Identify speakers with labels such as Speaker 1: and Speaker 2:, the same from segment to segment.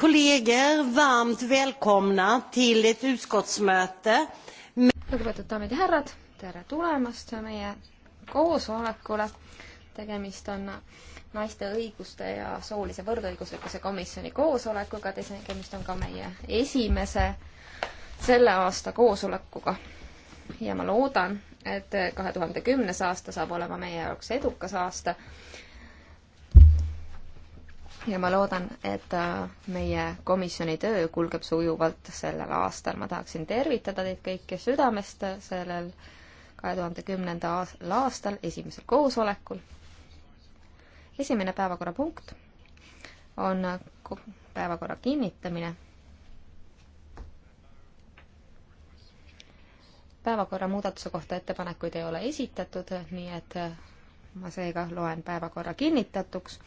Speaker 1: kolleger, varmt välkomna till ett utskottsmöte. lugupeetud daamid ja härrad, tere tulemast meie
Speaker 2: koosolekule. tegemist on naiste õiguste ja soolise võrdõiguslikkuse komisjoni koosolekuga, tegemist on ka meie esimese selle aasta koosolekuga. ja ma loodan, et kahe tuhande kümnes aasta saab olema meie jaoks edukas aasta ja ma loodan, et äh, meie komisjoni töö kulgeb sujuvalt sellel aastal. ma tahaksin tervitada teid kõiki südamest sellel kahe tuhande kümnendal aastal esimesel koosolekul. esimene päevakorrapunkt on äh, päevakorra kinnitamine. päevakorra muudatuse kohta ettepanekuid ei ole esitatud, nii et äh, ma seega loen päevakorra kinnitatuks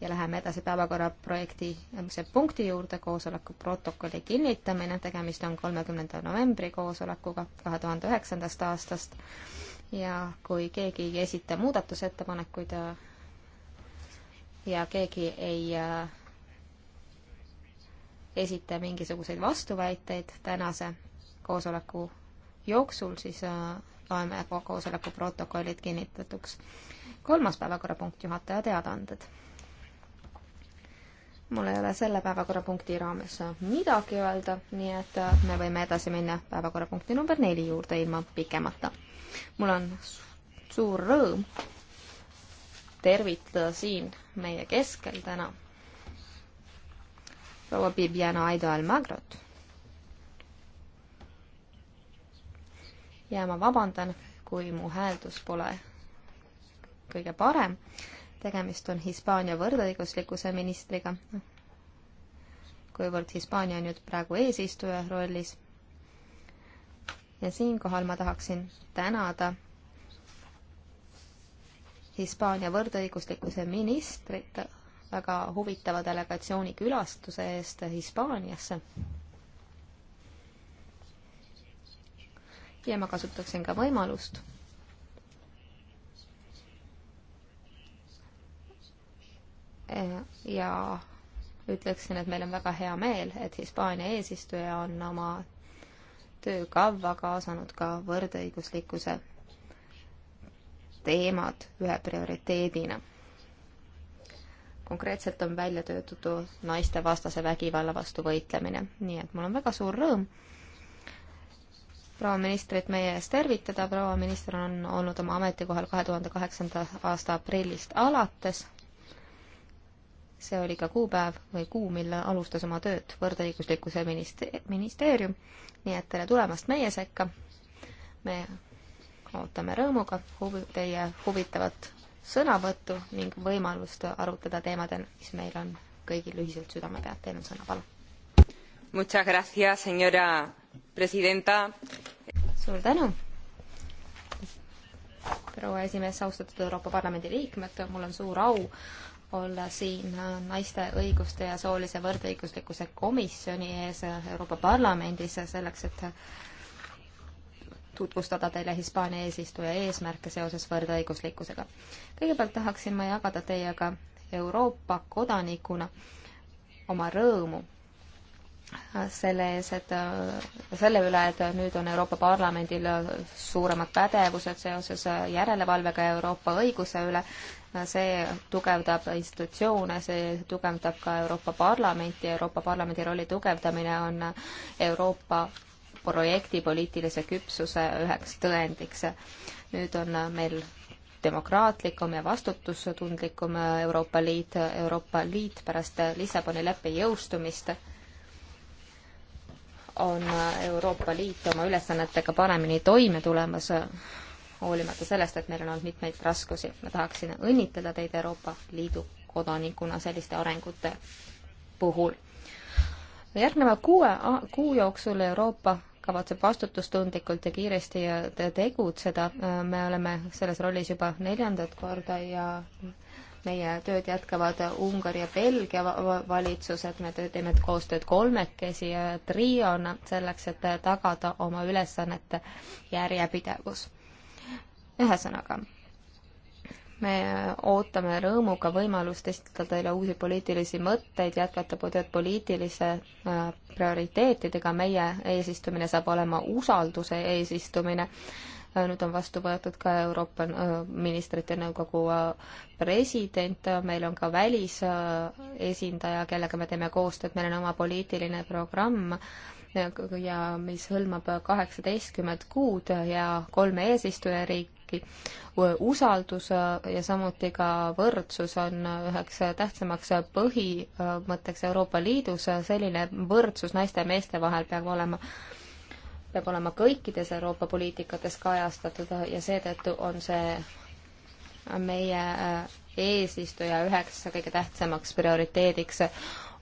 Speaker 2: ja läheme edasi päevakorraprojekti järgmise äh, punkti juurde, koosoleku protokolli kinnitamine, tegemist on kolmekümnenda novembri koosolekuga kahe tuhande üheksandast aastast ja kui keegi ei esita muudatusettepanekuid ja, äh, ja keegi ei äh, esita mingisuguseid vastuväiteid tänase koosoleku jooksul, siis äh, loeme koosoleku protokollid kinnitatuks. kolmas päevakorrapunkt, juhataja teadaanded mul ei ole selle päevakorrapunkti raames midagi öelda, nii et äh, me võime edasi minna päevakorrapunkti number neli juurde ilma pikemata. mul on suur rõõm tervitada siin meie keskel täna proua Bibiana Aido Almagrot. ja ma vabandan, kui mu hääldus pole kõige parem tegemist on Hispaania võrdõiguslikkuse ministriga, kuivõrd Hispaania on nüüd praegu eesistuja rollis. ja siinkohal ma tahaksin tänada Hispaania võrdõiguslikkuse ministrit väga huvitava delegatsiooni külastuse eest Hispaaniasse. ja ma kasutaksin ka võimalust Eh, ja ütleksin, et meil on väga hea meel, et Hispaania eesistuja on oma töökavva kaasanud ka võrdõiguslikkuse teemad ühe prioriteedina. konkreetselt on välja töötatud naistevastase vägivalla vastu võitlemine, nii et mul on väga suur rõõm proua ministrit meie ees tervitada, proua minister on olnud oma ametikohal kahe tuhande kaheksanda aasta aprillist alates see oli ka kuupäev või kuu, mille alustas oma tööd võrdõiguslikkuse ministeerium. nii et tere tulemast meie sekka. me ootame rõõmuga huvi, teie huvitavat sõnavõttu ning võimalust arutada teemadel, mis meil on kõigil ühiselt südame peal. Teil on sõna, palun.
Speaker 3: Muchas gracias, señora presidenta.
Speaker 2: suur tänu, proua esimees, austatud Euroopa Parlamendi liikmed, mul on suur au olla siin äh, naiste õiguste ja soolise võrdõiguslikkuse komisjoni ees äh, Euroopa Parlamendis äh, selleks, et tutvustada teile Hispaania eesistuja eesmärke seoses võrdõiguslikkusega. kõigepealt tahaksin ma jagada teiega Euroopa kodanikuna oma rõõmu selle ees, et selle üle, et nüüd on Euroopa Parlamendil suuremad pädevused seoses järelevalvega Euroopa õiguse üle see tugevdab institutsioone, see tugevdab ka Euroopa Parlamenti, Euroopa Parlamendi rolli tugevdamine on Euroopa projekti poliitilise küpsuse üheks tõendiks. nüüd on meil demokraatlikum ja vastutustundlikum Euroopa Liit, Euroopa Liit pärast Lissaboni leppe jõustumist on Euroopa Liit oma ülesannetega paremini toime tulemas hoolimata sellest, et meil on olnud mitmeid raskusi. ma tahaksin õnnitleda teid Euroopa Liidu kodanikuna selliste arengute puhul. järgneva kuue kuu jooksul Euroopa kavatseb vastutustundlikult ja kiiresti tegutseda. me oleme selles rollis juba neljandat korda ja meie tööd jätkavad Ungari ja Belgia valitsused, me teeme koostööd kolmekesi triona selleks, et tagada oma ülesannete järjepidevus ühesõnaga, me ootame rõõmuga võimalust esitada teile uusi poliitilisi mõtteid, jätkata tööd poliitilise äh, prioriteetidega, meie eesistumine saab olema usalduse eesistumine, äh, nüüd on vastu võetud ka Euroopa äh, Ministrite Nõukogu president, meil on ka välisesindaja, kellega me teeme koostööd, meil on oma poliitiline programm, ja mis hõlmab kaheksateistkümmet kuud ja kolme eesistujariik, riiki. usaldus äh, ja samuti ka võrdsus on äh, üheks äh, tähtsamaks põhimõtteks Euroopa Liidus, selline võrdsus naiste ja meeste vahel peab olema peab olema kõikides Euroopa poliitikates kajastatud ja seetõttu on see meie eesistuja üheks kõige tähtsamaks prioriteediks.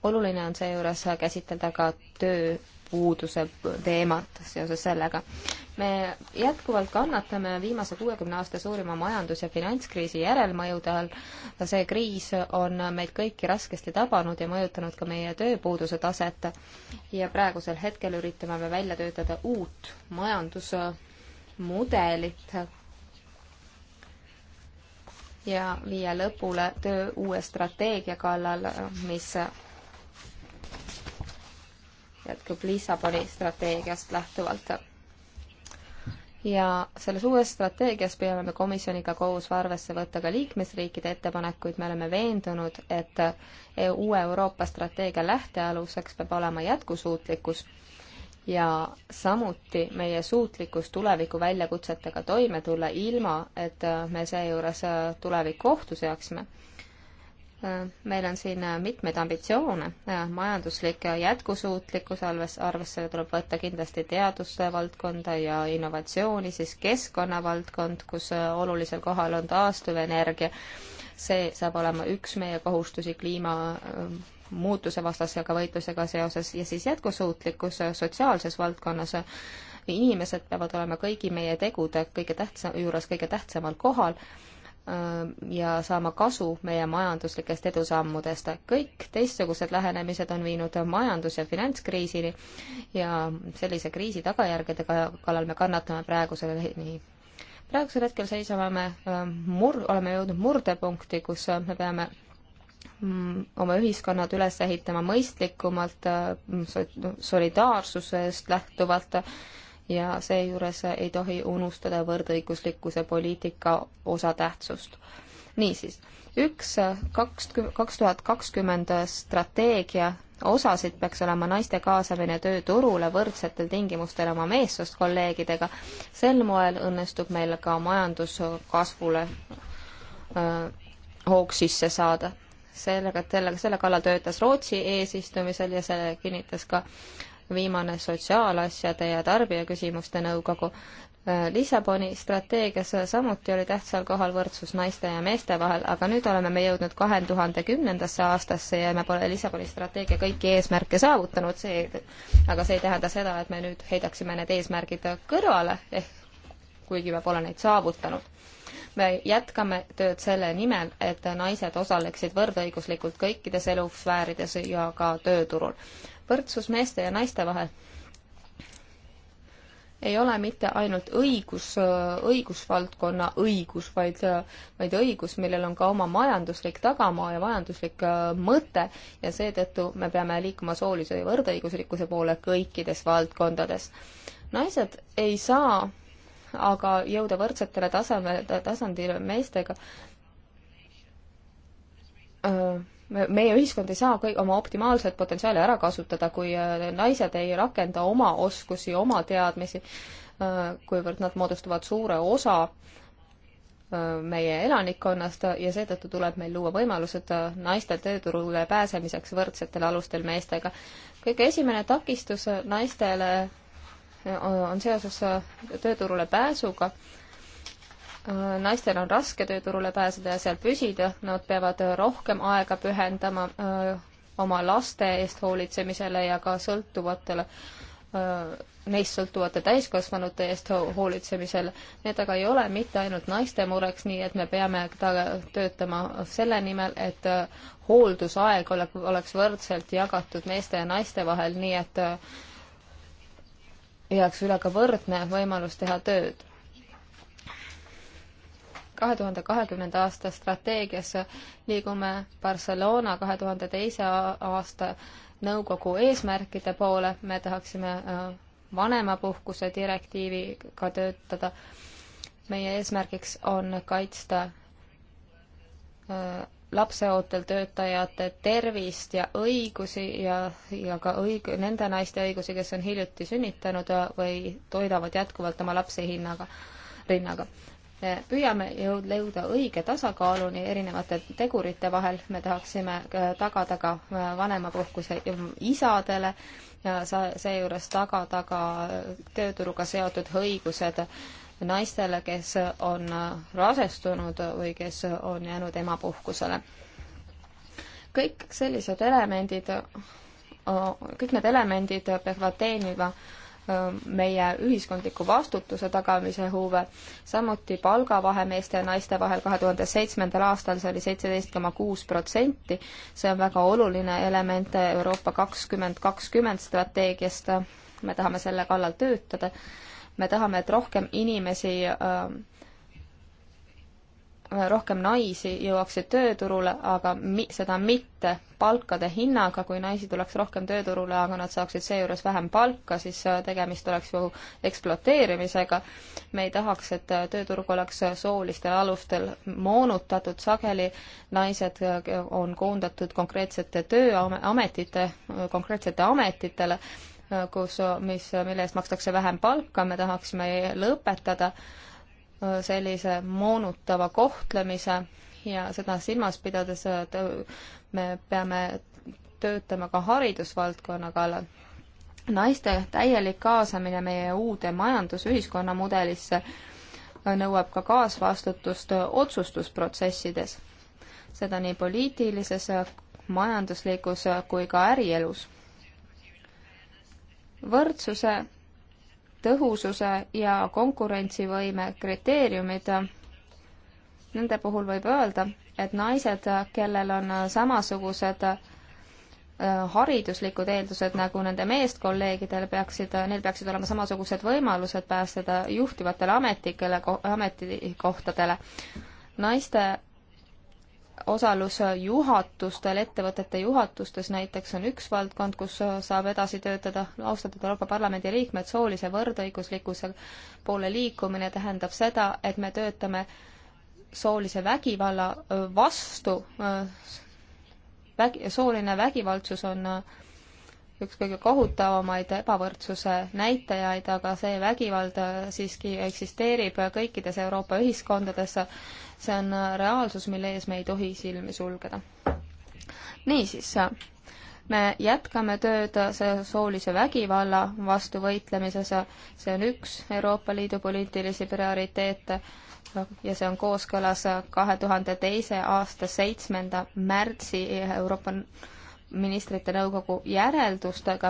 Speaker 2: oluline on seejuures käsitleda ka töö tööpuuduse teemat seoses sellega. me jätkuvalt kannatame viimase kuuekümne aasta suurima majandus- ja finantskriisi järelmõjude all. see kriis on meid kõiki raskesti tabanud ja mõjutanud ka meie tööpuuduse taset. ja praegusel hetkel üritame me välja töötada uut majandusmudelit ja viia lõpule töö uue strateegia kallal, mis jätkub Lissaboni strateegiast lähtuvalt. ja selles uues strateegias peame me komisjoniga koos arvesse võtta ka liikmesriikide ettepanekuid, me oleme veendunud, et e-, uue Euroopa strateegia lähtealuseks peab olema jätkusuutlikkus ja samuti meie suutlikkus tuleviku väljakutsetega toime tulla, ilma et me seejuures tulevikku ohtu seaksime meil on siin mitmeid ambitsioone, äh, majanduslik jätkusuutlikkus arves, arvesse tuleb võtta kindlasti teaduste valdkonda ja innovatsiooni, siis keskkonnavaldkond, kus äh, olulisel kohal on taastuvenergia, see saab olema üks meie kohustusi kliimamuutuse äh, vastasega võitlusega seoses ja siis jätkusuutlikkus sotsiaalses valdkonnas, inimesed peavad olema kõigi meie tegude kõige tähtsa, juures kõige tähtsamal kohal Ähm, ja saama kasu meie majanduslikest edusammudest. kõik teistsugused lähenemised on viinud majandus- ja finantskriisini ja sellise kriisi tagajärgede kallal me kannatame praegusel nii praegusel hetkel seisame me ähm, mur-, oleme jõudnud murdepunkti, kus äh, me peame mm, oma ühiskonnad üles ehitama mõistlikumalt, äh, solidaarsusest lähtuvalt ja seejuures ei tohi unustada võrdõiguslikkuse poliitika osatähtsust. niisiis, üks kaks, kaks tuhat kakskümmend strateegia osasid peaks olema naiste kaasamine tööturule võrdsetel tingimustel oma meessoost kolleegidega. sel moel õnnestub meil ka majanduskasvule hoog sisse saada. sellega, sellega, selle kallal töötas Rootsi eesistumisel ja see kinnitas ka äh, viimane sotsiaalasjade ja tarbijaküsimuste nõukogu. Äh, Lissaboni strateegias samuti oli tähtsal kohal võrdsus naiste ja meeste vahel, aga nüüd oleme me jõudnud kahe tuhande kümnendasse aastasse ja me pole Lissaboni strateegia kõiki eesmärke saavutanud, see, aga see ei tähenda seda, et me nüüd heidaksime need eesmärgid kõrvale, ehk kuigi me pole neid saavutanud me jätkame tööd selle nimel, et naised osaleksid võrdõiguslikult kõikides elusfäärides ja ka tööturul võrdsus meeste ja naiste vahel ei ole mitte ainult õigus, õigusvaldkonna õigus, vaid, vaid õigus, millel on ka oma majanduslik tagamaa ja majanduslik äh, mõte ja seetõttu me peame liikuma soolise võrdõiguslikkuse poole kõikides valdkondades. naised ei saa aga jõuda võrdsetele tasemele, tasandile meestega öö äh, meie ühiskond ei saa kõik oma optimaalset potentsiaali ära kasutada, kui äh, naised ei rakenda oma oskusi, oma teadmisi, äh, kuivõrd nad moodustavad suure osa äh, meie elanikkonnast ja seetõttu tuleb meil luua võimalused naiste tööturule pääsemiseks võrdsetel alustel meestega. kõige esimene takistus naistele on seoses tööturule pääsuga Äh, naistel on raske tööturule pääseda ja seal püsida, nad peavad rohkem aega pühendama äh, oma laste eest hoolitsemisele ja ka sõltuvatele, äh, neist sõltuvate täiskasvanute eest hoolitsemisel. Need aga ei ole mitte ainult naiste mureks, nii et me peame töötama selle nimel, et hooldusaeg oleks võrdselt jagatud meeste ja naiste vahel, nii et jääks üle ka võrdne võimalus teha tööd kahe tuhande kahekümnenda aasta strateegias liigume Barcelona kahe tuhande teise aasta nõukogu eesmärkide poole, me tahaksime äh, vanemapuhkuse direktiiviga töötada. meie eesmärgiks on kaitsta äh, lapseootel töötajate tervist ja õigusi ja, ja ka õig-, nende naiste õigusi, kes on hiljuti sünnitanud äh, või toidavad jätkuvalt oma lapsi hinnaga, rinnaga püüame jõud-, jõuda õige tasakaaluni erinevate tegurite vahel, me tahaksime äh, tagada ka äh, vanemapuhkuse isadele ja sa-, seejuures tagada ka äh, tööturuga seotud õigused naistele, kes on rasestunud või kes on jäänud emapuhkusele. kõik sellised elemendid, kõik need elemendid peavad teenima meie ühiskondliku vastutuse tagamise huve, samuti palgavahe meeste ja naiste vahel kahe tuhande seitsmendal aastal, see oli seitseteist koma kuus protsenti, see on väga oluline element Euroopa kakskümmend kakskümmend strateegiast, me tahame selle kallal töötada, me tahame, et rohkem inimesi äh, rohkem naisi jõuaksid tööturule, aga mi-, seda mitte palkade hinnaga, kui naisi tuleks rohkem tööturule, aga nad saaksid seejuures vähem palka, siis äh, tegemist oleks ju ekspluateerimisega. me ei tahaks, et äh, tööturg oleks äh, soolistel alustel moonutatud, sageli naised on koondatud konkreetsete tööametite, konkreetsete ametitele, kus, mis, mille eest makstakse vähem palka, me tahaksime lõpetada äh, sellise moonutava kohtlemise ja seda silmas pidades äh, me peame töötama ka haridusvaldkonna kallal. naiste täielik kaasamine meie uude majandusühiskonna mudelisse äh, nõuab ka kaasvastutust äh, otsustusprotsessides, seda nii poliitilises, majanduslikus kui ka ärielus. võrdsuse tõhususe ja konkurentsivõime kriteeriumid. Nende puhul võib öelda, et naised, kellel on samasugused äh, hariduslikud eeldused nagu nende meeskolleegidel peaksid, neil peaksid olema samasugused võimalused pääseda juhtivatele ametikele, ametikohtadele. naiste osalus juhatustel, ettevõtete juhatustes näiteks on üks valdkond, kus saab edasi töötada. austatud Euroopa Parlamendi liikmed, soolise võrdõiguslikkuse poole liikumine tähendab seda, et me töötame soolise vägivalla vastu. Vägi, sooline vägivaldsus on äh, üks kõige kohutavamaid ebavõrdsuse näitajaid, aga see vägivald äh, siiski eksisteerib kõikides Euroopa ühiskondades. see on äh, reaalsus, mille ees me ei tohi silmi sulgeda. niisiis, me jätkame tööd soolise vägivalla vastu võitlemises, see on üks Euroopa Liidu poliitilisi prioriteete ja see on kooskõlas kahe tuhande teise aasta seitsmenda märtsi Euroopa ministrite nõukogu järeldustega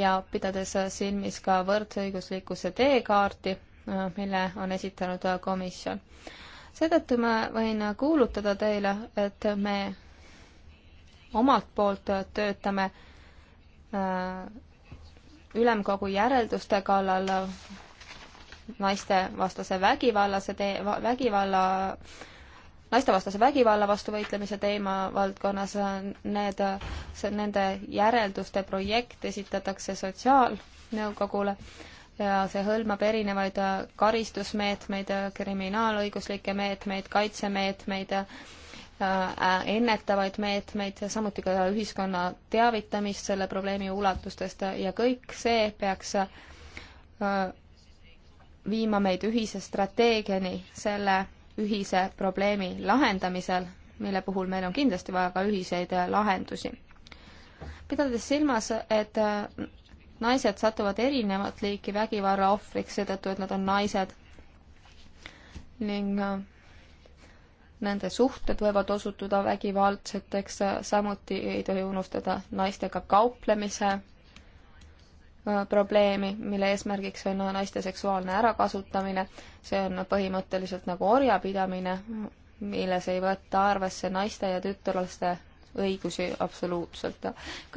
Speaker 2: ja pidades silmis ka võrdõiguslikkuse teekaarti, äh, mille on esitanud äh, komisjon. seetõttu ma võin äh, kuulutada teile, et me omalt poolt töötame ülemkogu järelduste kallal naistevastase vägivallase tee, vägivalla, vägivalla naistevastase vägivalla vastu võitlemise teema valdkonnas, need, nende järelduste projekt esitatakse Sotsiaalnõukogule ja see hõlmab erinevaid karistusmeetmeid, kriminaalõiguslikke meetmeid, kaitsemeetmeid, ennetavaid meetmeid, samuti ka ühiskonna teavitamist selle probleemi ulatustest ja kõik see peaks äh, viima meid ühise strateegiani selle ühise probleemi lahendamisel, mille puhul meil on kindlasti vaja ka ühiseid lahendusi. pidades silmas, et naised satuvad erinevat liiki vägivalla ohvriks seetõttu, et nad on naised ning äh, nende suhted võivad osutuda vägivaldseteks, samuti ei tohi unustada naistega kauplemise Äh, probleemi, mille eesmärgiks on naiste seksuaalne ärakasutamine. see on põhimõtteliselt nagu orjapidamine, milles ei võeta arvesse naiste ja tütarlaste õigusi absoluutselt.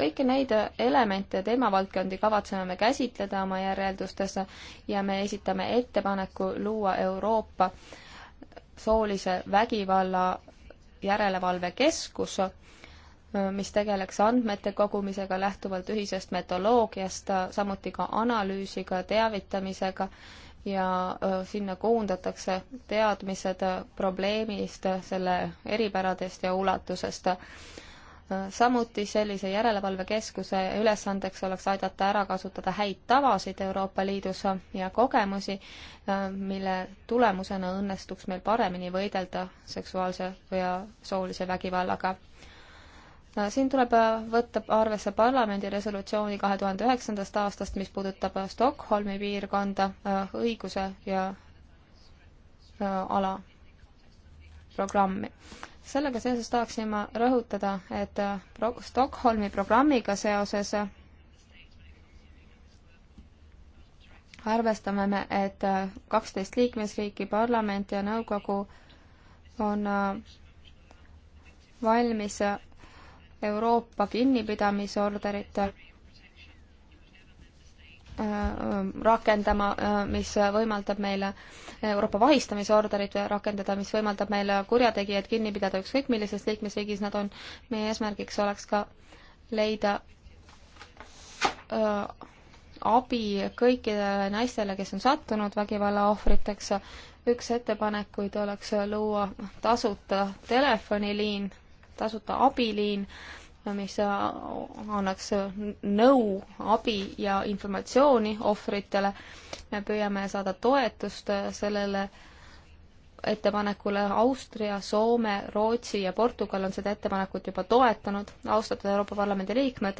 Speaker 2: kõiki neid elemente ja teemavaldkondi kavatseme me käsitleda oma järeldustes ja me esitame ettepaneku luua Euroopa soolise vägivalla järelevalvekeskus mis tegeleks andmete kogumisega lähtuvalt ühisest metoloogiast, samuti ka analüüsiga, teavitamisega ja sinna koondatakse teadmised probleemist, selle eripäradest ja ulatusest samuti sellise järelevalvekeskuse ülesandeks oleks aidata ära kasutada häid tavasid Euroopa Liidus ja kogemusi, mille tulemusena õnnestuks meil paremini võidelda seksuaalse ja soolise vägivallaga. Äh, siin tuleb äh, võtta arvesse parlamendi resolutsiooni kahe tuhande üheksandast aastast, mis puudutab äh, Stockholmi piirkonda, õiguse ja ala programmi. sellega seoses tahaksin ma rõhutada, et pro-, Stockholmi programmiga seoses arvestame me, et kaksteist liikmesriiki, parlament ja nõukogu on valmis Euroopa kinnipidamisorderit äh, äh, rakendama, äh, mis võimaldab meile Euroopa vahistamisorderit rakendada, mis võimaldab meil kurjategijaid kinni pidada ükskõik millises liikmesriigis nad on. meie eesmärgiks oleks ka leida abi kõikidele naistele, kes on sattunud vägivalla ohvriteks. üks ettepanekuid oleks luua tasuta telefoniliin tasuta abiliin, mis annaks nõu, abi ja informatsiooni ohvritele. me püüame saada toetust sellele ettepanekule Austria, Soome, Rootsi ja Portugal on seda ettepanekut juba toetanud. austatud Euroopa Parlamendi liikmed,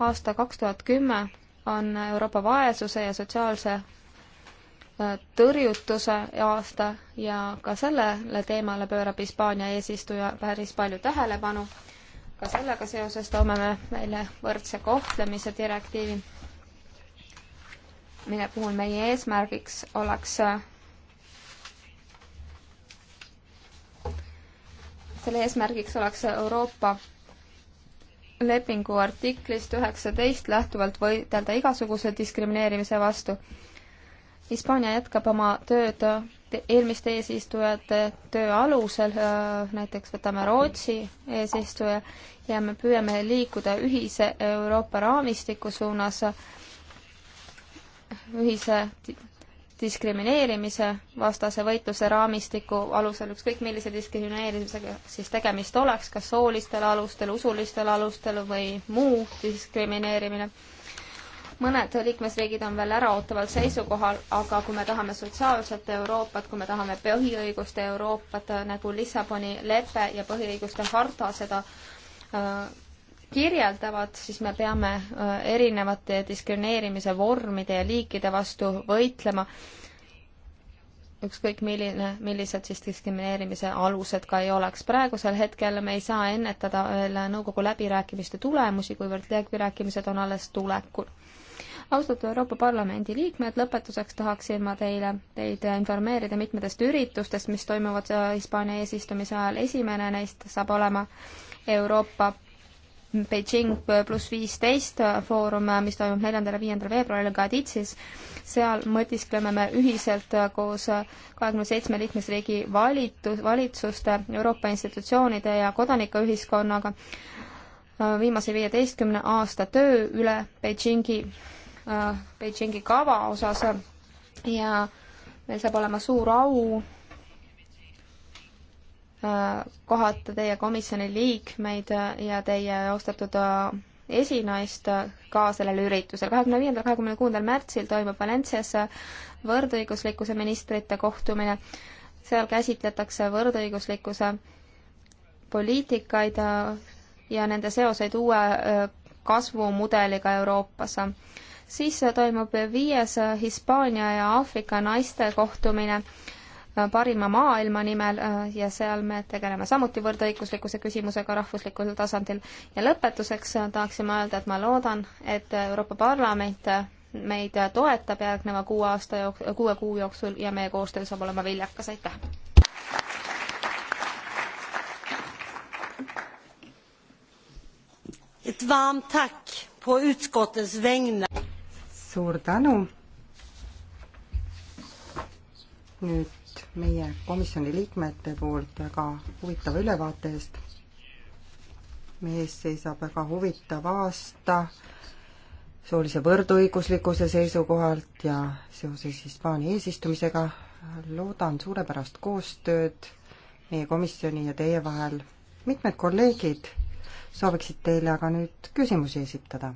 Speaker 2: aasta kaks tuhat kümme on Euroopa vaesuse ja sotsiaalse tõrjutuse aasta ja ka sellele teemale pöörab Hispaania eesistuja päris palju tähelepanu. ka sellega seoses toome me välja võrdse kohtlemise direktiivi, mille puhul meie eesmärgiks oleks selle eesmärgiks oleks Euroopa lepingu artiklist üheksateist lähtuvalt võidelda igasuguse diskrimineerimise vastu Hispaania jätkab oma tööd eelmiste eesistujate töö alusel, äh, näiteks võtame Rootsi eesistuja ja me püüame liikuda ühise Euroopa raamistiku suunas, ühise diskrimineerimise vastase võitluse raamistiku alusel, ükskõik millise diskrimineerimisega siis tegemist oleks, kas soolistel alustel, usulistel alustel või muu diskrimineerimine mõned liikmesriigid on veel äraootaval seisukohal, aga kui me tahame sotsiaalset Euroopat, kui me tahame põhiõiguste Euroopat, äh, nagu Lissaboni lepe ja põhiõiguste harta seda äh, kirjeldavad, siis me peame äh, erinevate diskrimineerimise vormide ja liikide vastu võitlema, ükskõik milline, millised siis diskrimineerimise alused ka ei oleks. praegusel hetkel me ei saa ennetada veel nõukogu läbirääkimiste tulemusi, kuivõrd läbirääkimised on alles tulekul austatud Euroopa Parlamendi liikmed, lõpetuseks tahaksin ma teile, teid informeerida mitmetest üritustest, mis toimuvad äh, Hispaania eesistumise ajal. esimene neist saab olema Euroopa Beijing pluss viisteist foorum, mis toimub neljandal ja viiendal veebruaril Kaditsis. seal mõtiskleme me ühiselt äh, koos äh, kahekümne seitsme liikmesriigi valitus, valitsuste, Euroopa institutsioonide ja kodanikuühiskonnaga viimase viieteistkümne aasta töö üle Beijingi Äh, Beijingi kava osas ja meil saab olema suur au äh, kohata teie komisjoni liikmeid äh, ja teie austatud esinaist ka sellel üritusel. kahekümne viiendal, kahekümne kuuendal märtsil toimub Valencias võrdõiguslikkuse ministrite kohtumine. seal käsitletakse võrdõiguslikkuse poliitikaid ja nende seoseid uue kasvumudeliga Euroopas siis toimub viies Hispaania ja Aafrika naiste kohtumine äh, parima maailma nimel äh, ja seal me tegeleme samuti võrdõiguslikkuse küsimusega rahvuslikul tasandil. ja lõpetuseks äh, tahaksin ma öelda, et ma loodan, et Euroopa Parlament meid toetab järgneva kuue aasta jook-, kuue kuu jooksul ja meie koostöö saab olema viljakas, aitäh!
Speaker 1: Ett varmt tack på utskottets vägnar
Speaker 4: suur tänu. nüüd meie komisjoni liikmete poolt väga huvitava ülevaate eest. meie ees seisab väga huvitav aasta soolise võrdõiguslikkuse seisukohalt ja seoses Hispaania eesistumisega loodan suurepärast koostööd meie komisjoni ja teie vahel. mitmed kolleegid sooviksid teile aga nüüd küsimusi esitada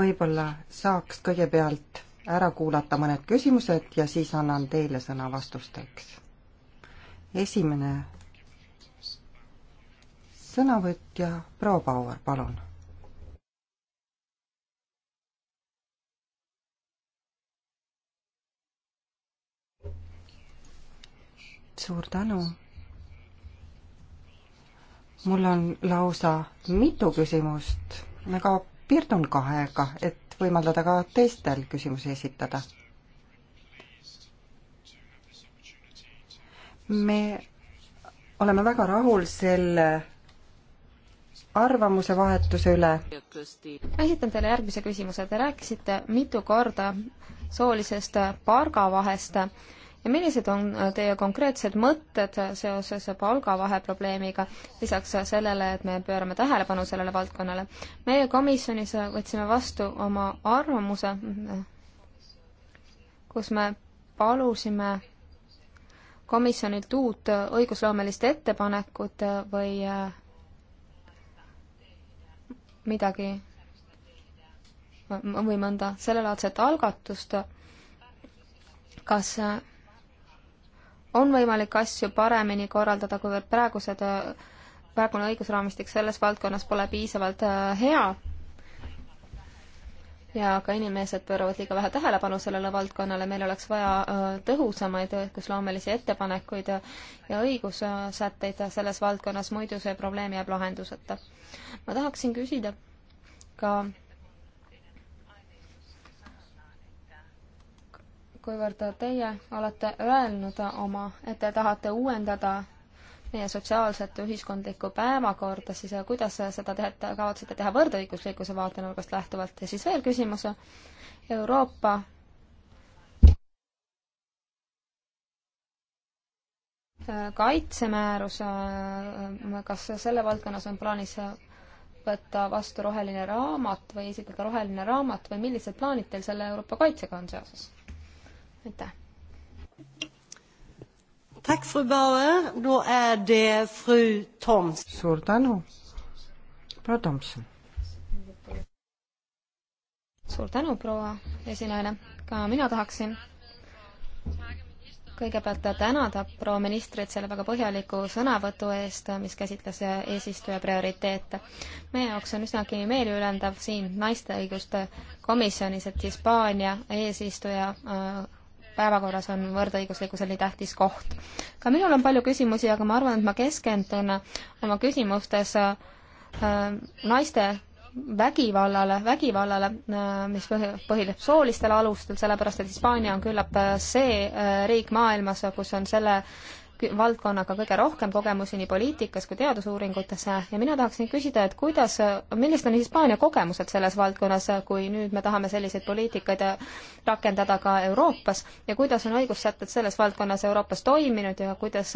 Speaker 4: võib-olla saaks kõigepealt ära kuulata mõned küsimused ja siis annan teile sõna vastusteks. esimene sõnavõtja, proua Bauer, palun suur tänu. mul on lausa mitu küsimust, aga piirdun kahega, et võimaldada ka teistel küsimusi esitada. me oleme väga rahul selle arvamuse vahetuse üle.
Speaker 2: ma esitan teile järgmise küsimuse. Te rääkisite mitu korda soolisest palgavahest ja millised on äh, teie konkreetsed mõtted äh, seoses äh, palgavahe probleemiga, lisaks sellele, et me pöörame tähelepanu sellele valdkonnale? meie komisjonis võtsime vastu oma arvamuse, kus me palusime komisjonilt uut õigusloomelist ettepanekut või midagi või mõnda sellelaadset algatust, kas on võimalik asju paremini korraldada, kuivõrd praegused, äh, praegune õigusraamistik selles valdkonnas pole piisavalt äh, hea ja ka inimesed pööravad liiga vähe tähelepanu sellele valdkonnale, meil oleks vaja äh, tõhusamaid õigusloomelisi ettepanekuid ja õigussätteid selles valdkonnas, muidu see probleem jääb lahenduseta. ma tahaksin küsida ka kuivõrd teie olete öelnud oma, et te tahate uuendada meie sotsiaalset ühiskondlikku päevakorda, siis kuidas seda teete, kavatsete teha võrdõiguslikkuse vaatenurgast lähtuvalt ja siis veel küsimus Euroopa kaitsemäärus, kas selle valdkonnas on plaanis võtta vastu roheline raamat või esitada roheline raamat või millised plaanid teil selle Euroopa kaitsega on seoses? aitäh.
Speaker 1: suur tänu, proua Tomson. suur tänu,
Speaker 2: proua esinaine, ka mina tahaksin kõigepealt tänada proua ministrit selle väga põhjaliku sõnavõtu eest, mis käsitles eesistuja prioriteete. meie jaoks on üsnagi meeliülendav siin naiste õiguste komisjonis, et Hispaania eesistuja äh, päevakorras on võrdõiguslikkus oli tähtis koht. ka minul on palju küsimusi, aga ma arvan, et ma keskendun oma küsimustes äh, naiste vägivallale, vägivallale, äh, mis põhineb soolistel alustel, sellepärast et Hispaania on küllap äh, see riik maailmas, kus on selle valdkonnaga kõige rohkem kogemusi nii poliitikas kui teadusuuringutesse ja mina tahaksin küsida, et kuidas, millised on Hispaania kogemused selles valdkonnas, kui nüüd me tahame selliseid poliitikaid rakendada ka Euroopas ja kuidas on õigussätted selles valdkonnas Euroopas toiminud ja kuidas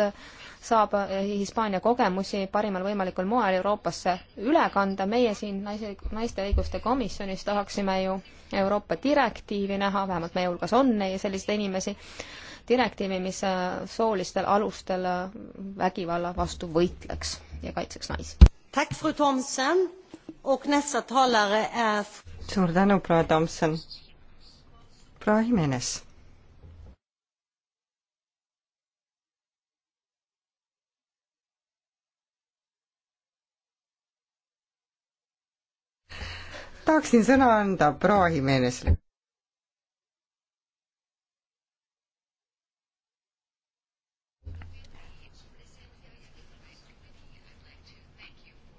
Speaker 2: saab Hispaania kogemusi parimal võimalikul moel Euroopasse üle kanda, meie siin naise, naiste õiguste komisjonis tahaksime ju Euroopa direktiivi näha, vähemalt meie hulgas on neid selliseid inimesi, direktiivi, mis äh, soolistel alustel äh, vägivalla vastu võitleks ja kaitseks naisi.
Speaker 4: suur tänu, proua Tomson. proua Jimenez. tahaksin sõna anda proua Jimenezile.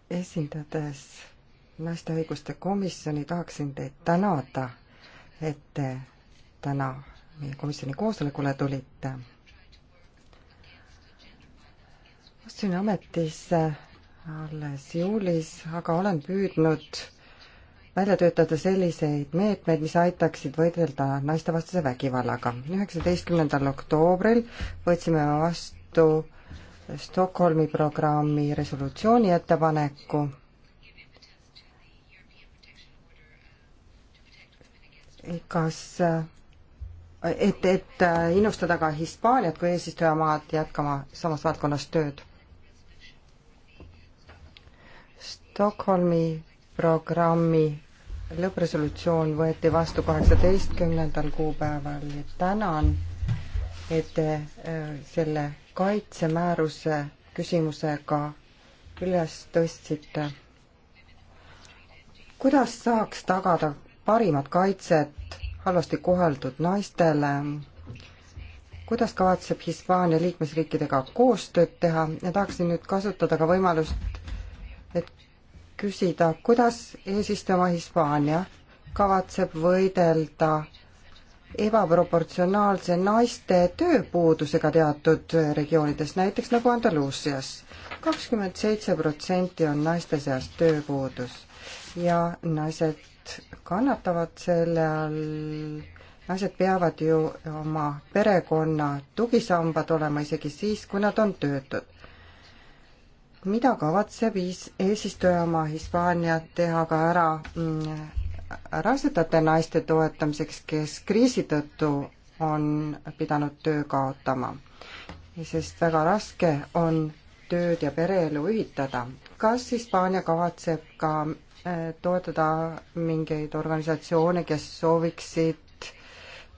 Speaker 4: esindades naiste õiguste komisjoni tahaksin teid tänada, et te täna meie komisjoni koosolekule tulite. astusin ametisse alles juulis, aga olen püüdnud välja töötada selliseid meetmeid, mis aitaksid võidelda naistevastase vägivallaga. üheksateistkümnendal oktoobril võtsime vastu Stockholmi programmi resolutsiooni ettepaneku. kas, et, et innustada ka Hispaaniat kui eesistujamaad jätkama samas valdkonnas tööd? Stockholmi programmi lõppresolutsioon võeti vastu kaheksateistkümnendal kuupäeval ja tänan, et te äh, selle kaitsemääruse küsimusega üles tõstsite. kuidas saaks tagada parimat kaitset halvasti koheldud naistele? kuidas kavatseb Hispaania liikmesriikidega koostööd teha ja tahaksin nüüd kasutada ka võimalust, et küsida, kuidas eesistuja Hispaania kavatseb võidelda ebaproportsionaalse naiste tööpuudusega teatud regioonides, näiteks nagu Andaluusias. kakskümmend seitse protsenti on naiste seas tööpuudus ja naised kannatavad selle all, naised peavad ju oma perekonna tugisambad olema isegi siis, kui nad on töötud mida kavatseb eesistuja oma Hispaania teha ka ära mm, rasedate naiste toetamiseks, kes kriisi tõttu on pidanud töö kaotama. sest väga raske on tööd ja pereelu ühitada. kas Hispaania kavatseb ka äh, toetada mingeid organisatsioone, kes sooviksid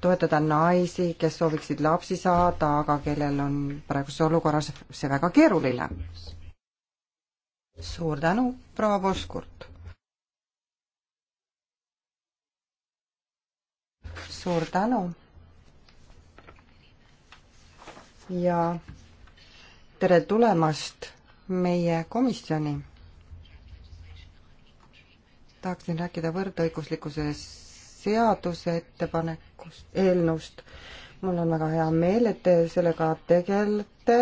Speaker 4: toetada naisi, kes sooviksid lapsi saada, aga kellel on praeguses olukorras see väga keeruline? suur tänu, proua Poskur! suur tänu. ja tere tulemast meie komisjoni. tahaksin rääkida võrdõiguslikkuse seaduse ettepanekust, eelnõust. mul on väga hea meel, et te sellega tegelete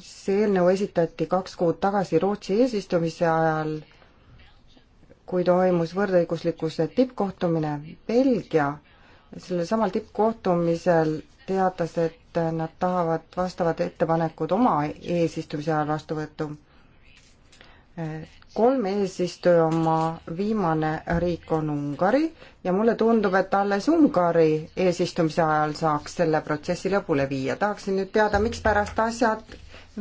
Speaker 4: see eelnõu esitati kaks kuud tagasi Rootsi eesistumise ajal kui toimus võrdõiguslikkuse tippkohtumine Belgia, sellel samal tippkohtumisel teatas, et nad tahavad vastavad ettepanekud oma eesistumise ajal vastu võtta. kolm eesistuja oma viimane riik on Ungari ja mulle tundub, et alles Ungari eesistumise ajal saaks selle protsessi lõpule viia. tahaksin nüüd teada, mikspärast asjad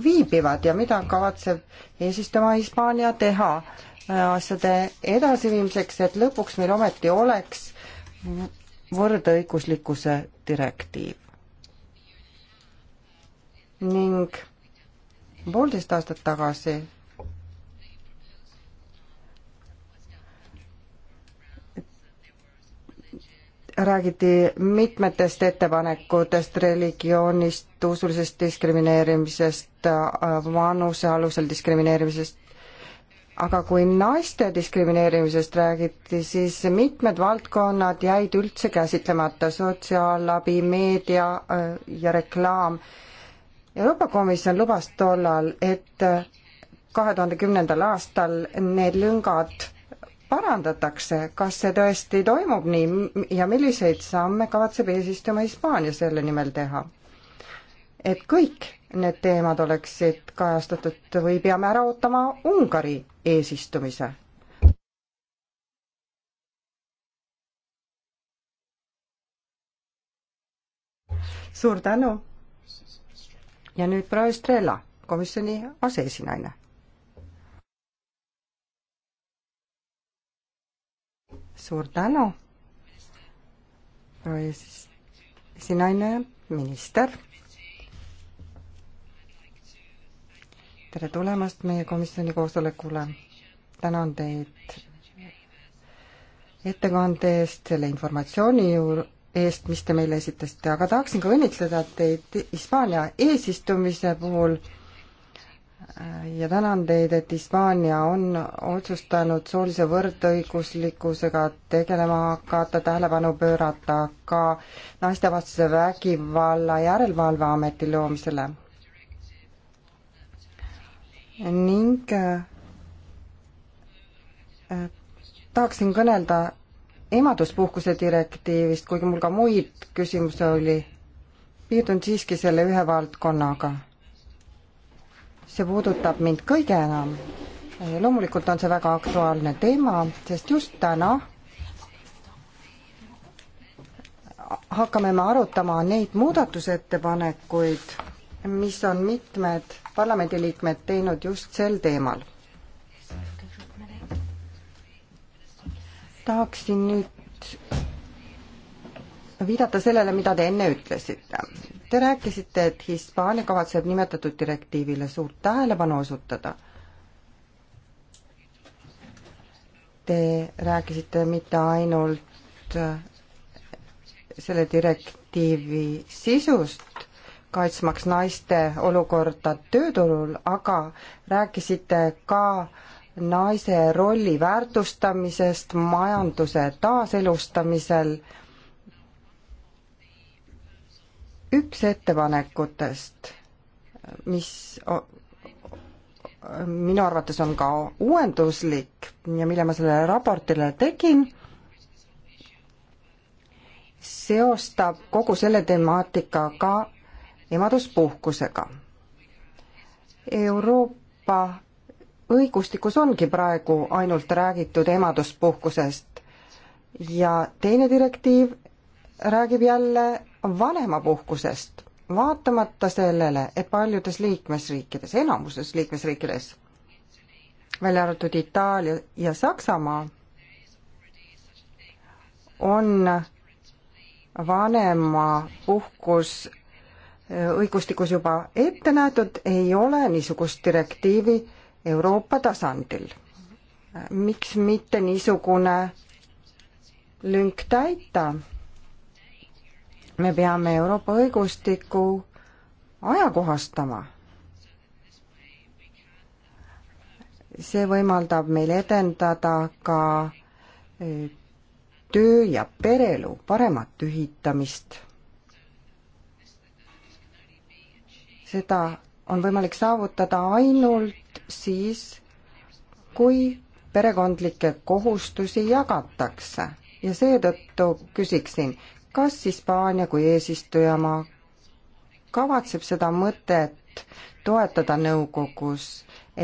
Speaker 4: viibivad ja mida kavatseb eesistuja Hispaania teha asjade edasiviimiseks, et lõpuks meil ometi oleks võrdõiguslikkuse direktiiv. ning poolteist aastat tagasi räägiti mitmetest ettepanekutest religioonist, usulisest diskrimineerimisest, vanuse alusel diskrimineerimisest, aga kui naiste diskrimineerimisest räägiti, siis mitmed valdkonnad jäid üldse käsitlemata, sotsiaalabi, meedia äh, ja reklaam. Euroopa Komisjon lubas tollal, et äh, kahe tuhande kümnendal aastal need lüngad parandatakse, kas see tõesti toimub nii ja milliseid samme kavatseb eesistuma Hispaania selle nimel teha? et kõik need teemad oleksid kajastatud või peame ära ootama Ungari eesistumise? suur tänu. ja nüüd proua Estrella, komisjoni aseesinaine. suur tänu, proua esinaine, minister tere tulemast meie komisjoni koosolekule. tänan teid ettekande eest, selle informatsiooni eest, mis te meile esitasite, aga tahaksin ka õnnitleda teid Hispaania eesistumise puhul ja tänan teid, et Hispaania on otsustanud soolise võrdõiguslikkusega tegelema hakata, tähelepanu pöörata ka naistevastase vägivalla järelevalveameti loomisele ning äh, tahaksin kõnelda emaduspuhkuse direktiivist, kuigi mul ka muid küsimusi oli, piirdun siiski selle ühe valdkonnaga. see puudutab mind kõige enam. loomulikult on see väga aktuaalne teema, sest just täna hakkame me arutama neid muudatusettepanekuid, mis on mitmed parlamendiliikmed teinud just sel teemal. tahaksin nüüd viidata sellele, mida te enne ütlesite. Te rääkisite, et Hispaania kavatseb nimetatud direktiivile suurt tähelepanu osutada. Te rääkisite mitte ainult selle direktiivi sisust, kaitsmaks naiste olukorda tööturul, aga rääkisite ka naise rolli väärtustamisest majanduse taaselustamisel. üks ettepanekutest, mis minu arvates on ka uuenduslik ja mille ma sellele raportile tegin, seostab kogu selle temaatikaga emaduspuhkusega. Euroopa õigustikus ongi praegu ainult räägitud emaduspuhkusest ja teine direktiiv räägib jälle vanemapuhkusest, vaatamata sellele, et paljudes liikmesriikides, enamuses liikmesriikides, välja arvatud Itaalia ja Saksamaa, on vanemapuhkus õigustikus juba ette nähtud, ei ole niisugust direktiivi Euroopa tasandil. miks mitte niisugune lünk täita? me peame Euroopa õigustikku ajakohastama. see võimaldab meil edendada ka eh, töö ja pereelu paremat ühitamist seda on võimalik saavutada ainult siis, kui perekondlikke kohustusi jagatakse ja seetõttu küsiksin, kas Hispaania kui eesistujamaa kavatseb seda mõtet toetada nõukogus,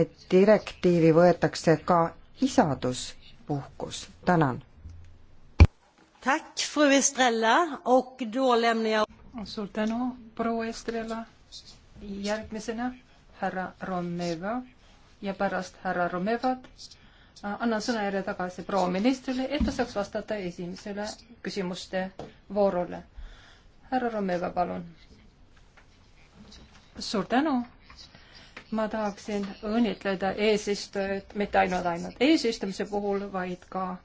Speaker 4: et direktiivi võetakse ka isaduspuhkus, tänan.
Speaker 1: suur tänu, proua Estrela järgmisena
Speaker 5: härra Romeva ja pärast härra Romevat äh, annan sõnajärje tagasi proua ministrile, et ta saaks vastata esimesele küsimuste voorule. härra Romeva, palun. suur tänu. ma tahaksin õnnitleda eesistujat, mitte ainult ainult eesistumise puhul, vaid ka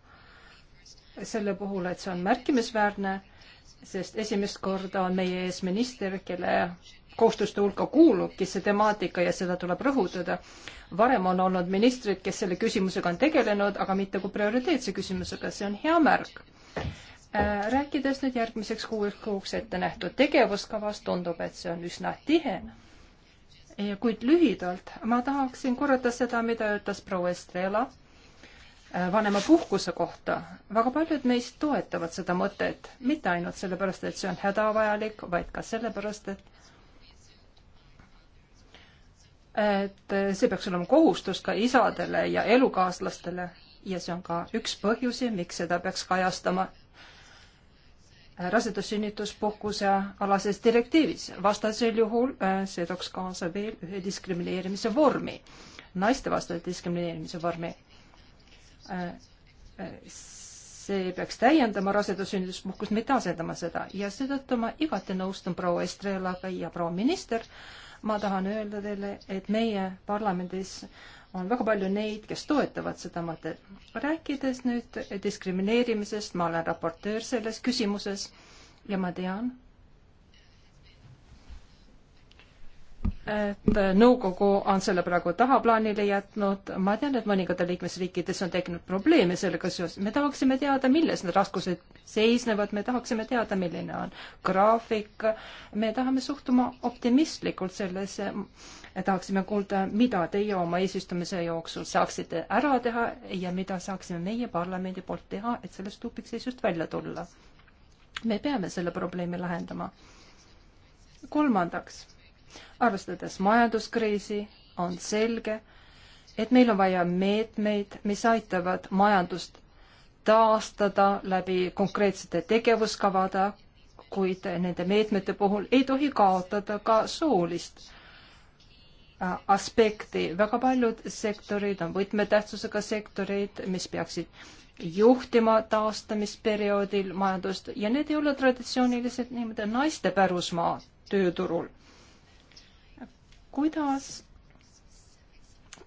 Speaker 5: selle puhul, et see on märkimisväärne, sest esimest korda on meie ees minister, kelle kohustuste hulka kuulubki see temaatika ja seda tuleb rõhutada. varem on olnud ministrid, kes selle küsimusega on tegelenud, aga mitte kui prioriteetse küsimusega, see on hea märk. Äh, rääkides nüüd järgmiseks kuueks kuuks ette nähtud tegevuskavas, tundub, et see on üsna tihe. kuid lühidalt ma tahaksin korrata seda, mida ütles proua Estrela äh, vanemapuhkuse kohta. väga paljud meist toetavad seda mõtet, mitte ainult sellepärast, et see on hädavajalik, vaid ka sellepärast, et et see peaks olema kohustus ka isadele ja elukaaslastele ja see on ka üks põhjusi, miks seda peaks kajastama rasedussünnituspuhkuse alases direktiivis. vastasel juhul äh, see tooks kaasa veel ühe diskrimineerimise vormi, naistevastase diskrimineerimise vormi. Äh, äh, see peaks täiendama rasedussünnituspuhkust, mitte asendama seda ja seetõttu ma igati nõustun proua Estrelaga ja proua minister äh, ma tahan öelda teile, et meie parlamendis on väga palju neid, kes toetavad seda mõtet. rääkides nüüd diskrimineerimisest, ma olen raportöör selles küsimuses ja ma tean, et nõukogu on selle praegu tahaplaanile jätnud. ma tean, et mõningatel liikmesriikides on tekkinud probleeme sellega seoses. me tahaksime teada, milles need raskused seisnevad, me tahaksime teada, milline on graafik. me tahame suhtuma optimistlikult sellesse. tahaksime kuulda, mida teie oma eesistumise jooksul saaksite ära teha ja mida saaksime meie parlamendi poolt teha, et sellest tupikseisust välja tulla. me peame selle probleemi lahendama. kolmandaks arvestades majanduskriisi, on selge, et meil on vaja meetmeid, mis aitavad majandust taastada läbi konkreetsete tegevuskavade, kuid nende meetmete puhul ei tohi kaotada ka soolist äh, aspekti. väga paljud sektorid on võtmetähtsusega sektorid, mis peaksid juhtima taastamisperioodil majandust ja need ei ole traditsiooniliselt niimoodi naiste pärusmaa tööturul kuidas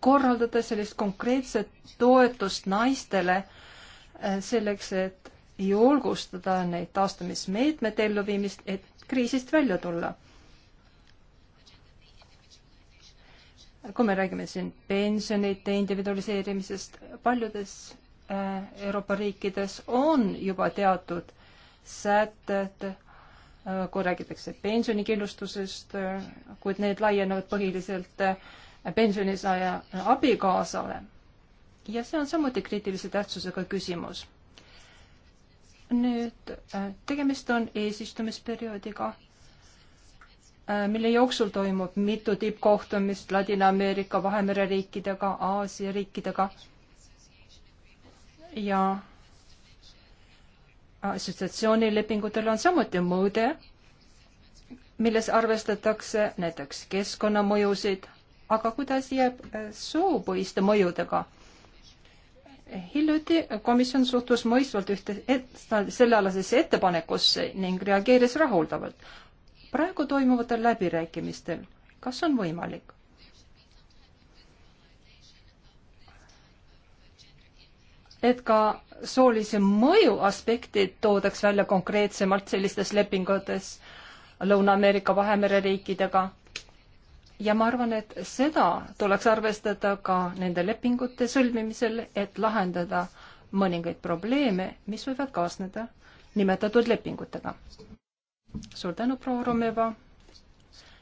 Speaker 5: korraldada sellist konkreetset toetust naistele eh, selleks, et julgustada neid taastamismeetmete elluviimist, et kriisist välja tulla. kui me räägime siin pensionite individualiseerimisest, paljudes eh, Euroopa riikides on juba teatud sätted kui räägitakse pensionikindlustusest, kuid need laienevad põhiliselt pensionisaaja abikaasale. ja see on samuti kriitilise tähtsusega küsimus. nüüd äh, tegemist on eesistumisperioodiga, äh, mille jooksul toimub mitu tippkohtumist Ladina-Ameerika, Vahemere riikidega, Aasia riikidega ja assotsiatsioonilepingutel on samuti mõõde, milles arvestatakse näiteks keskkonnamõjusid, aga kuidas jääb äh, soopõhiste mõjudega? hiljuti komisjon suhtus mõistvalt ühte et, sellealasesse ettepanekusse ning reageeris rahuldavalt. praegu toimuvatel läbirääkimistel, kas on võimalik? et ka soolise mõju aspektid toodaks välja konkreetsemalt sellistes lepingutes Lõuna-Ameerika Vahemere riikidega. ja ma arvan, et seda tuleks arvestada ka nende lepingute sõlmimisel, et lahendada mõningaid probleeme, mis võivad kaasneda nimetatud lepingutega. suur tänu, proua Romeva.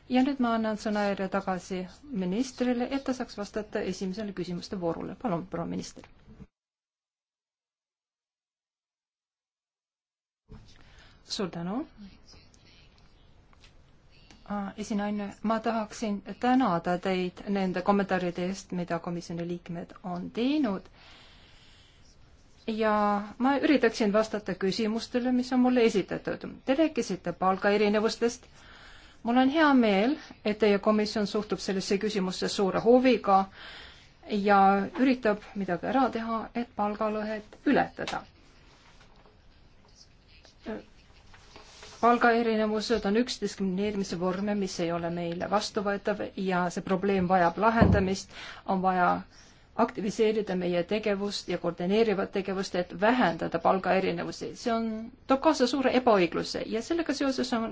Speaker 5: ja nüüd ma annan sõnajärje tagasi ministrile, et ta saaks vastata esimesele küsimuste voorule. palun, proua minister suur tänu. esinaine, ma tahaksin tänada teid nende kommentaaride eest, mida komisjoni liikmed on teinud. ja ma üritaksin vastata küsimustele, mis on mulle esitatud. Te rääkisite palgaerinevustest. mul on hea meel, et teie komisjon suhtub sellesse küsimusse suure huviga ja üritab midagi ära teha, et palgalõhet ületada palgaerinevused on üks diskrimineerimise vorme, mis ei ole meile vastuvõetav ja see probleem vajab lahendamist, on vaja aktiviseerida meie tegevust ja koordineerivat tegevust, et vähendada palgaerinevusi. see on, toob kaasa suure ebaõigluse ja sellega seoses on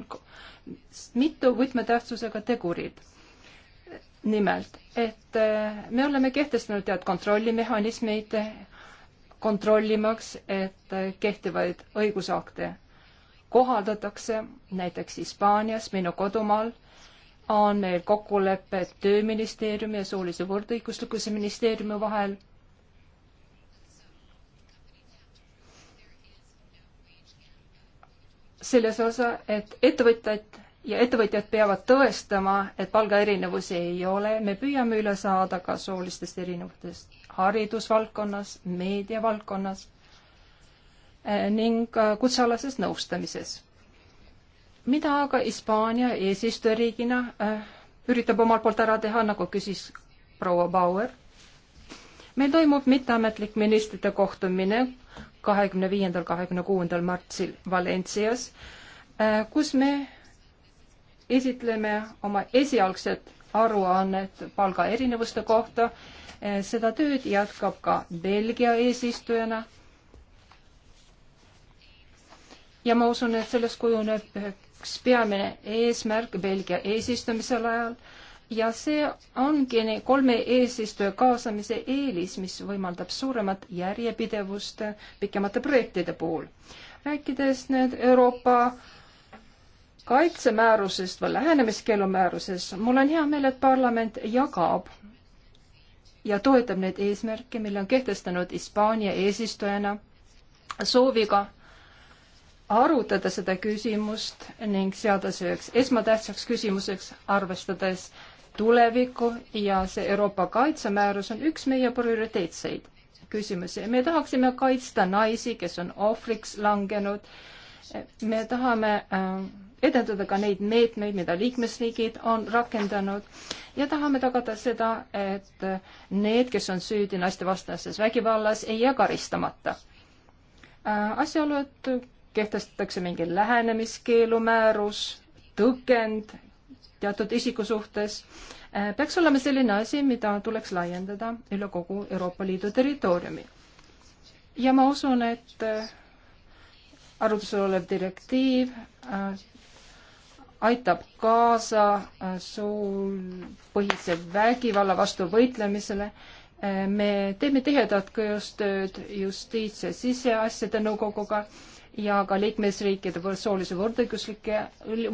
Speaker 5: mitu võtmetähtsusega tegurit. nimelt, et eh, me oleme kehtestanud tead kontrollimehhanismeid, kontrollimaks, et eh, kehtivaid õigusakte kohaldatakse, näiteks Hispaanias, minu kodumaal, on meil kokkulepped Tööministeeriumi ja Soolise Võrdõiguslikkuse ministeeriumi vahel selles osa, et ettevõtjad ja ettevõtjad peavad tõestama, et palgaerinevusi ei ole, me püüame üle saada ka soolistest erinevustest haridusvaldkonnas, meediavaldkonnas ning kutsealases nõustamises. mida aga Hispaania eesistujariigina äh, üritab omalt poolt ära teha, nagu küsis proua Bauer? meil toimub mitteametlik ministrite kohtumine kahekümne viiendal, kahekümne kuuendal märtsil Valencias, äh, kus me esitleme oma esialgset aruannet palgaerinevuste kohta. Äh, seda tööd jätkab ka Belgia eesistujana ja ma usun, et sellest kujuneb üks peamine eesmärk Belgia eesistumisel ajal ja see ongi kolme eesistuja kaasamise eelis, mis võimaldab suuremat järjepidevust pikemate projektide puhul. rääkides nüüd Euroopa kaitsemäärusest või lähenemiskeelumääruses, mul on hea meel, et parlament jagab ja toetab neid eesmärke, mille on kehtestanud Hispaania eesistujana sooviga arutada seda küsimust ning seada see üheks esmatähtsaks küsimuseks, arvestades tulevikku ja see Euroopa kaitsemäärus on üks meie prioriteetseid küsimusi. me tahaksime kaitsta naisi, kes on ohvriks langenud. me tahame äh, edendada ka neid meetmeid, mida liikmesriigid on rakendanud ja tahame tagada seda, et need, kes on süüdi naistevastases vägivallas, ei jää karistamata äh, asjaolu, et kehtestatakse mingi lähenemiskeelumäärus, tõkend teatud isiku suhtes, äh, peaks olema selline asi, mida tuleks laiendada üle kogu Euroopa Liidu territooriumi. ja ma usun, et äh, arutlusel olev direktiiv äh, aitab kaasa soopõhise vägivalla vastu võitlemisele. me teeme tihedat koostööd justiits- ja siseasjade nõukoguga ja ka liikmesriikide soolise võrdõiguslike,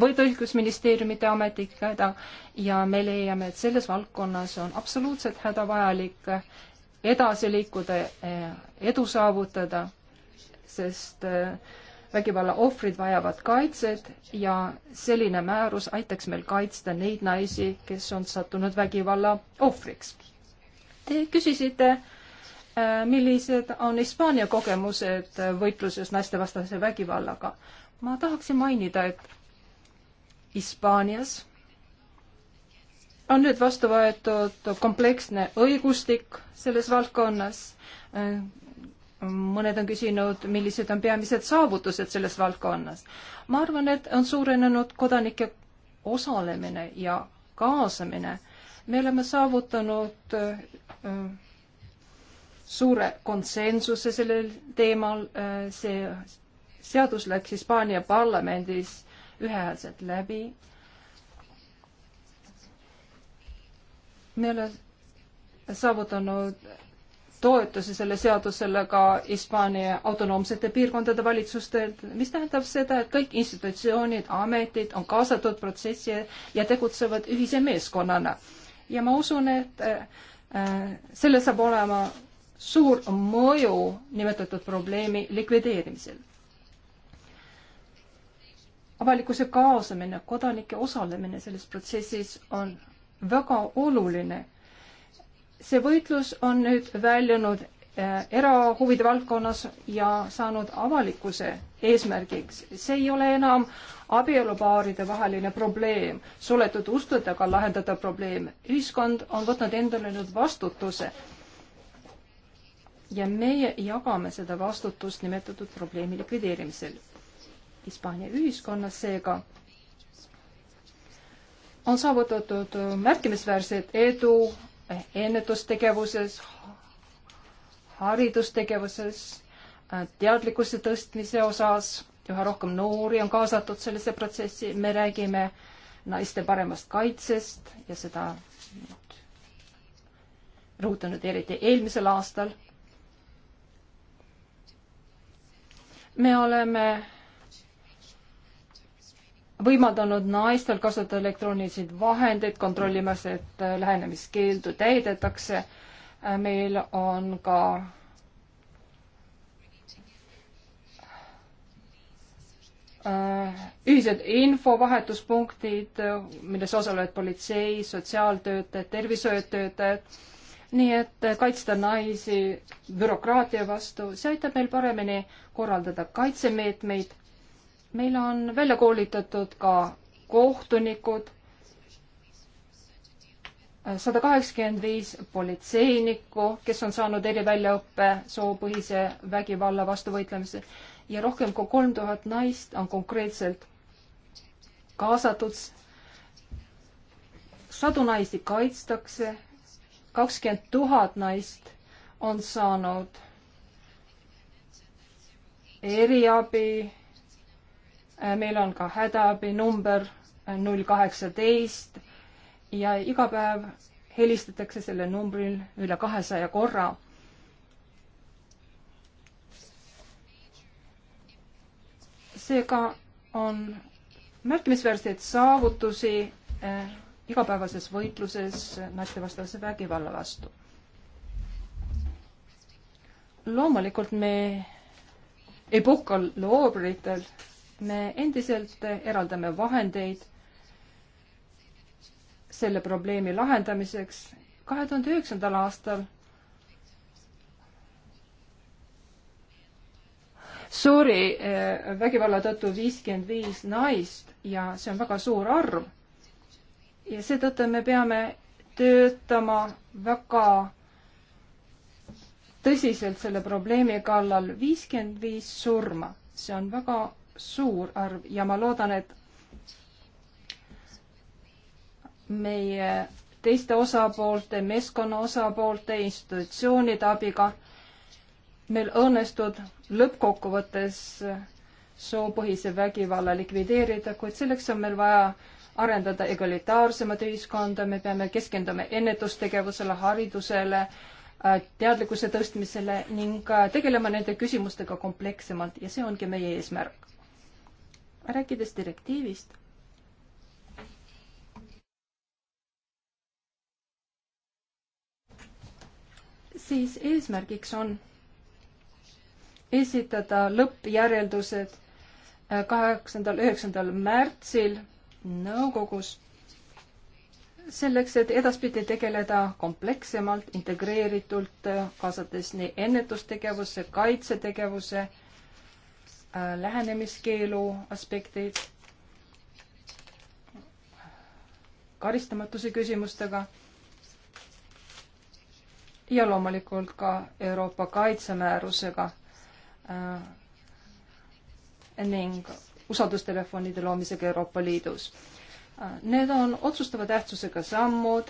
Speaker 5: võrdõigusministeeriumite ametnikega ja me leiame, et selles valdkonnas on absoluutselt hädavajalik edasi liikuda, eh, edu saavutada, sest eh, vägivalla ohvrid vajavad kaitset ja selline määrus aitaks meil kaitsta neid naisi, kes on sattunud vägivalla ohvriks. Te küsisite äh, Äh, millised on Hispaania kogemused võitluses naistevastase vägivallaga. ma tahaksin mainida, et Hispaanias on nüüd vastu võetud kompleksne õigustik selles valdkonnas. Äh, mõned on küsinud, millised on peamised saavutused selles valdkonnas. ma arvan, et on suurenenud kodanike osalemine ja kaasamine. me oleme saavutanud äh, suure konsensuse sellel teemal. Äh, see seadus läks Hispaania parlamendis ühehäälselt läbi. me oleme saavutanud toetusi selle seadusele ka Hispaania autonoomsete piirkondade valitsustelt, mis tähendab seda, et kõik institutsioonid, ametid on kaasatud protsessi ja tegutsevad ühise meeskonnana. ja ma usun, et äh, äh sellel saab olema suur mõju nimetatud probleemi likvideerimisel. avalikkuse kaasamine, kodanike osalemine selles protsessis on väga oluline. see võitlus on nüüd väljunud eh, erahuvide valdkonnas ja saanud avalikkuse eesmärgiks. see ei ole enam abielupaaride vaheline probleem, suletud uste taga lahendatav probleem. ühiskond on võtnud endale nüüd vastutuse ja meie jagame seda vastutust nimetatud probleemi likvideerimisel. Hispaania ühiskonnas seega on saavutatud märkimisväärset edu ennetustegevuses, haridustegevuses, teadlikkuse tõstmise osas, üha rohkem noori on kaasatud sellesse protsessi, me räägime naiste paremast kaitsest ja seda rõhutanud eriti eelmisel aastal me oleme võimaldanud naistel kasutada elektroonilisi vahendeid, kontrollimas, et äh, lähenemiskeeldu täidetakse. Äh, meil on ka äh, ühised infovahetuspunktid, milles osalevad politsei, sotsiaaltöötajad, tervishoiutöötajad nii et kaitsta naisi bürokraatia vastu, see aitab meil paremini korraldada kaitsemeetmeid. meil on välja koolitatud ka kohtunikud, sada kaheksakümmend viis politseinikku, kes on saanud eriväljaõppe soopõhise vägivalla vastu võitlemisel ja rohkem kui kolm tuhat naist on konkreetselt kaasatud. sadu naisi kaitstakse kakskümmend tuhat naist on saanud eriabi. meil on ka hädaabinumber null kaheksateist ja iga päev helistatakse sellel numbril üle kahesaja korra. seega on märkimisväärseid saavutusi eh, igapäevases võitluses naistevastase vägivalla vastu. loomulikult me ei puhka loobritel, me endiselt eraldame vahendeid selle probleemi lahendamiseks. kahe tuhande üheksandal aastal suri eh, vägivalla tõttu viiskümmend viis naist ja see on väga suur arv ja seetõttu me peame töötama väga tõsiselt selle probleemi kallal. viiskümmend viis surma, see on väga suur arv ja ma loodan, et meie teiste osapoolte, meeskonna osapoolte, institutsioonide abiga meil õnnestub lõppkokkuvõttes soopõhise vägivalla likvideerida, kuid selleks on meil vaja arendada egalitaarsemat ühiskonda, me peame keskenduma ennetustegevusele, haridusele, äh, teadlikkuse tõstmisele ning äh, tegelema nende küsimustega komplekssemalt ja see ongi meie eesmärk. rääkides direktiivist siis eesmärgiks on esitada lõppjäreldused äh, kaheksandal, üheksandal märtsil nõukogus selleks, et edaspidi tegeleda komplekssemalt, integreeritult, kaasates nii ennetustegevusse, kaitsetegevuse, äh, lähenemiskeelu aspekteid, karistamatuse küsimustega ja loomulikult ka Euroopa kaitsemäärusega äh, ning usaldustelefonide loomisega Euroopa Liidus. Need on otsustava tähtsusega sammud,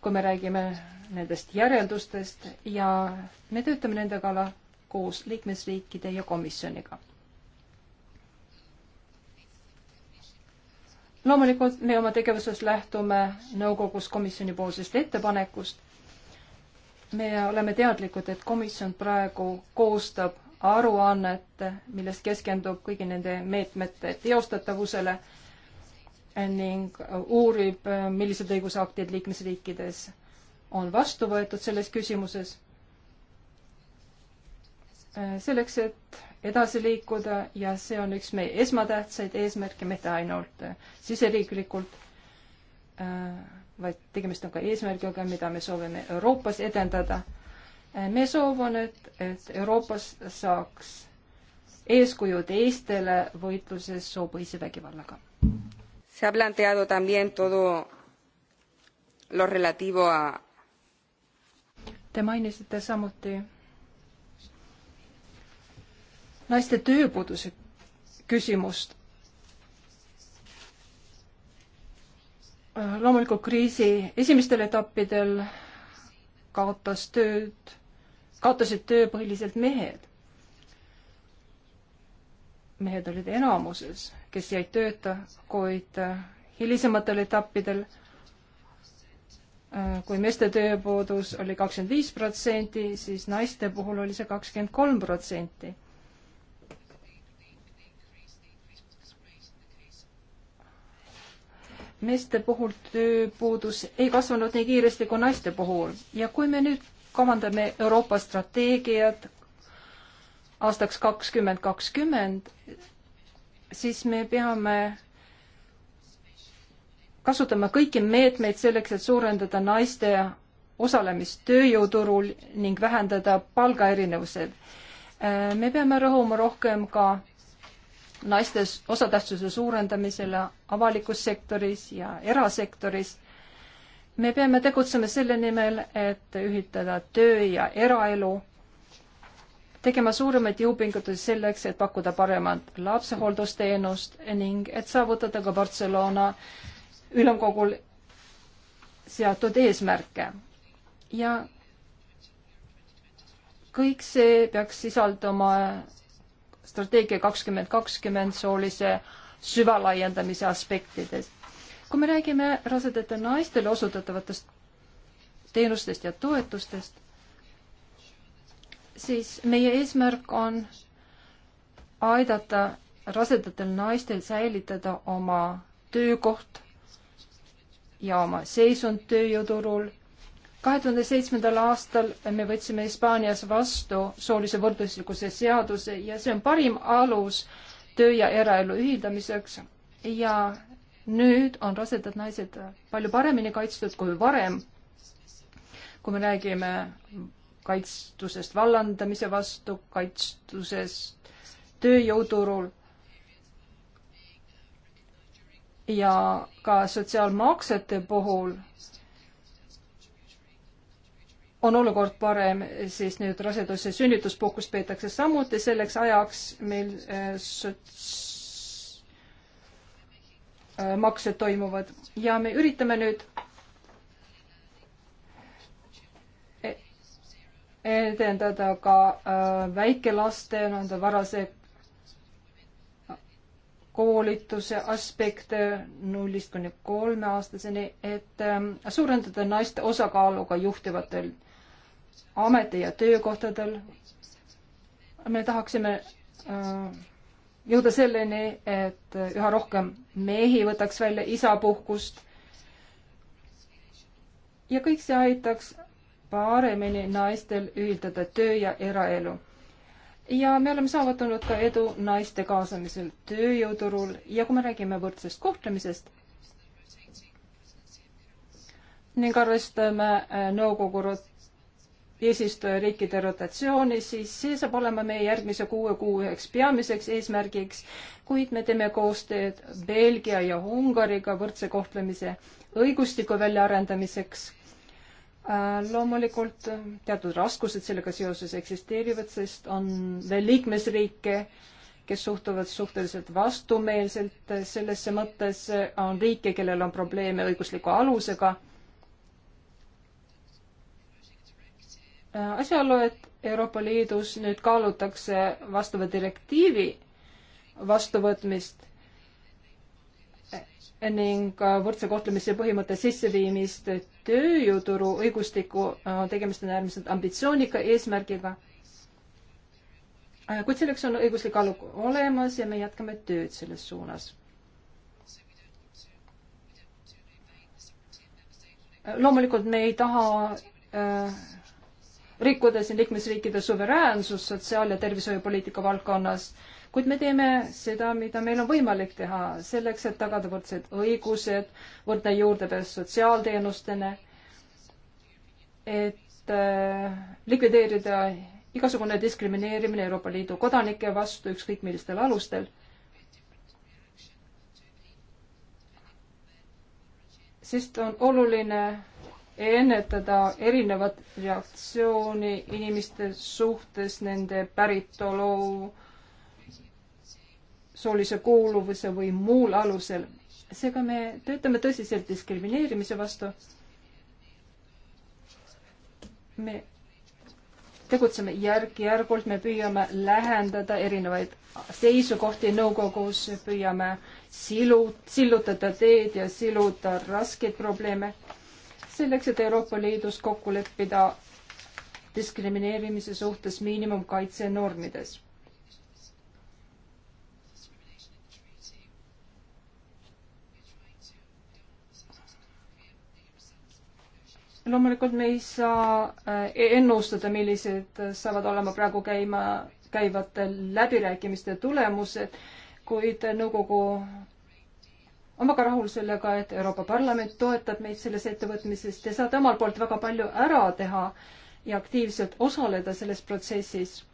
Speaker 5: kui me räägime nendest järeldustest ja me töötame nende kallal koos liikmesriikide ja komisjoniga. loomulikult me oma tegevuses lähtume nõukogus komisjoni poolsest ettepanekust. me oleme teadlikud, et komisjon praegu koostab aruannet, milles keskendub kõigi nende meetmete teostatavusele ning uurib, millised õigusaktid liikmesriikides on vastu võetud selles küsimuses. selleks, et edasi liikuda ja see on üks meie esmatähtsaid eesmärke, mitte ainult siseriiklikult, äh, vaid tegemist on ka eesmärgiga, mida me soovime Euroopas edendada meie soov on, et, et Euroopas saaks eeskuju teistele võitluses soopõhise vägivallaga. Se ha planteado también todo lo relativo a Te mainisite samuti naiste tööpuuduse küsimust. loomulikult kriisi esimestel etappidel kaotas tööd, kaotasid töö põhiliselt mehed. mehed olid enamuses, kes jäid tööta, kuid äh, hilisematel etappidel, äh, kui meeste tööpuudus oli kakskümmend viis protsenti, siis naiste puhul oli see kakskümmend kolm protsenti meeste puhul tööpuudus ei kasvanud nii kiiresti kui naiste puhul ja kui me nüüd kavandame Euroopa strateegiat aastaks kakskümmend kakskümmend, siis me peame kasutama kõiki meetmeid selleks, et suurendada naiste osalemist tööjõuturul ning vähendada palgaerinevused. Äh, me peame rõhuma rohkem ka naiste osatähtsuse suurendamisele avalikus sektoris ja erasektoris. me peame tegutsema selle nimel, et ühitada töö ja eraelu, tegema suuremaid jõupingutusi selleks, et pakkuda paremat lapsehooldusteenust ning et saavutada ka Barcelona ülemkogul seatud eesmärke. ja kõik see peaks sisalduma strateegia kakskümmend kakskümmend soolise süvalaiendamise aspektides. kui me räägime rasedate naistele osutatavatest teenustest ja toetustest, siis meie eesmärk on aidata rasedatel naistel säilitada oma töökoht ja oma seisund tööjõuturul kahe tuhande seitsmendal aastal me võtsime Hispaanias vastu soolise võrdõiguslikkuse seaduse ja see on parim alus töö ja eraelu ühildamiseks ja nüüd on rasedad naised palju paremini kaitstud kui varem, kui me räägime kaitstusest vallandamise vastu, kaitstusest tööjõuturul ja ka sotsiaalmaksete puhul on olukord parem, siis nüüd rasedus- ja sünnituspuhkust peetakse samuti selleks ajaks, mil äh, sots-, äh, maksed toimuvad ja me üritame nüüd e-, edendada ka äh, väikelaste, nii-öelda varase koolituse aspekte nullist kuni kolmeaastaseni, et ähm, suurendada naiste osakaalu ka juhtivatel ameti ja töökohtadel. me tahaksime äh, jõuda selleni, et üha rohkem mehi võtaks välja isapuhkust. ja kõik see aitaks paremini naistel ühildada töö ja eraelu. ja me oleme saavutanud ka edu naiste kaasamisel tööjõuturul ja kui me räägime võrdsest kohtlemisest ning arvestame äh, nõukogu rot-, eesistujariikide rotatsiooni, siis see saab olema meie järgmise kuue kuu üheks peamiseks eesmärgiks, kuid me teeme koostööd Belgia ja Ungariga võrdse kohtlemise õigustiku väljaarendamiseks. Äh, loomulikult teatud raskused sellega seoses eksisteerivad, sest on veel liikmesriike, kes suhtuvad suhteliselt vastumeelselt sellesse mõttes, on riike, kellel on probleeme õigusliku alusega asjaolu, et Euroopa Liidus nüüd kaalutakse vastava direktiivi vastuvõtmist ning võrdse kohtlemise põhimõtte sisseviimist tööjõuturu õigustiku äh, tegemist on äärmiselt ambitsioonika eesmärgiga. Äh, kuid selleks on õiguslik aluk olemas ja me jätkame tööd selles suunas. loomulikult me ei taha äh, rikkuda siin liikmesriikide suveräänsust sotsiaal- ja tervishoiupoliitika valdkonnas, kuid me teeme seda, mida meil on võimalik teha selleks, et tagada võrdsed õigused, võrdne juurdepääs sotsiaalteenustele, et äh, likvideerida igasugune diskrimineerimine Euroopa Liidu kodanike vastu ükskõik millistel alustel sest on oluline ennetada erinevat reaktsiooni inimeste suhtes, nende päritolu, soolise kuuluvuse või muul alusel. seega me töötame tõsiselt diskrimineerimise vastu. me tegutseme järk-järgult, me püüame lähendada erinevaid seisukohti nõukogus, püüame silu, sillutada teed ja siluda raskeid probleeme selleks, et Euroopa Liidus kokku leppida diskrimineerimise suhtes miinimumkaitse normides. loomulikult me ei saa eh, ennustada, millised saavad olema praegu käima, käivate läbirääkimiste tulemused, kuid nõukogu on väga rahul sellega, et Euroopa Parlament toetab meid selles ettevõtmises. Te saate omalt poolt väga palju ära teha ja aktiivselt osaleda selles protsessis.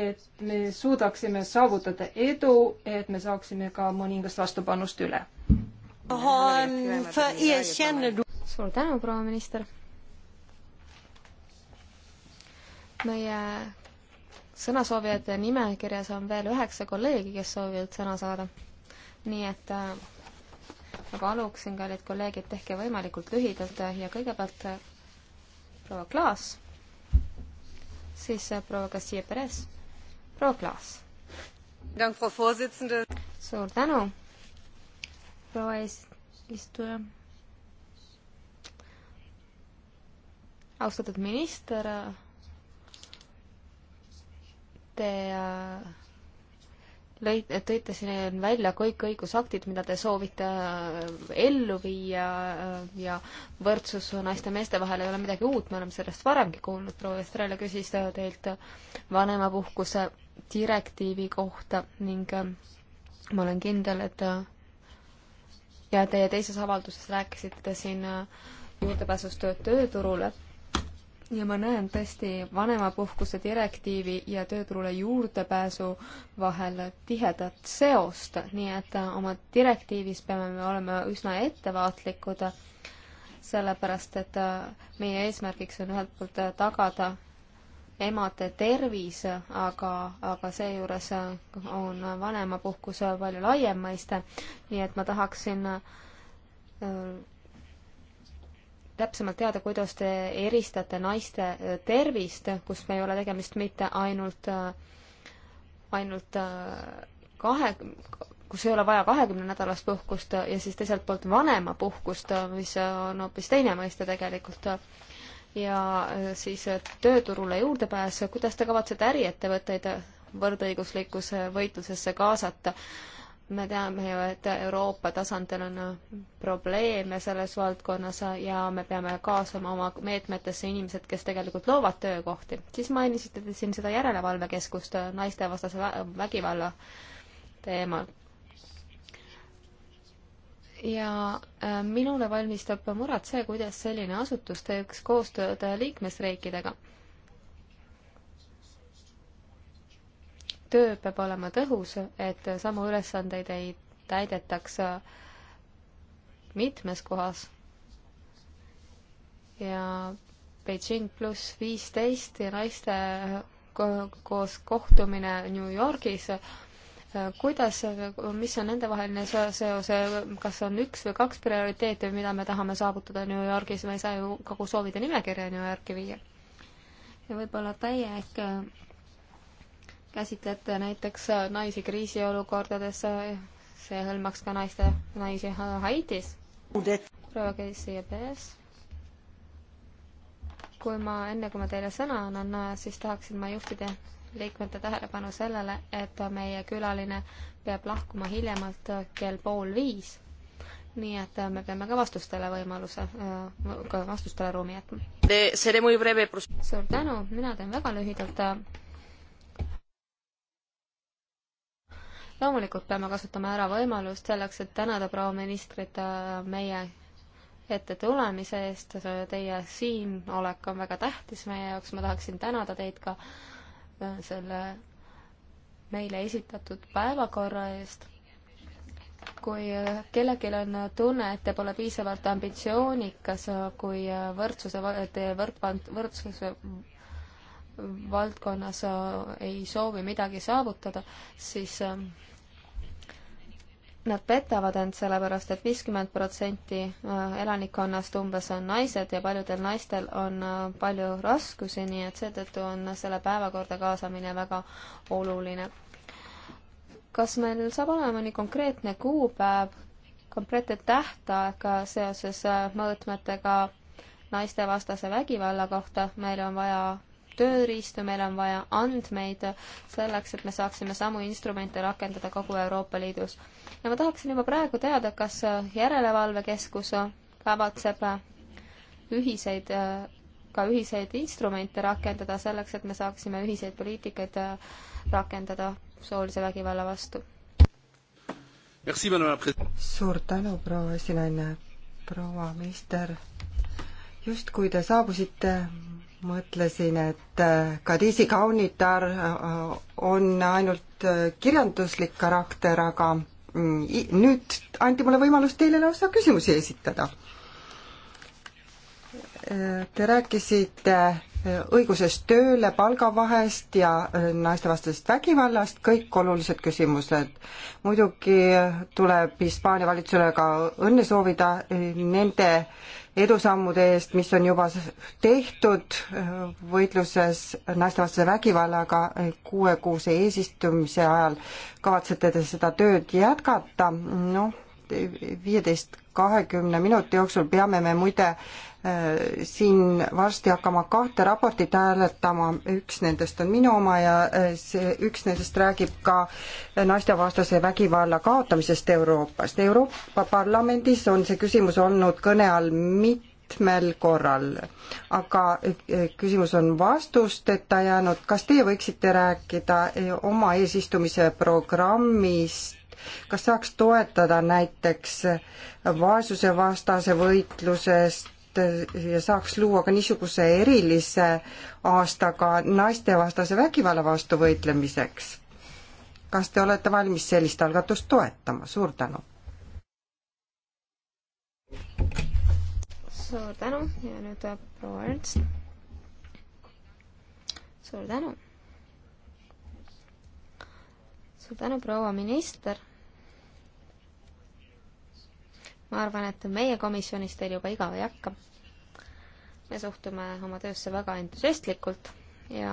Speaker 5: et me suudaksime saavutada edu, et me saaksime ka mõningast vastupanust üle. suur tänu, proua minister.
Speaker 2: meie sõnasoovijate nimekirjas on veel üheksa kolleegi, kes soovivad sõna saada nii et äh, ma paluksin, kallid kolleegid, tehke võimalikult lühidalt ja kõigepealt äh, proua Klaas, siis äh, proua Garcia Perez, proua Klaas. suur tänu, proua eesistuja. austatud minister, te lõid, tõite siin välja kõik õigusaktid, mida te soovite äh, ellu viia äh, ja võrdsus naiste ja meeste vahel ei ole midagi uut, me oleme sellest varemgi kuulnud, proua Estrela küsis äh, teilt vanemapuhkuse direktiivi kohta ning ma olen kindel, et ja teie teises avalduses rääkisite siin juurdepääsust tööturule ja ma näen tõesti vanemapuhkuse direktiivi ja tööturule juurdepääsu vahel tihedat seost, nii et oma direktiivis peame me olema üsna ettevaatlikud, sellepärast et meie eesmärgiks on ühelt poolt tagada emade tervis, aga, aga seejuures on vanemapuhkus palju laiem mõiste, nii et ma tahaksin täpsemalt teada, kuidas te eristate naiste äh, tervist, kus ei ole tegemist mitte ainult, äh, ainult äh, kahe, kus ei ole vaja kahekümnenädalast puhkust ja siis teiselt poolt vanemapuhkust, mis on hoopis teine mõiste tegelikult, ja siis tööturule juurdepääs, kuidas te kavatsete äriettevõtteid võrdõiguslikkuse võitlusesse kaasata me teame ju, et Euroopa tasandil on probleeme selles valdkonnas ja me peame kaasama oma meetmetesse inimesed, kes tegelikult loovad töökohti. siis mainisite te siin seda järelevalvekeskust naistevastase vägivalla teemal. ja äh, minule valmistab muret see, kuidas selline asutus teeks koostööd liikmesriikidega töö peab olema tõhus, et samu ülesandeid ei täidetaks mitmes kohas. ja Beijing pluss viisteist ja naiste ko koos kohtumine New Yorgis kuidas, mis on nendevaheline seos, kas on üks või kaks prioriteeti, mida me tahame saavutada New Yorgis, me ei saa ju kogu soovide nimekirja New Yorki viia. ja võib-olla teie ehk käsitlete näiteks äh, naisi kriisiolukordades, äh, see hõlmaks ka naiste, naisi Haitis. proua Keissi ja PS. kui ma, enne kui ma teile sõna annan, äh, siis tahaksin ma juhtida liikmete tähelepanu sellele, et meie külaline peab lahkuma hiljemalt kell pool viis. nii et me peame ka vastustele võimaluse, ka vastustele ruumi jätma. suur tänu, mina teen väga lühidalt loomulikult peame kasutama ära võimalust selleks, et tänada proua ministrit äh, meie ette tulemise eest, teie siinolek on väga tähtis meie jaoks, ma tahaksin tänada teid ka äh, selle meile esitatud päevakorra eest. kui äh, kellelgi on tunne, et te pole piisavalt ambitsioonikas, kui võrdsuse, võrd-, võrdsuse valdkonnas äh, ei soovi midagi saavutada, siis ähm, nad petavad end, sellepärast et viiskümmend protsenti äh, elanikkonnast umbes on naised ja paljudel naistel on äh, palju raskusi, nii et seetõttu on selle päevakorda kaasamine väga oluline. kas meil saab olema nii konkreetne kuupäev, konkreetne tähtaeg seoses mõõtmetega naistevastase vägivalla kohta, meil on vaja tööriistu, meil on vaja andmeid selleks, et me saaksime samu instrumente rakendada kogu Euroopa Liidus. ja ma tahaksin juba praegu teada, kas Järelevalvekeskus kavatseb ühiseid, ka ühiseid instrumente rakendada selleks, et me saaksime ühiseid poliitikaid rakendada soolise vägivalla vastu.
Speaker 1: suur
Speaker 4: tänu, proua esinaine, proua minister justkui te saabusite mõtlesin, et äh, Kadisi kaunitar äh, on ainult äh, kirjanduslik karakter, aga mm, nüüd anti mulle võimalus teile lausa küsimusi esitada. Te rääkisite õigusest tööle, palgavahest ja naistevastasest vägivallast, kõik olulised küsimused. muidugi tuleb Hispaania valitsusele ka õnne soovida nende edusammude eest, mis on juba tehtud äh, võitluses naistevastase vägivallaga äh, kuuekuuse eesistumise ajal. kavatsete te seda tööd jätkata? noh, viieteist, kahekümne minuti jooksul peame me muide Äh, siin varsti hakkama kahte raportit hääletama, üks nendest on minu oma ja äh, see, üks nendest räägib ka naistevastase vägivalla kaotamisest Euroopast. Euroopa Parlamendis on see küsimus olnud kõne all mitmel korral, aga äh, küsimus on vastusteta jäänud, kas teie võiksite rääkida oma eesistumise programmist kas saaks toetada näiteks vaesusevastase võitlusest, ja saaks luua ka niisuguse erilise aastaga naistevastase vägivalla vastu võitlemiseks. kas te olete valmis sellist algatust toetama? suur tänu!
Speaker 2: suur tänu ja nüüd äh, proua Ernst. suur tänu! suur tänu, proua minister ma arvan, et meie komisjonis teil juba igav ei hakka. me suhtume oma töösse väga entusiastlikult ja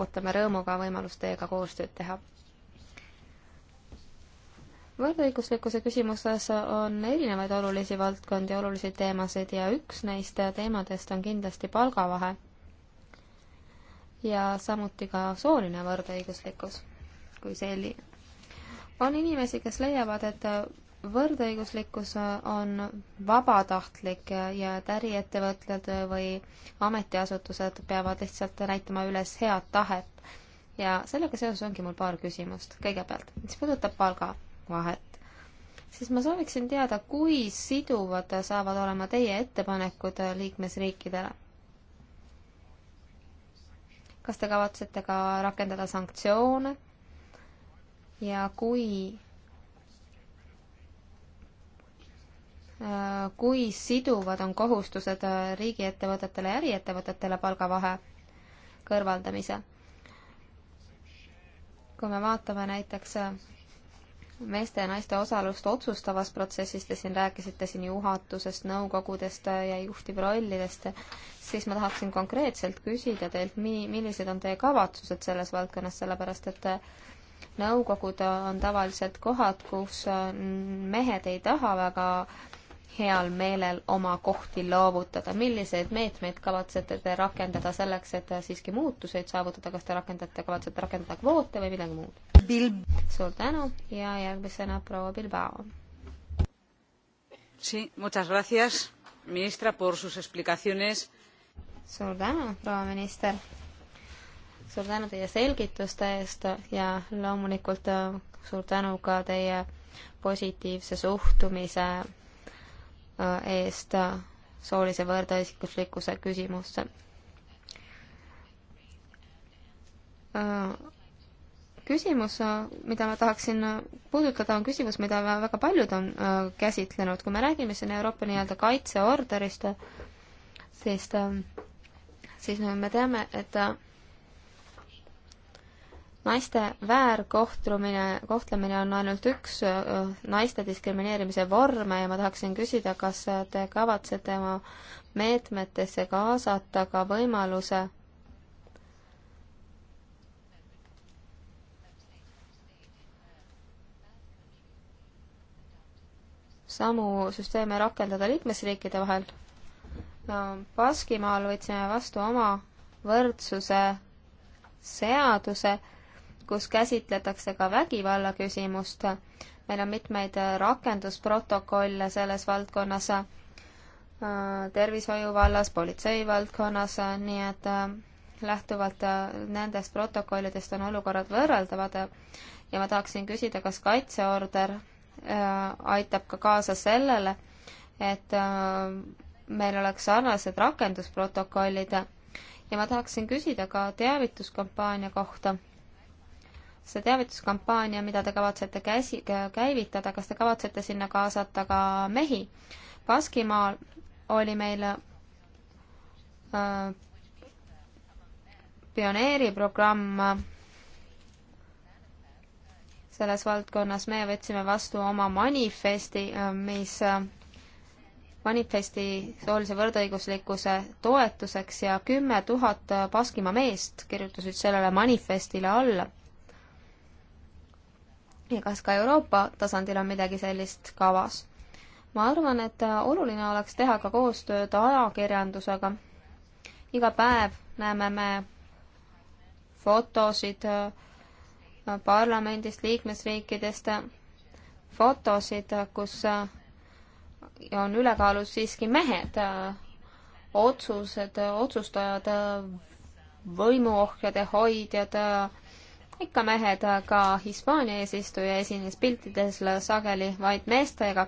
Speaker 2: ootame rõõmuga võimalust teiega koostööd teha. võrdõiguslikkuse küsimuses on erinevaid olulisi valdkondi, olulisi teemasid ja üks neist teemadest on kindlasti palgavahe ja samuti ka sooline võrdõiguslikkus kui selline. on inimesi, kes leiavad, et võrdõiguslikkus on vabatahtlik ja et äriettevõtted või ametiasutused peavad lihtsalt näitama üles head tahet. ja sellega seoses ongi mul paar küsimust. kõigepealt, mis puudutab palgavahet, siis ma sooviksin teada, kui siduvad saavad olema teie ettepanekud liikmesriikidele? kas te kavatsete ka rakendada sanktsioone ja kui Äh, kui siduvad on kohustused äh, riigiettevõtetele ja äriettevõtetele palgavahe kõrvaldamise. kui me vaatame näiteks äh, meeste ja naiste osalust otsustavas protsessis, te siin rääkisite siin juhatusest, nõukogudest ja juhtivrollidest, siis ma tahaksin konkreetselt küsida teilt, mi-, millised on teie kavatsused selles valdkonnas, sellepärast et nõukogud on tavaliselt kohad, kus mehed ei taha väga heal meelel oma kohti loovutada. milliseid meetmeid kavatsete te rakendada selleks, et siiski muutuseid saavutada, kas te rakendate, kavatsete rakendada kvoote või midagi muud? suur tänu ja järgmisena proua Bilbao. Sí, muchas gracias, ministra, por sus explicaciones. suur tänu, proua minister. suur tänu teie selgituste eest ja loomulikult suur tänu ka teie positiivse suhtumise eest soolise võrdõiguslikkuse küsimusse. küsimus, mida ma tahaksin puudutada, on küsimus, mida väga paljud on äh, käsitlenud. kui me räägime siin Euroopa nii-öelda kaitseorderist, äh, siis, äh, siis me teame, et naiste väärkohtlemine, kohtlemine on ainult üks äh, naiste diskrimineerimise vorme ja ma tahaksin küsida, kas te kavatsete oma meetmetesse kaasata ka võimaluse samu süsteeme rakendada liikmesriikide vahel. Baskimaal võtsime vastu oma võrdsuse seaduse kus käsitletakse ka vägivalla küsimust. meil on mitmeid äh, rakendusprotokolle selles valdkonnas, äh, tervishoiu vallas, politsei valdkonnas, äh, nii et lähtuvalt nendest protokollidest on olukorrad võrreldavad ja ma tahaksin küsida, kas kaitseorder aitab ka kaasa sellele, et meil oleks sarnased rakendusprotokollid ja ma tahaksin küsida ka teavituskampaania kohta see teavituskampaania, mida te kavatsete käsi, käivitada, kas te kavatsete sinna kaasata ka mehi? Baskimaal oli meil äh, pioneeriprogramm selles valdkonnas, me võtsime vastu oma manifesti, äh, mis äh, manifesti soolise võrdõiguslikkuse toetuseks ja kümme tuhat Baskimaa meest kirjutasid sellele manifestile alla ja kas ka Euroopa tasandil on midagi sellist kavas? ma arvan, et oluline oleks teha ka koostööd ajakirjandusega. iga päev näeme me fotosid äh, parlamendist, liikmesriikidest, fotosid, kus äh, on ülekaalus siiski mehed, äh, otsused, otsustajad, võimuohjade hoidjad, ikka mehed, aga Hispaania eesistuja esines piltides sageli vaid meestega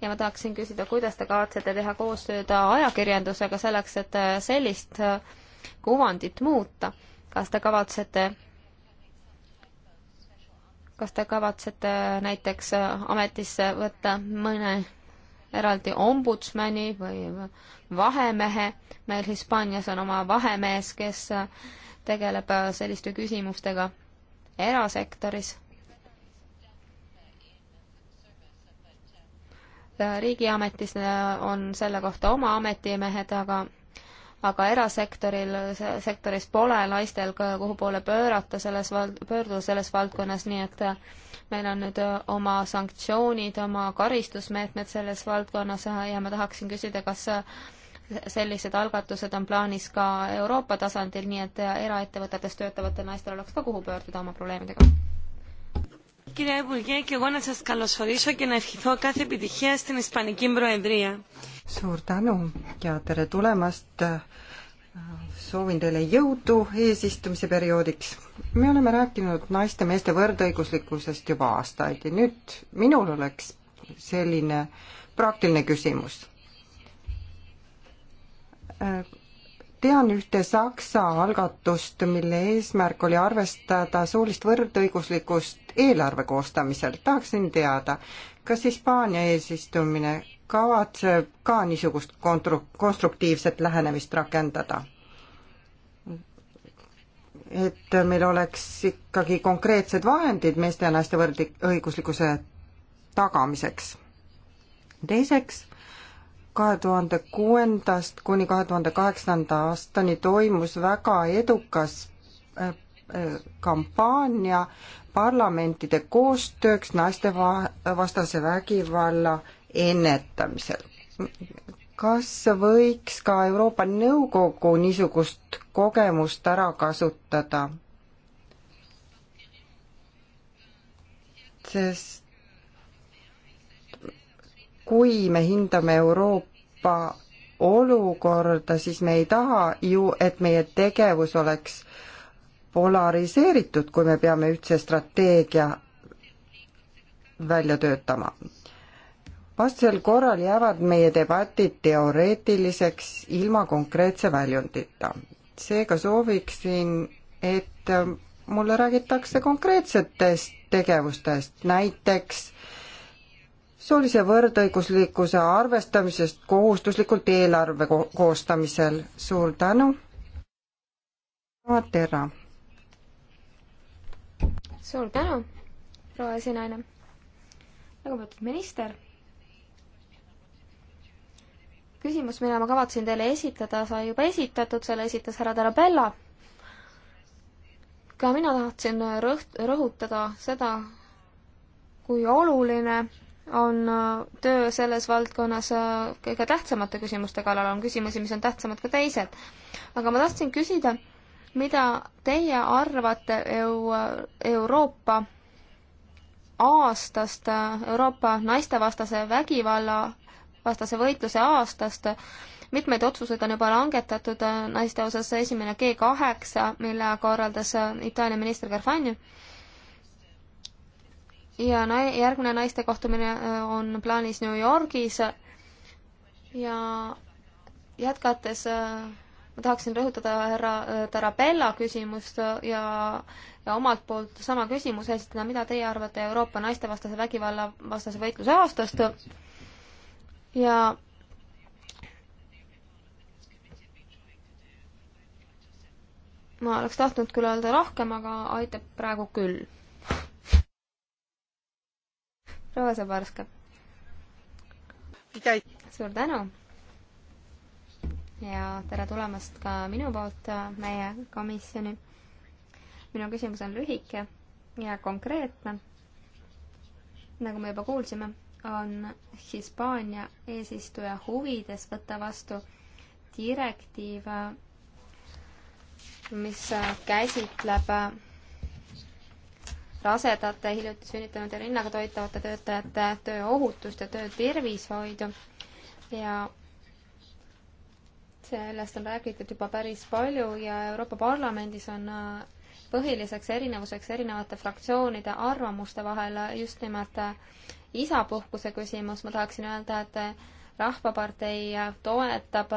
Speaker 2: ja ma tahaksin küsida, kuidas te kavatsete teha koostööd ajakirjandusega selleks, et sellist kuvandit muuta. kas te kavatsete, kas te kavatsete näiteks ametisse võtta mõne eraldi ombudsmani või vahemehe, meil Hispaanias on oma vahemees, kes tegeleb selliste küsimustega erasektoris. Äh, riigiametis äh, on selle kohta oma ametimehed, aga aga erasektoril, sektoris pole naistel ka kuhu poole pöörata selles val-, pöörduda selles valdkonnas, nii et äh, meil on nüüd oma sanktsioonid, oma karistusmeetmed selles valdkonnas ja ma tahaksin küsida, kas sellised algatused on plaanis ka Euroopa tasandil, nii et eraettevõtetes töötavatel naistel oleks ka, kuhu pöörduda oma probleemidega.
Speaker 1: Κυρία Υπουργέ, και εγώ να σας καλωσορίσω και να ευχηθώ κάθε επιτυχία στην Ισπανική Προεδρία.
Speaker 4: Suur tänu ja tere tulemast. Soovin teile jõudu eesistumise perioodiks. Me oleme rääkinud naiste meeste võrdõiguslikkusest juba aastaid ja nüüd minul oleks selline praktiline küsimus tean ühte Saksa algatust, mille eesmärk oli arvestada soolist võrdõiguslikkust eelarve koostamisel. tahaksin teada, kas Hispaania eesistumine kavatseb ka niisugust kontru-, konstruktiivset lähenemist rakendada? et meil oleks ikkagi konkreetsed vahendid meeste ja naiste võrdõiguslikkuse tagamiseks. teiseks kahe tuhande kuuendast kuni kahe tuhande kaheksanda aastani toimus väga edukas äh, äh, kampaania parlamentide koostööks naistevastase vägivalla ennetamisel. kas võiks ka Euroopa Nõukogu niisugust kogemust ära kasutada? sest kui me hindame Euroopa olukorda, siis me ei taha ju, et meie tegevus oleks polariseeritud, kui me peame ühtse strateegia välja töötama. vastasel korral jäävad meie debatid teoreetiliseks ilma konkreetse väljundita. seega sooviksin, et mulle räägitakse konkreetsetest tegevustest, näiteks soolise võrdõiguslikkuse arvestamisest kohustuslikult eelarve ko koostamisel. suur tänu. Tera.
Speaker 2: suur tänu, proua esinaine. lugupeetud minister. küsimus, mille ma kavatsen teile esitada, sai juba esitatud, selle esitas härra Tarabella. ka mina tahtsin rõht-, rõhutada seda, kui oluline on äh, töö selles valdkonnas äh, kõige tähtsamate küsimuste kallal, on küsimusi, mis on tähtsamad ka teised. aga ma tahtsin küsida, mida teie arvate EU, äh, Euroopa aastast, Euroopa naistevastase vägivalla vastase võitluse aastast, mitmeid otsuseid on juba langetatud naiste osas, esimene G kaheksa, mille korraldas Itaalia minister Garfagni ja nai-, järgmine naiste kohtumine äh, on plaanis New Yorgis ja jätkates äh, ma tahaksin rõhutada härra äh, Tarabella küsimust ja, ja omalt poolt sama küsimuse esitada, mida teie arvate Euroopa naistevastase vägivalla vastase võitluse aastast ja ma oleks tahtnud küll öelda rohkem, aga aitab praegu küll proua Zaborska. suur tänu ja tere tulemast ka minu poolt äh, meie komisjoni. minu küsimus on lühike ja konkreetne. nagu me juba kuulsime, on Hispaania eesistuja huvides võtta vastu direktiiv, mis äh, käsitleb äh, rasedate, hiljuti sünnitanud ja rinnaga toitavate töötajate tööohutust ja töötervishoidu. ja sellest on räägitud juba päris palju ja Euroopa Parlamendis on äh, põhiliseks erinevuseks erinevate fraktsioonide arvamuste vahel just nimelt äh, isapuhkuse küsimus, ma tahaksin öelda, et äh, Rahvapartei toetab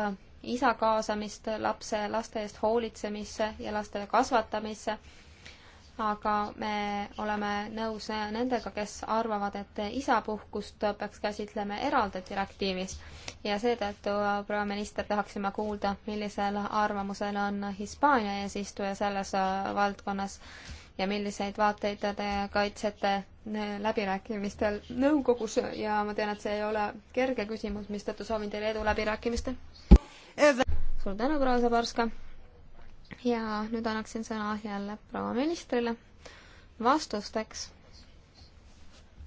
Speaker 2: isa kaasamist lapse, laste eest hoolitsemisse ja laste kasvatamisse aga me oleme nõus nendega, kes arvavad, et isapuhkust peaks käsitlema eraldi direktiivis ja seetõttu, proua minister, tahaksime kuulda, millisel arvamusel on Hispaania eesistuja selles valdkonnas ja milliseid vaateid te kaitsete läbirääkimistel nõukogus ja ma tean, et see ei ole kerge küsimus, mistõttu soovin teile edu läbirääkimistel. suur tänu, proua Zaborska! ja nüüd annaksin sõna jälle proua ministrile vastusteks.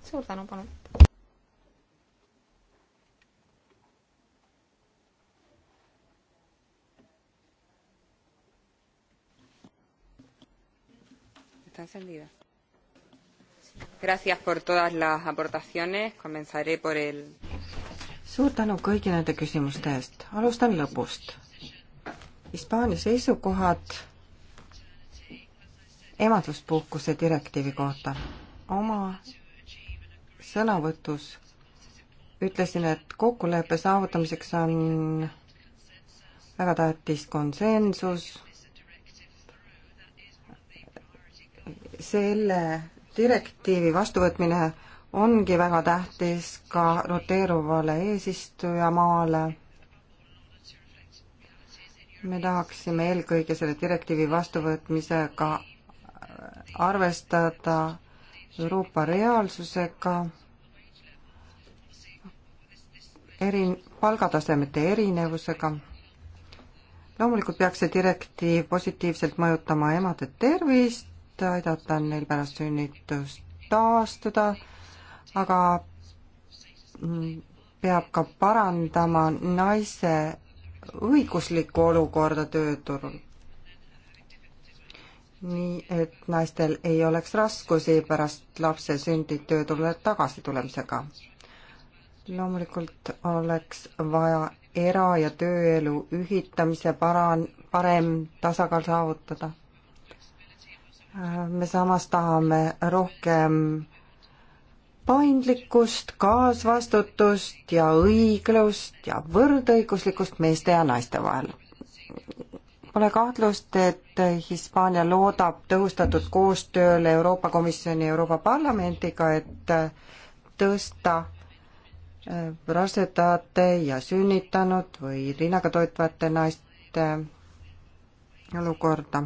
Speaker 2: suur tänu, palun.
Speaker 4: Está encendida. Gracias por todas las aportaciones. Comenzaré por el. suur tänu kõigi nende küsimuste eest. alustan lõpust Hispaania seisukohad emaduspuhkuse direktiivi kohta. oma sõnavõtus ütlesin, et kokkuleppe saavutamiseks on väga tähtis konsensus, selle direktiivi vastuvõtmine ongi väga tähtis ka roteeruvale eesistujamaale me tahaksime eelkõige selle direktiivi vastuvõtmisega arvestada Euroopa reaalsusega, eri, palgatasemete erinevusega. loomulikult peaks see direktiiv positiivselt mõjutama emade tervist, aidata neil pärast sünnitust taastuda, aga mm, peab ka parandama naise õiguslikku olukorda tööturul. nii et naistel ei oleks raskusi pärast lapse sündi tööturule tagasi tulemisega. loomulikult oleks vaja era- ja tööelu ühitamise paran-, parem tasakaal saavutada. Äh, me samas tahame rohkem paindlikkust, kaasvastutust ja õiglust ja võrdõiguslikkust meeste ja naiste vahel. Pole kahtlust, et Hispaania loodab tõhustatud koostööle Euroopa Komisjoni ja Euroopa Parlamendiga, et tõsta äh, rasedate ja sünnitanud või rinnaga toitvate naiste olukorda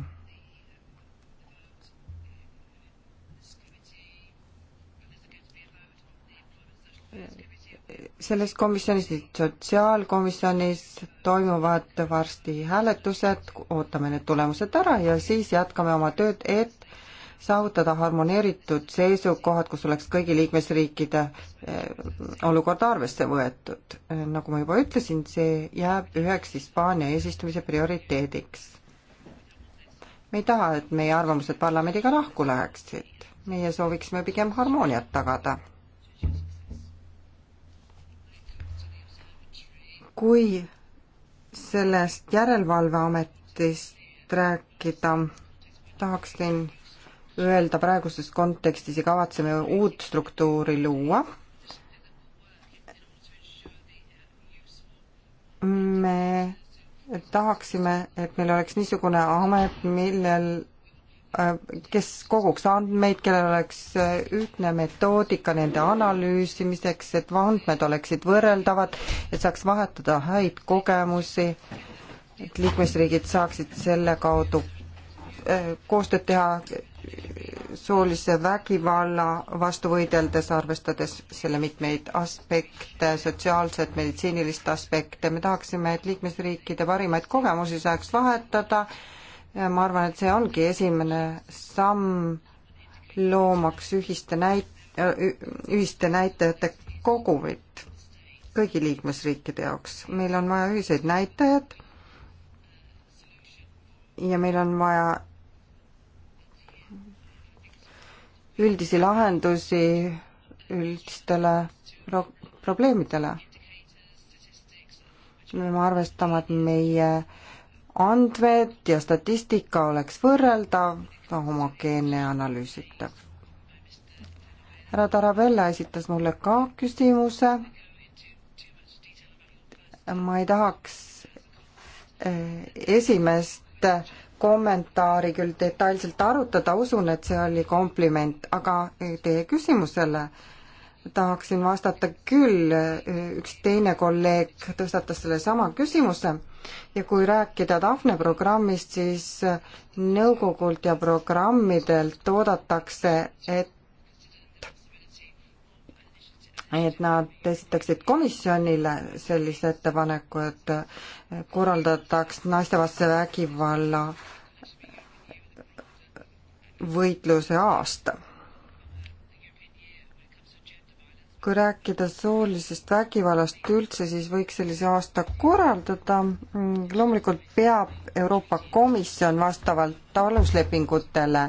Speaker 4: selles komisjonis, sotsiaalkomisjonis toimuvad varsti hääletused, ootame need tulemused ära ja siis jätkame oma tööd, et saavutada harmoneeritud seisukohad, kus oleks kõigi liikmesriikide eh, olukorda arvesse võetud. nagu ma juba ütlesin, see jääb üheks Hispaania eesistumise prioriteediks. me ei taha, et meie arvamused parlamendiga lahku läheksid, meie sooviksime pigem harmooniat tagada kui sellest Järelevalveametist rääkida, tahaksin öelda praeguses kontekstis ja kavatseme uut struktuuri luua. me tahaksime, et meil oleks niisugune amet, millel Äh, kes koguks andmeid, kellel oleks äh, ühtne metoodika nende analüüsimiseks, et andmed oleksid võrreldavad, et saaks vahetada häid kogemusi, et liikmesriigid saaksid selle kaudu äh, koostööd teha soolise vägivalla vastu võideldes, arvestades selle mitmeid aspekte, sotsiaalset, meditsiinilist aspekte, me tahaksime, et liikmesriikide parimaid kogemusi saaks vahetada äh, ma arvan, et see ongi esimene samm loomaks ühiste näit-, ühiste näitajate kogumit kõigi liikmesriikide jaoks. meil on vaja ühiseid näitajaid ja meil on vaja üldisi lahendusi üldistele pro probleemidele. me peame arvestama, et meie andmed ja statistika oleks võrreldav, homogeenne ja analüüsitav. härra Tarabella esitas mulle ka küsimuse. ma ei tahaks eh, esimest kommentaari küll detailselt arutada, usun, et see oli kompliment, aga eh, teie küsimusele äh, tahaksin vastata küll, üks teine kolleeg tõstatas sellesama küsimuse ja kui rääkida Daphne programmist, siis nõukogult ja programmidelt oodatakse, et et nad esitaksid komisjonile sellise ettepaneku, et korraldataks naistevastase vägivalla võitluse aasta kui rääkida soolisest vägivallast üldse, siis võiks sellise aasta korraldada. loomulikult peab Euroopa Komisjon vastavalt aluslepingutele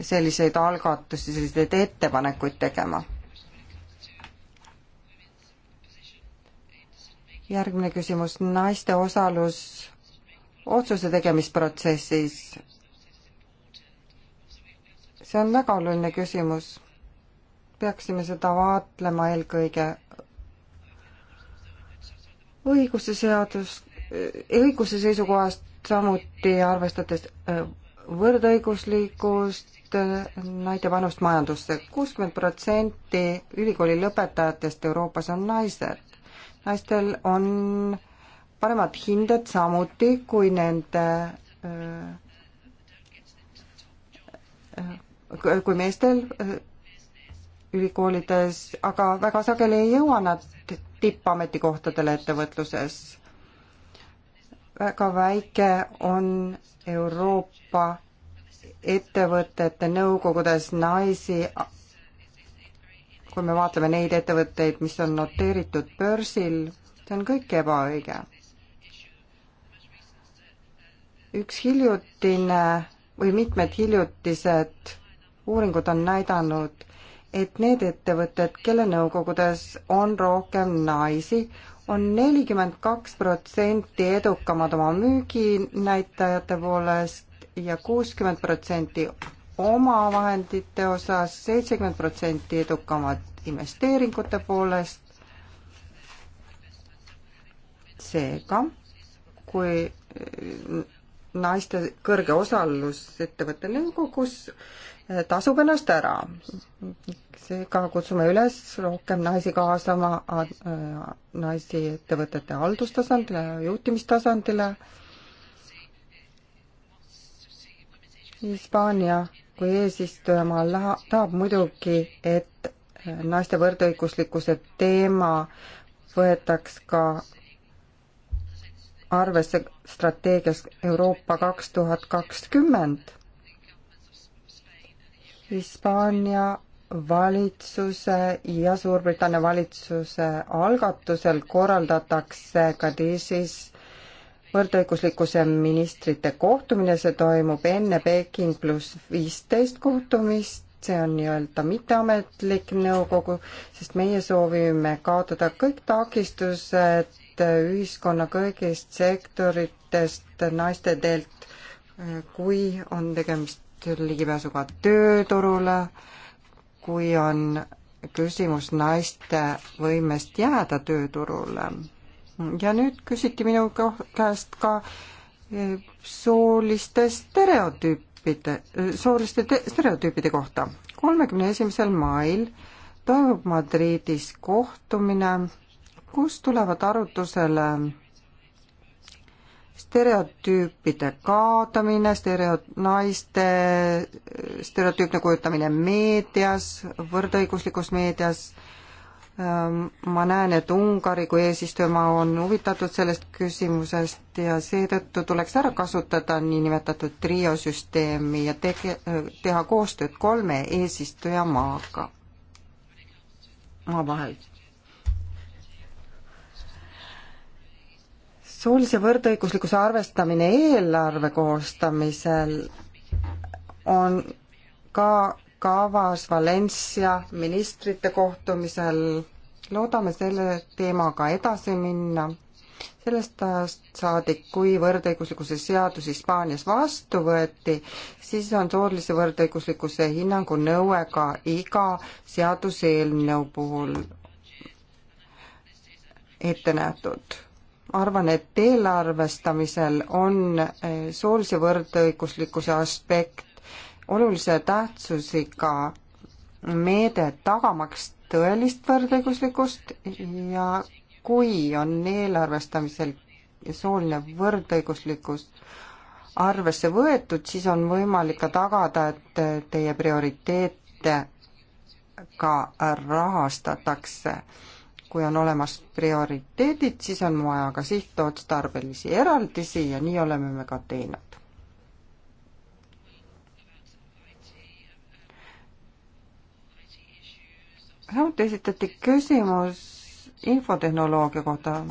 Speaker 4: selliseid algatusi, selliseid ettepanekuid tegema. järgmine küsimus, naiste osalus otsuse tegemisprotsessis. see on väga oluline küsimus peaksime seda vaatlema eelkõige õiguse seadus, õiguse seisukohast samuti arvestades äh, võrdõiguslikkust, äh, naiste panust majandusse. kuuskümmend protsenti ülikooli lõpetajatest Euroopas on naised. naistel on paremad hinded samuti kui nende äh, kui meestel ülikoolides, aga väga sageli ei jõua nad tippametikohtadele ettevõtluses. väga väike on Euroopa ettevõtete nõukogudes naisi, kui me vaatame neid ettevõtteid, mis on noteeritud börsil, see on kõik ebaõige. üks hiljutine või mitmed hiljutised uuringud on näidanud, et need ettevõtted, kelle nõukogudes on rohkem naisi, on nelikümmend kaks protsenti edukamad oma müüginäitajate poolest ja kuuskümmend protsenti omavahendite osas, seitsekümmend protsenti edukamad investeeringute poolest. seega, kui äh, naiste kõrge osalus ettevõtte nõukogus tasub ennast ära. seega kutsume üles rohkem naisi kaasama naisi ettevõtete haldustasandile ja juhtimistasandile. Hispaania kui eesistujamaa tahab muidugi, et e, naiste võrdõiguslikkuse teema võetaks ka arvesse strateegias Euroopa kaks tuhat kakskümmend Hispaania valitsuse ja Suurbritannia valitsuse algatusel korraldatakse Kadiisis võrdõiguslikkuse ministrite kohtumine, see toimub enne Peking pluss viisteist kohtumist, see on nii-öelda mitteametlik nõukogu, sest meie soovime kaotada kõik takistused ühiskonna kõigist sektoritest naiste teelt, kui on tegemist ligipääsuga tööturule, kui on küsimus naiste võimest jääda tööturule. ja nüüd küsiti minu käest ka e, sooliste stereotüüpide, e, sooliste stereotüüpide kohta. kolmekümne esimesel mail toimub Madridis kohtumine, kus tulevad arutusele stereotüüpide kaotamine, stereo-, naiste äh, stereotüüpne kujutamine meedias, võrdõiguslikus meedias, ähm, ma näen, et Ungari kui eesistujamaa on huvitatud sellest küsimusest ja seetõttu tuleks ära kasutada niinimetatud trio süsteemi ja tege-, teha koostööd kolme eesistujamaaga omavahel soolise võrdõiguslikkuse arvestamine eelarve koostamisel on ka kavas Valencia ministrite kohtumisel. loodame selle teemaga edasi minna. sellest ajast saadik, kui võrdõiguslikkuse seadus Hispaanias vastu võeti, siis on soolise võrdõiguslikkuse hinnangu nõue ka iga seaduseelnõu puhul ette nähtud arvan, et eelarvestamisel on eh, soolise võrdõiguslikkuse aspekt olulise tähtsusega meede tagamaks tõelist võrdõiguslikkust ja kui on eelarvestamisel sooline võrdõiguslikkus arvesse võetud, siis on võimalik ka tagada, et teie prioriteete ka rahastatakse kui on olemas prioriteedid, siis on vaja ka sihtotstarbelisi eraldisi ja nii oleme me ka teinud. samuti esitati küsimus infotehnoloogia kohta.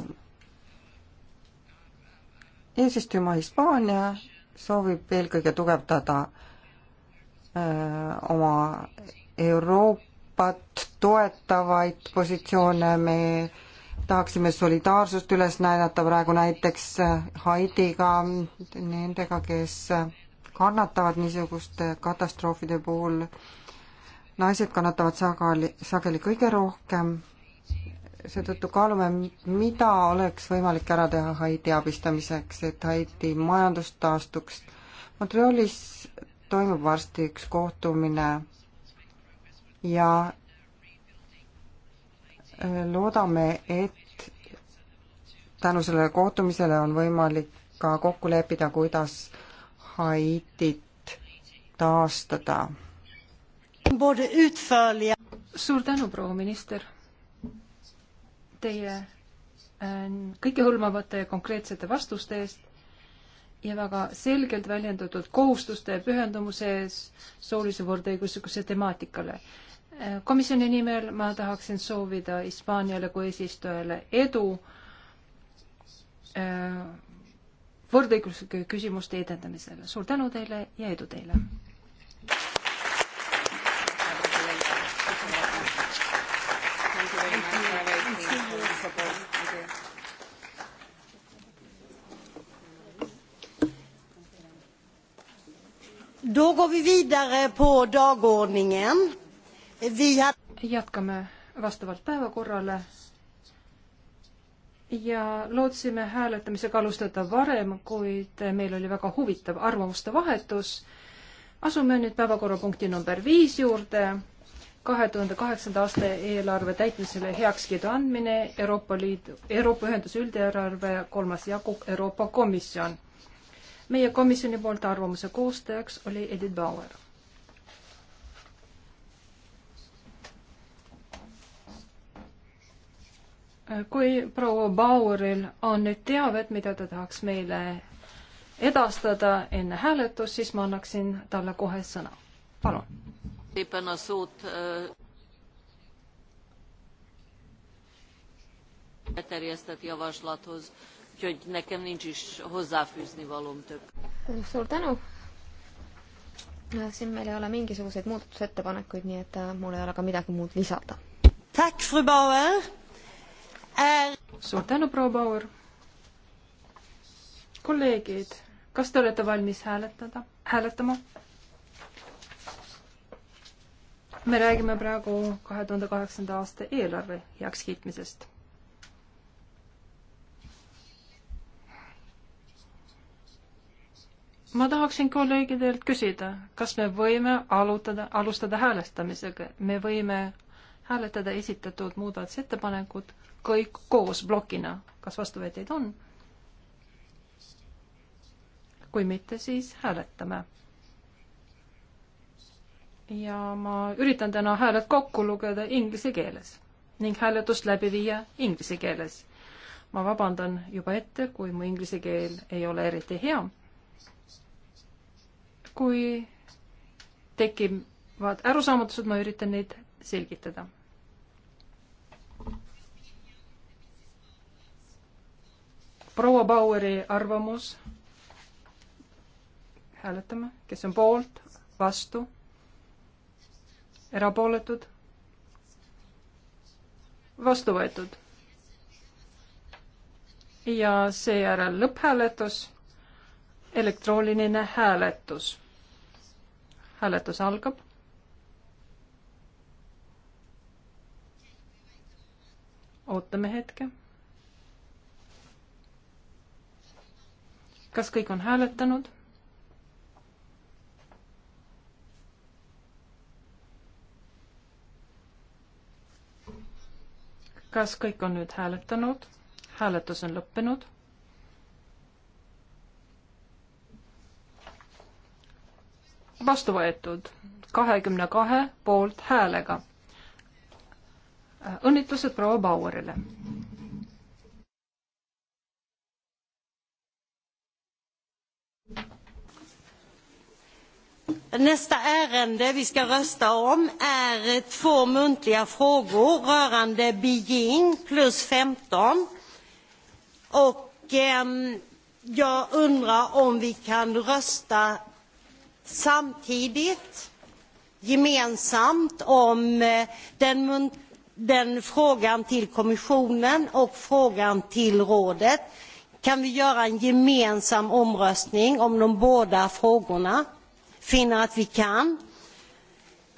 Speaker 4: eesistuma Hispaania soovib eelkõige tugevdada öö, äh, oma Euroopa Euroopat toetavaid positsioone, me tahaksime solidaarsust üles näidata praegu näiteks äh, Haitiga, nendega, kes äh, kannatavad niisuguste katastroofide puhul. naised kannatavad sageli, sageli kõige rohkem. seetõttu kaalume, mida oleks võimalik ära teha Haiti abistamiseks, et Haiti majandus taastuks. Montrealis toimub varsti üks kohtumine ja äh, loodame, et tänu sellele kohtumisele on võimalik ka kokku leppida, kuidas Haitit taastada.
Speaker 5: suur tänu, proua minister, teie äh, kõikehõlmavate ja konkreetsete vastuste eest ja väga selgelt väljendatud kohustuste ja pühendumuse ees soolise võrdõiguslikkuse temaatikale komisjoni nimel ma tahaksin soovida Hispaaniale kui eesistujale edu äh, võrdõiguslike küsimuste edendamisel. suur tänu teile ja edu teile!
Speaker 1: Då går vi vidare på dagordningen jätkame vastavalt päevakorrale
Speaker 5: ja lootsime hääletamisega alustada varem, kuid meil oli väga huvitav arvamuste vahetus. asume nüüd päevakorrapunkti number viis juurde. kahe tuhande kaheksanda aasta eelarve täitmisele heakskiidu andmine Euroopa Liidu, Euroopa Ühenduse üldeelarve kolmas jagu Euroopa Komisjon. meie komisjoni poolt arvamuse koostajaks oli Edith Bauer kui proua Baueril on nüüd teavet, mida ta tahaks meile edastada enne hääletust, siis ma annaksin talle kohe sõna. palun.
Speaker 1: beterjesztett javaslathoz, úgyhogy nekem nincs is hozzáfűzni valóm több.
Speaker 2: Suur tänu! Siin meil ei ole mingisuguseid muudatusettepanekuid, nii et äh, mul
Speaker 5: ei ole ka midagi muud lisada.
Speaker 1: Tack, fru Bauer! suur
Speaker 5: tänu, proua Bauer. kolleegid, kas te olete valmis hääletada, hääletama? me räägime praegu kahe tuhande kaheksanda aasta eelarve heakskiitmisest. ma tahaksin kolleegidelt küsida, kas me võime alutada, alustada häälestamisega, me võime hääletada esitatud muudatusettepanekut kõik koos plokina, kas vastuväiteid on? kui mitte, siis hääletame. ja ma üritan täna hääled kokku lugeda inglise keeles ning hääletust läbi viia inglise keeles. ma vabandan juba ette, kui mu inglise keel ei ole eriti hea. kui tekib vaat arusaamatused, ma üritan neid selgitada. proua Baueri arvamus. hääletame, kes on poolt, vastu, erapooletud, vastu võetud. ja seejärel lõpphääletus, elektrooniline hääletus. hääletus algab. ootame hetke kas kõik on hääletanud? kas kõik on nüüd hääletanud? hääletus on lõppenud. vastu võetud kahekümne kahe poolthäälega. õnnitlused proua Bauerile
Speaker 1: Nästa ärende vi ska rösta om är två muntliga frågor rörande Beijing plus 15. Och eh, jag undrar om vi kan rösta samtidigt, gemensamt, om eh, den, den frågan till kommissionen och frågan till rådet. Kan vi göra en gemensam omröstning om de båda frågorna? finner att vi kan.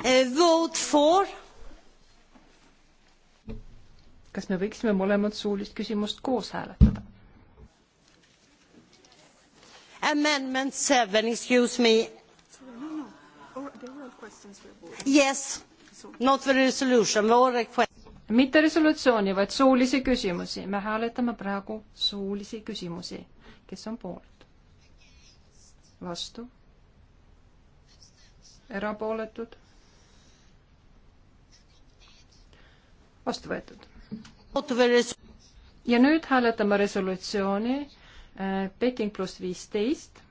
Speaker 1: Eh, vote for. kas me võiksime mõlemat suulist küsimust koos hääletada? Amendment seven, excuse me.
Speaker 6: Yes, not
Speaker 5: the resolution, the oral question mitte resolutsiooni, vaid suulisi küsimusi. me hääletame praegu suulisi küsimusi. kes on poolt? vastu? erapooletud, vastu võetud. ja nüüd hääletame resolutsiooni äh, Peking pluss viisteist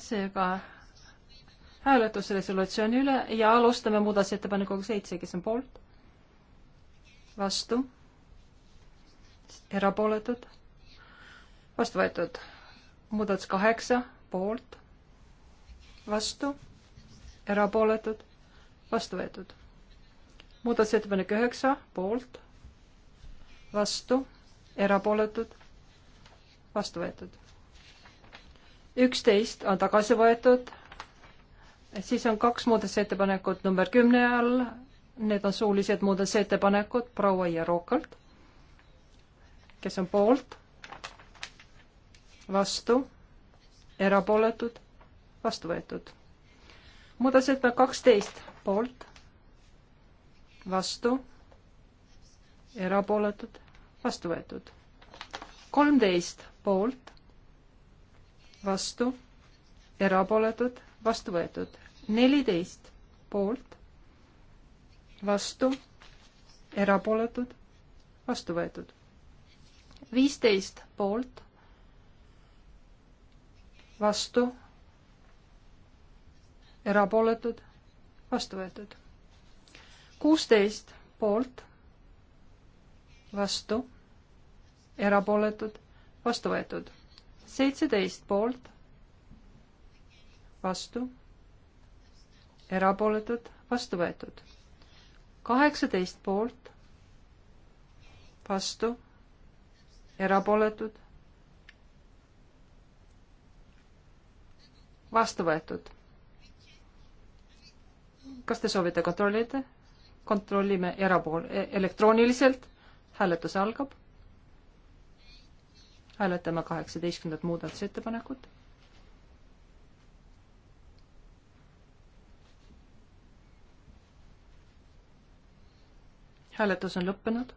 Speaker 5: seega hääletus resolutsiooni üle ja alustame muudatusettepanekuga seitse, kes on poolt, vastu, erapooletud, vastu võetud. muudatus kaheksa, poolt, vastu, erapooletud, vastu võetud. muudatusettepanek üheksa, poolt, vastu, erapooletud, vastu võetud üksteist on tagasi võetud, siis on kaks muudatusettepanekut number kümne all, need on suulised muudatusettepanekud proua Jarokalt, kes on poolt, vastu, erapooletud, vastu võetud. muudatusettepanek kaksteist poolt, vastu, erapooletud, vastu võetud. kolmteist poolt, vastu, erapooletud, vastu võetud. neliteist poolt, vastu, erapooletud, vastu võetud. viisteist poolt, vastu, erapooletud, vastu võetud. kuusteist poolt, vastu, erapooletud, vastu võetud seitseteist poolt, vastu, erapooletud, vastu võetud. kaheksateist poolt, vastu, erapooletud, vastu võetud. kas te soovite kontrollida? kontrollime erapool-, e-, elektrooniliselt, hääletus algab hääletame kaheksateistkümnendat muudatusettepanekut. hääletus on lõppenud.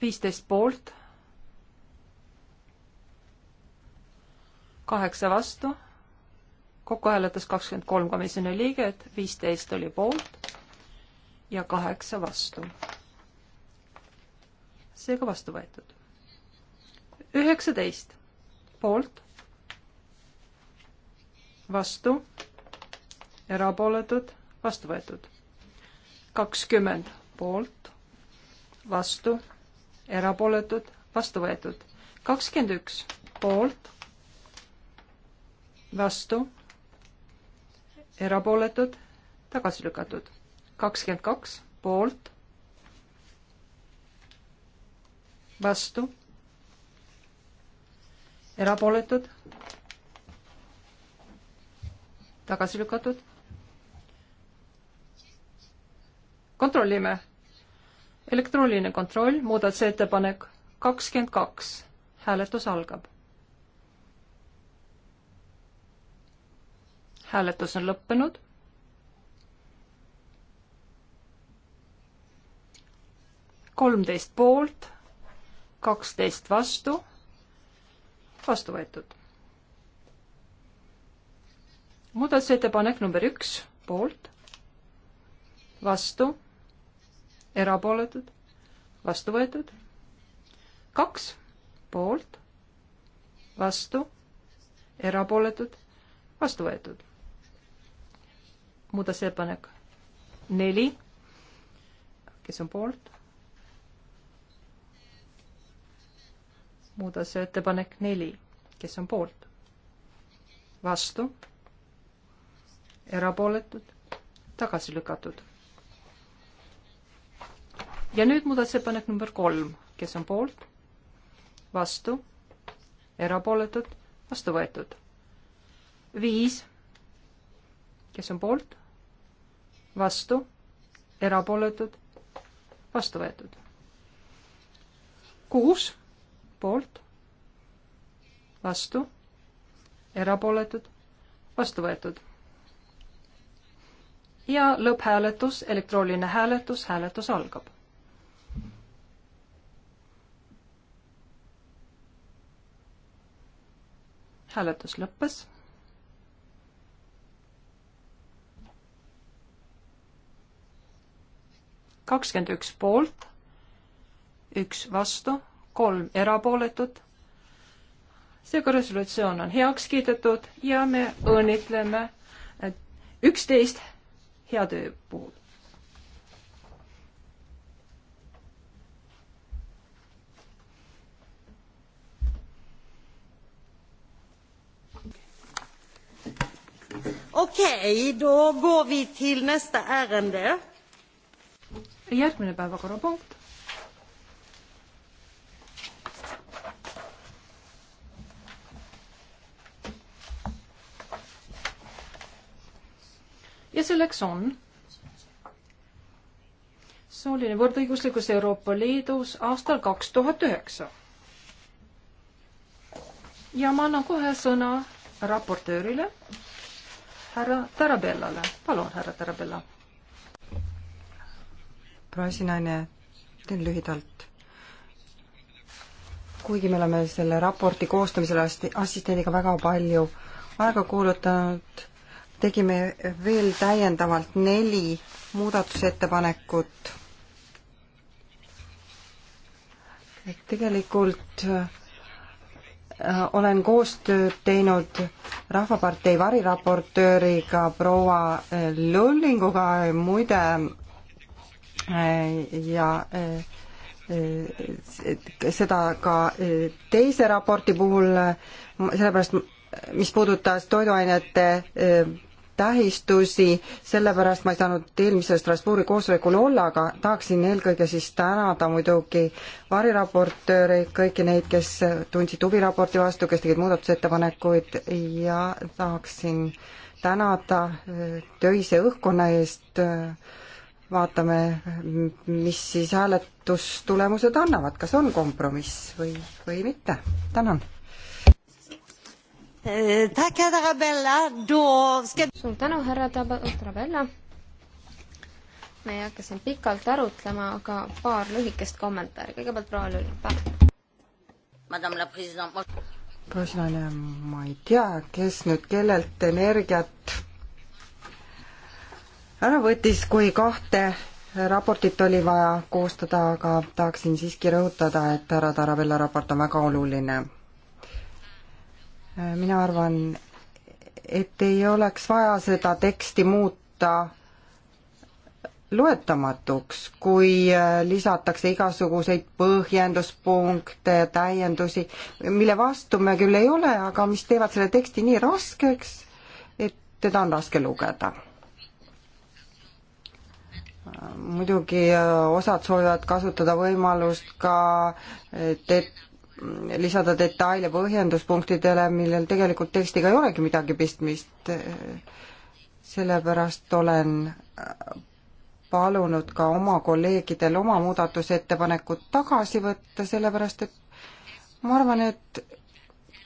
Speaker 5: viisteist poolt, kaheksa vastu kokku hääletas kakskümmend kolm komisjoni liiget, viisteist oli poolt ja kaheksa vastu. seega vastu võetud. üheksateist poolt, vastu, erapooletud, vastu võetud. kakskümmend poolt, vastu, erapooletud, vastu võetud. kakskümmend üks poolt, vastu, erapooletud, tagasi lükatud kakskümmend kaks poolt, vastu, erapooletud, tagasi lükatud. kontrollime. elektrooniline kontroll, muudatusettepanek kakskümmend kaks, hääletus algab. hääletus on lõppenud kolmteist poolt, kaksteist vastu, vastu võetud. muudatusettepanek number üks, poolt, vastu, erapooletud, vastu võetud, kaks, poolt, vastu, erapooletud, vastu võetud. muudatusettepanek neli, kes on poolt muudatusettepanek neli, kes on poolt? vastu? erapooletud? tagasi lükatud? ja nüüd muudatusettepanek number kolm, kes on poolt, vastu, erapooletud, vastu võetud. viis, kes on poolt, vastu, erapooletud, vastu võetud. kuus, poolt, vastu, erapooletud, vastu võetud. ja lõpphääletus, elektrooniline hääletus, hääletus algab. hääletus lõppes kakskümmend üks poolt, üks vastu kolm erapooletut. seega resolutsioon on heaks kiidetud ja me õnnitleme üksteist hea töö puhul.
Speaker 1: Okei, då går vi till nästa ärende. Järgmine päevakorrapunkt
Speaker 5: ja selleks on sooline võrdõiguslikkus Euroopa Liidus aastal kaks tuhat üheksa. ja ma annan kohe sõna raportöörile, härra Tarabellale. palun, härra Tarabella.
Speaker 4: proua esinaine, teen lühidalt kuigi me oleme selle raporti koostamisel assistendiga väga palju aega kulutanud, tegime veel täiendavalt neli muudatusettepanekut. et tegelikult äh, olen koostööd teinud Rahvapartei variraportööriga proua äh, Lullinguga, muide äh, ja seda ka teise raporti puhul, sellepärast mis puudutas toiduainete tähistusi, sellepärast ma ei saanud eelmisel Strasbourgi koosolekul olla, aga tahaksin eelkõige siis tänada muidugi variraportööre, kõiki neid, kes tundsid huvi raporti vastu, kes tegid muudatusettepanekuid ja tahaksin tänada äh, töise õhkkonna eest, äh, vaatame, mis siis hääletustulemused annavad, kas on kompromiss või, või mitte, tänan
Speaker 2: Eh, suur tänu, härra Tarabella. me ei hakka siin pikalt arutlema, aga paar lühikest kommentaari. kõigepealt proua Lülli, palun.
Speaker 4: Põsnane, ma ei tea, kes nüüd kellelt energiat ära võttis, kui kahte raportit oli vaja koostada, aga tahaksin siiski rõhutada, et härra Tarabella raport on väga oluline mina arvan, et ei oleks vaja seda teksti muuta loetamatuks, kui äh, lisatakse igasuguseid põhjenduspunkte ja täiendusi, mille vastu me küll ei ole, aga mis teevad selle teksti nii raskeks, et teda on raske lugeda. muidugi äh, osad soovivad kasutada võimalust ka det-, lisada detaile põhjenduspunktidele, millel tegelikult tekstiga ei olegi midagi pistmist. sellepärast olen palunud ka oma kolleegidel oma muudatusettepanekud tagasi võtta, sellepärast et ma arvan, et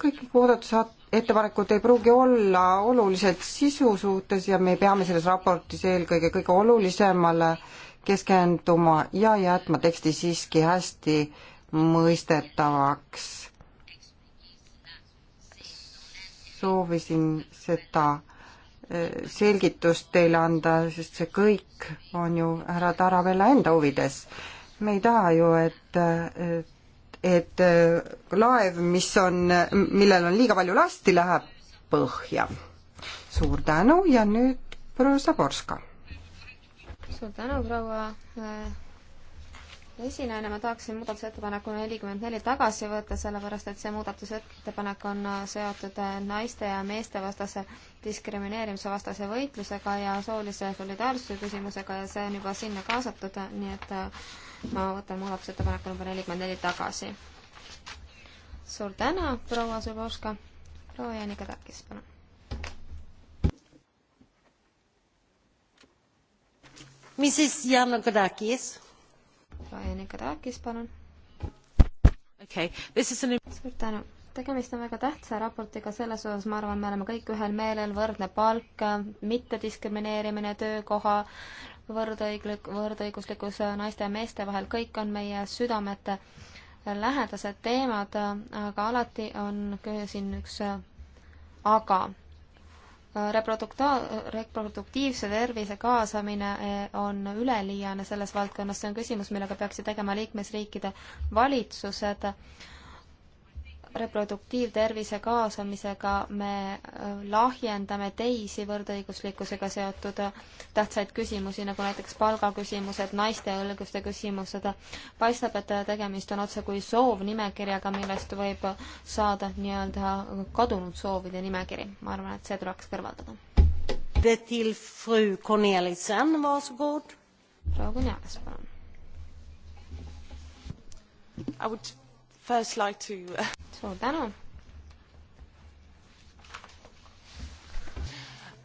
Speaker 4: kõik muudatusettepanekud ei pruugi olla olulised sisu suhtes ja me peame selles raportis eelkõige kõige olulisemale keskenduma ja jätma teksti siiski hästi äh, mõistetavaks. soovisin seda eh, selgitust teile anda, sest see kõik on ju härra Tarabella enda huvides. me ei taha ju, et, eh, et eh, laev, mis on, millel on liiga palju lasti, läheb põhja. suur tänu ja nüüd proua Saborska.
Speaker 2: suur tänu, proua esinaine, ma tahaksin muudatusettepaneku nelikümmend neli tagasi võtta, sellepärast et see muudatusettepanek on äh, seotud äh, naiste ja meeste vastase diskrimineerimise vastase võitlusega ja soolise solidaarsuse küsimusega ja see on juba sinna kaasatud, nii et äh, ma võtan muudatusettepaneku number nelikümmend neli tagasi. suur tänu, proua Zuboška. proua Janika Takis, palun. Mrs Janakadakis. Veronika Taakis, palun. okei okay., this is an suur tänu. tegemist on väga tähtsa raportiga, selles osas ma arvan, me oleme kõik ühel meelel, võrdne palk, mittediskrimineerimine töökoha, võrdõiglik, võrdõiguslikkus naiste ja meeste vahel, kõik on meie südamete lähedased teemad, aga alati on siin üks aga reprodukta-, reproduktiivse tervise kaasamine eh, on üleliiane selles valdkonnas, see on küsimus, millega peaksid tegema liikmesriikide valitsused reproduktiivtervise kaasamisega me äh, lahjendame teisi võrdõiguslikkusega seotud äh, tähtsaid küsimusi, nagu näiteks palgaküsimused, naiste õiguste küsimused. paistab, et äh, tegemist on otsekui soovnimekirjaga, millest võib saada nii-öelda kadunud
Speaker 1: soovide nimekiri. ma arvan, et see tuleks kõrvaldada. proua Kunjalas, palun
Speaker 2: first like to uh, suur tänu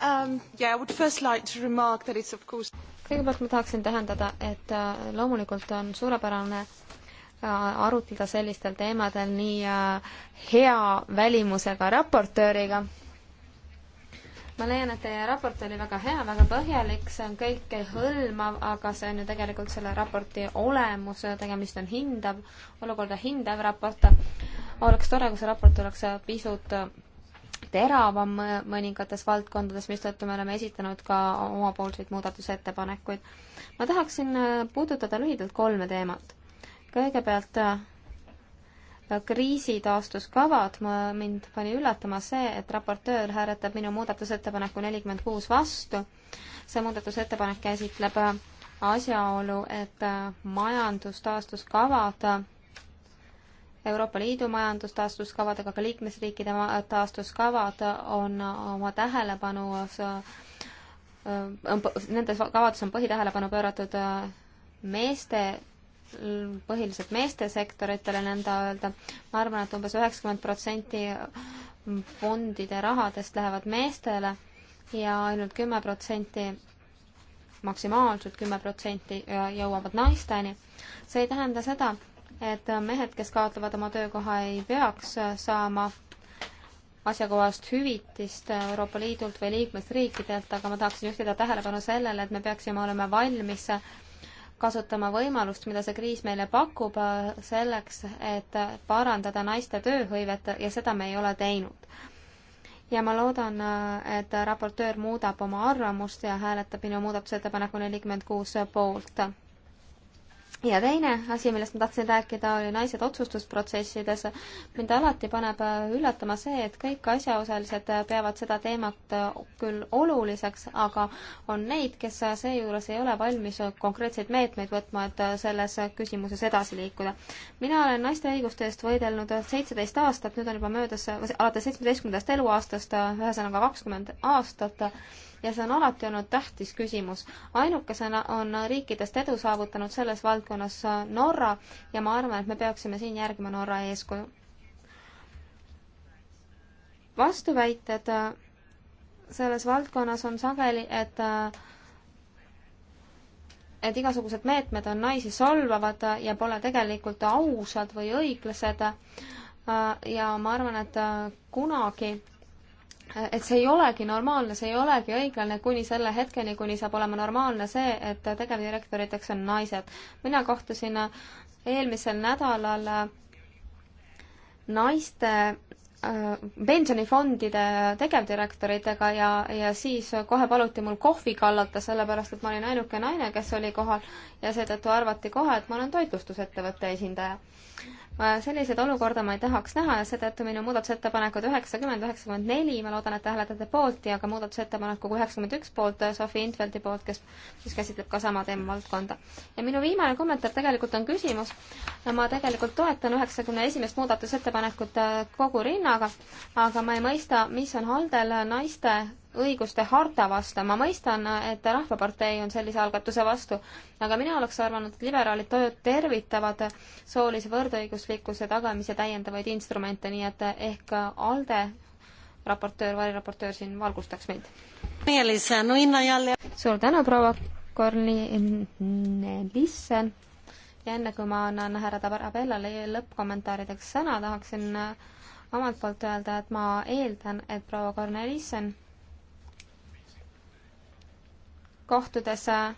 Speaker 2: um,. Yeah, I would first like to remark that it's of course kõigepealt ma tahaksin tähendada, et äh, loomulikult on suurepärane äh, arutleda sellistel teemadel nii äh, hea välimusega raportööriga ma leian, et teie raport oli väga hea, väga põhjalik, see on kõikehõlmav, aga see on ju tegelikult selle raporti olemus, tegemist on hindav, olukorda hindav raport. oleks tore, kui see raport oleks pisut teravam mõningates valdkondades, mistõttu me oleme esitanud ka omapoolseid muudatusettepanekuid. ma tahaksin puudutada lühidalt kolme teemat. kõigepealt kriisitaastuskavad, ma, mind pani üllatama see, et raportöör hääletab minu muudatusettepaneku nelikümmend kuus vastu. see muudatusettepanek käsitleb asjaolu, et majandustaastuskavad, Euroopa Liidu majandustaastuskavad, aga ka liikmesriikide taastuskavad on oma tähelepanu, nendes kavades on põhitähelepanu pööratud meeste põhiliselt meestesektoritele nõnda öelda, ma arvan, et umbes üheksakümmend protsenti fondide rahadest lähevad meestele ja ainult kümme protsenti, maksimaalselt kümme protsenti jõuavad naisteni. see ei tähenda seda, et mehed, kes kaotavad oma töökoha, ei peaks saama asjakohast hüvitist Euroopa Liidult või liikmesriikidelt, aga ma tahaksin juhtida tähelepanu sellele, et me peaksime olema valmis kasutama võimalust, mida see kriis meile pakub, äh, selleks, et parandada naiste tööhõivet ja seda me ei ole teinud. ja ma loodan, äh, et raportöör muudab oma arvamust ja hääletab minu muudatusettepaneku nelikümmend kuus poolt ja teine asi, millest ma tahtsin rääkida, oli naised otsustusprotsessides. mind alati paneb äh, üllatama see, et kõik asjaosalised peavad seda teemat äh, küll oluliseks, aga on neid, kes äh, seejuures ei ole valmis konkreetseid meetmeid võtma, et selles küsimuses edasi liikuda. mina olen naiste õiguste eest võidelnud seitseteist aastat, nüüd on juba möödas, alates seitsmeteistkümnendast eluaastast, ühesõnaga kakskümmend aastat ja see on alati olnud tähtis küsimus. ainukesena on riikidest edu saavutanud selles valdkonnas äh, Norra ja ma arvan, et me peaksime siin järgima Norra eeskuju. vastuväited äh, selles valdkonnas on sageli, et äh, et igasugused meetmed on naisi solvavad ja pole tegelikult ausad või õiglased. ja ma arvan, et kunagi et see ei olegi normaalne, see ei olegi õiglane kuni selle hetkeni, kuni saab olema normaalne see, et tegevdirektoriteks on naised. mina kohtusin eelmisel nädalal naiste äh, pensionifondide tegevdirektoritega ja, ja siis kohe paluti mul kohvi kallata, sellepärast et ma olin ainuke naine, kes oli kohal ja seetõttu arvati kohe, et ma olen toitlustusettevõtte esindaja Äh, selliseid olukorda ma ei tahaks näha ja seetõttu minu muudatusettepanekud üheksakümmend, üheksakümmend neli, ma loodan, et te hääletate poolt ja ka muudatusettepaneku üheksakümmend üks poolt äh, Sofi Intveldi poolt, kes, kes käsitleb ka sama teemavaldkonda. ja minu viimane kommentaar tegelikult on küsimus. ma tegelikult toetan üheksakümne esimest muudatusettepanekut äh, kogu rinnaga, aga ma ei mõista, mis on haldel naiste õiguste harta vastu, ma mõistan, et Rahvapartei on sellise algatuse vastu, aga mina oleks arvanud, et liberaalid tervitavad soolise võrdõiguslikkuse tagamise täiendavaid instrumente, nii et ehk ALDE raportöör, variraportöör siin valgustaks meid.
Speaker 1: suur tänu, proua
Speaker 2: Kornelissen ja enne kui ma annan härra Tabarabellale lõppkommentaarideks sõna, tahaksin omalt poolt öelda, et ma eeldan, et proua Kornelissen kohtudes äh,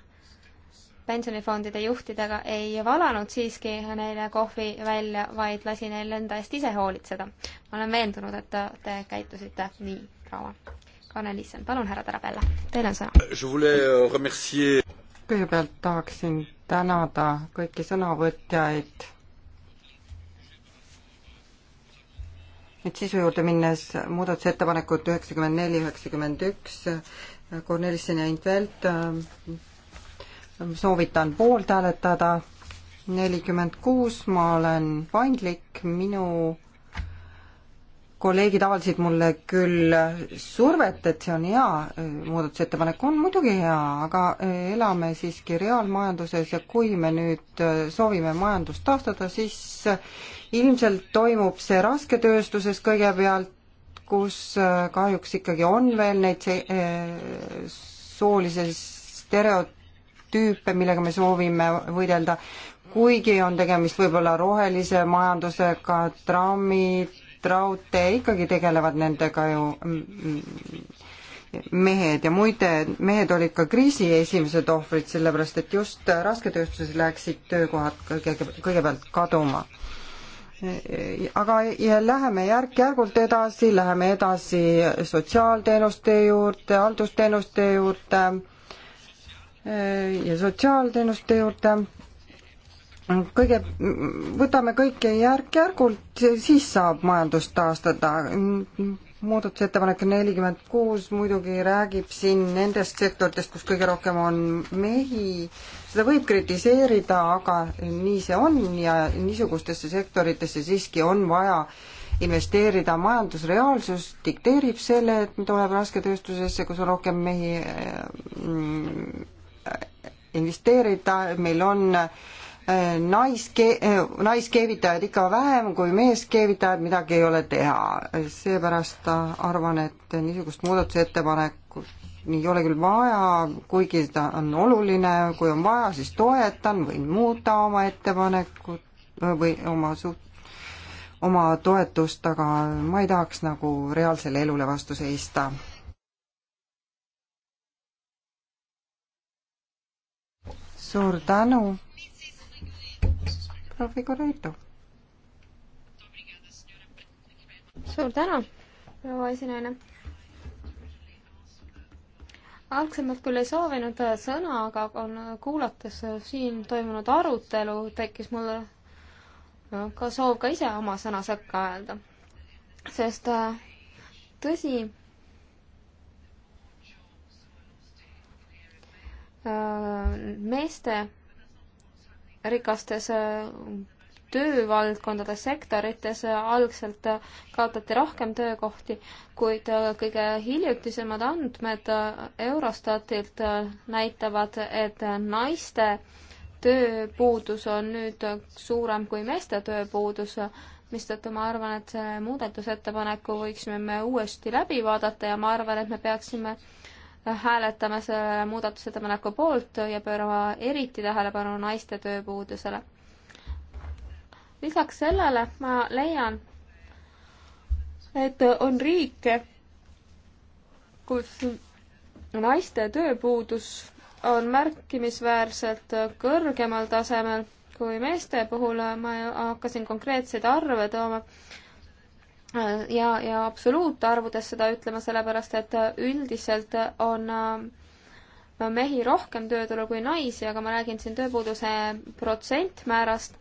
Speaker 2: pensionifondide juhtidega ei valanud siiski neile kohvi välja, vaid lasi neil enda eest ise hoolitseda. ma olen veendunud, et te käitusite
Speaker 4: nii, proua Kaane-Liisen. palun, härra Tarabella, teil
Speaker 3: on sõna. Euh,
Speaker 4: kõigepealt tahaksin tänada kõiki sõnavõtjaid. nüüd sisu juurde minnes muudatusettepanekud üheksakümmend neli, üheksakümmend üks Kornelissen ja Intvelt, ähm, soovitan poolt hääletada, nelikümmend kuus, ma olen paindlik, minu kolleegid avaldasid mulle küll survet, et see on hea, äh, muudatusettepanek on muidugi hea, aga äh, elame siiski reaalmajanduses ja kui me nüüd äh, soovime majandust taastada, siis ilmselt toimub see rasketööstuses kõigepealt, kus äh, kahjuks ikkagi on veel neid äh, soolisi stereotüüpe, millega me soovime võidelda, kuigi on tegemist võib-olla rohelise majandusega, trammid, raudtee, ikkagi tegelevad nendega ju mm, mm, mehed ja muide, mehed olid ka kriisi esimesed ohvrid, sellepärast et just rasketööstuses läksid töökohad kõige, kõigepealt kaduma aga läheme järk-järgult edasi, läheme edasi sotsiaalteenuste juurde, haldusteenuste juurde ja sotsiaalteenuste juurde. kõige, võtame kõike järk-järgult, siis saab majandust taastada. muudatusettepanek nelikümmend kuus muidugi räägib siin nendest sektoritest, kus kõige rohkem on mehi seda võib kritiseerida, aga nii see on ja niisugustesse sektoritesse siiski on vaja investeerida, majandusreaalsus dikteerib selle, et tuleb rasketööstusesse, kus on rohkem mehi äh, investeerida, meil on äh, naiske-, äh, naiskeevitajad ikka vähem kui meeskeevitajad, midagi ei ole teha. seepärast arvan, et niisugust muudatusettepanekut ei ole küll vaja, kuigi ta on oluline, kui on vaja, siis toetan, võin muuta oma ettepanekut äh, või oma suht-, oma toetust, aga ma ei tahaks nagu reaalsele elule vastu seista. suur tänu, proua Figureitu.
Speaker 2: suur tänu, proua esinaine algsemalt küll ei soovinud äh, sõna, aga on, äh, kuulates äh, siin toimunud arutelu, tekkis mul no, ka soov ka ise oma sõna sekka öelda. sest tõsi, meeste rikastes töövaldkondades, sektorites algselt kaotati rohkem töökohti, kuid kõige hiljutisemad andmed Eurostatilt näitavad, et naiste tööpuudus on nüüd suurem kui meeste tööpuudus, mistõttu ma arvan, et selle muudatusettepaneku võiksime me uuesti läbi vaadata ja ma arvan, et me peaksime hääletame selle muudatusettepaneku poolt ja pöörama eriti tähelepanu naiste tööpuudusele lisaks sellele ma leian, et on riike, kus naiste tööpuudus on märkimisväärselt kõrgemal tasemel kui meeste puhul, ma hakkasin konkreetseid arve tooma ja, ja absoluutarvudes seda ütlema, sellepärast et üldiselt on mehi rohkem tööturul kui naisi, aga ma räägin siin tööpuuduse protsentmäärast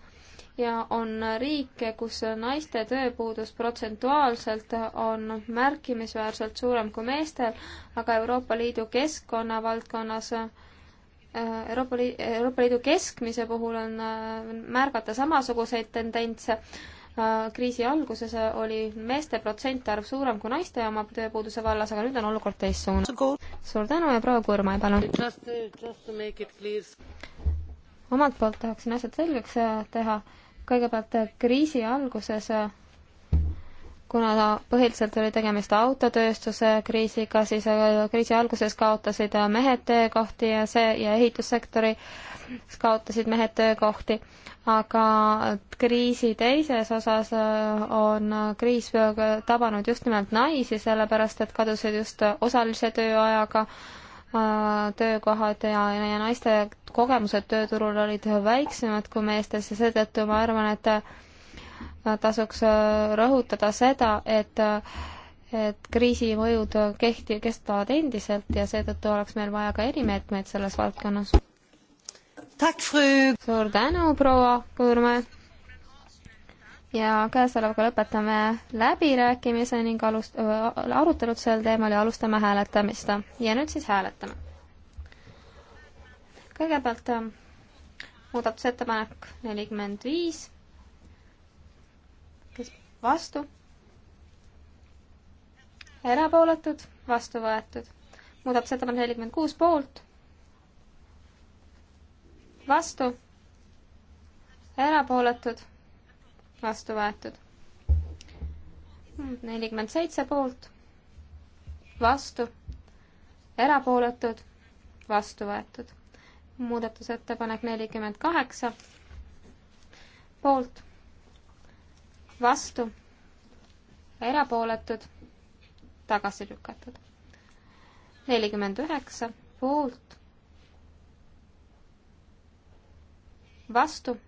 Speaker 2: ja on riike, kus naiste tööpuudus protsentuaalselt on märkimisväärselt suurem kui meestel, aga Euroopa Liidu keskkonna valdkonnas Euroopa Liidu, Euroopa Liidu keskmise puhul on märgata samasuguseid tendentse. kriisi alguses oli meeste protsentarv suurem kui naiste oma tööpuuduse vallas, aga nüüd on olukord teistsugune. suur tänu ja proua Kurmai, palun! omalt poolt tahaksin asjad selgeks äh, teha kõigepealt äh, kriisi alguses, äh, kuna põhiliselt oli tegemist autotööstuse kriisiga, siis äh, kriisi alguses kaotasid mehed töökohti ja see ja ehitussektori kaotasid mehed töökohti, aga kriisi teises osas on kriis tabanud just nimelt naisi, sellepärast et kadusid just osalise tööajaga äh, töökohad ja, ja naiste kogemused tööturul olid väiksemad kui meestes ja seetõttu ma arvan, et äh, tasuks äh, rõhutada seda, et äh, et kriisi mõjud kehti-, kestavad endiselt ja seetõttu oleks meil vaja ka erimeetmeid selles valdkonnas. suur tänu, proua Kurme! ja käesolevaga lõpetame läbirääkimise ning alust- äh,, arutelud sel teemal ja alustame hääletamist. ja nüüd siis hääletame. kõigepealt muudatusettepanek nelikümmend viis, kes vastu, erapooletud, vastu võetud. muudatusettepanek nelikümmend kuus poolt, vastu, erapooletud vastu võetud. nelikümmend seitse poolt, vastu, erapooletud, vastu võetud. muudatusettepanek nelikümmend kaheksa, poolt, vastu, erapooletud, tagasi lükatud. nelikümmend üheksa, poolt, vastu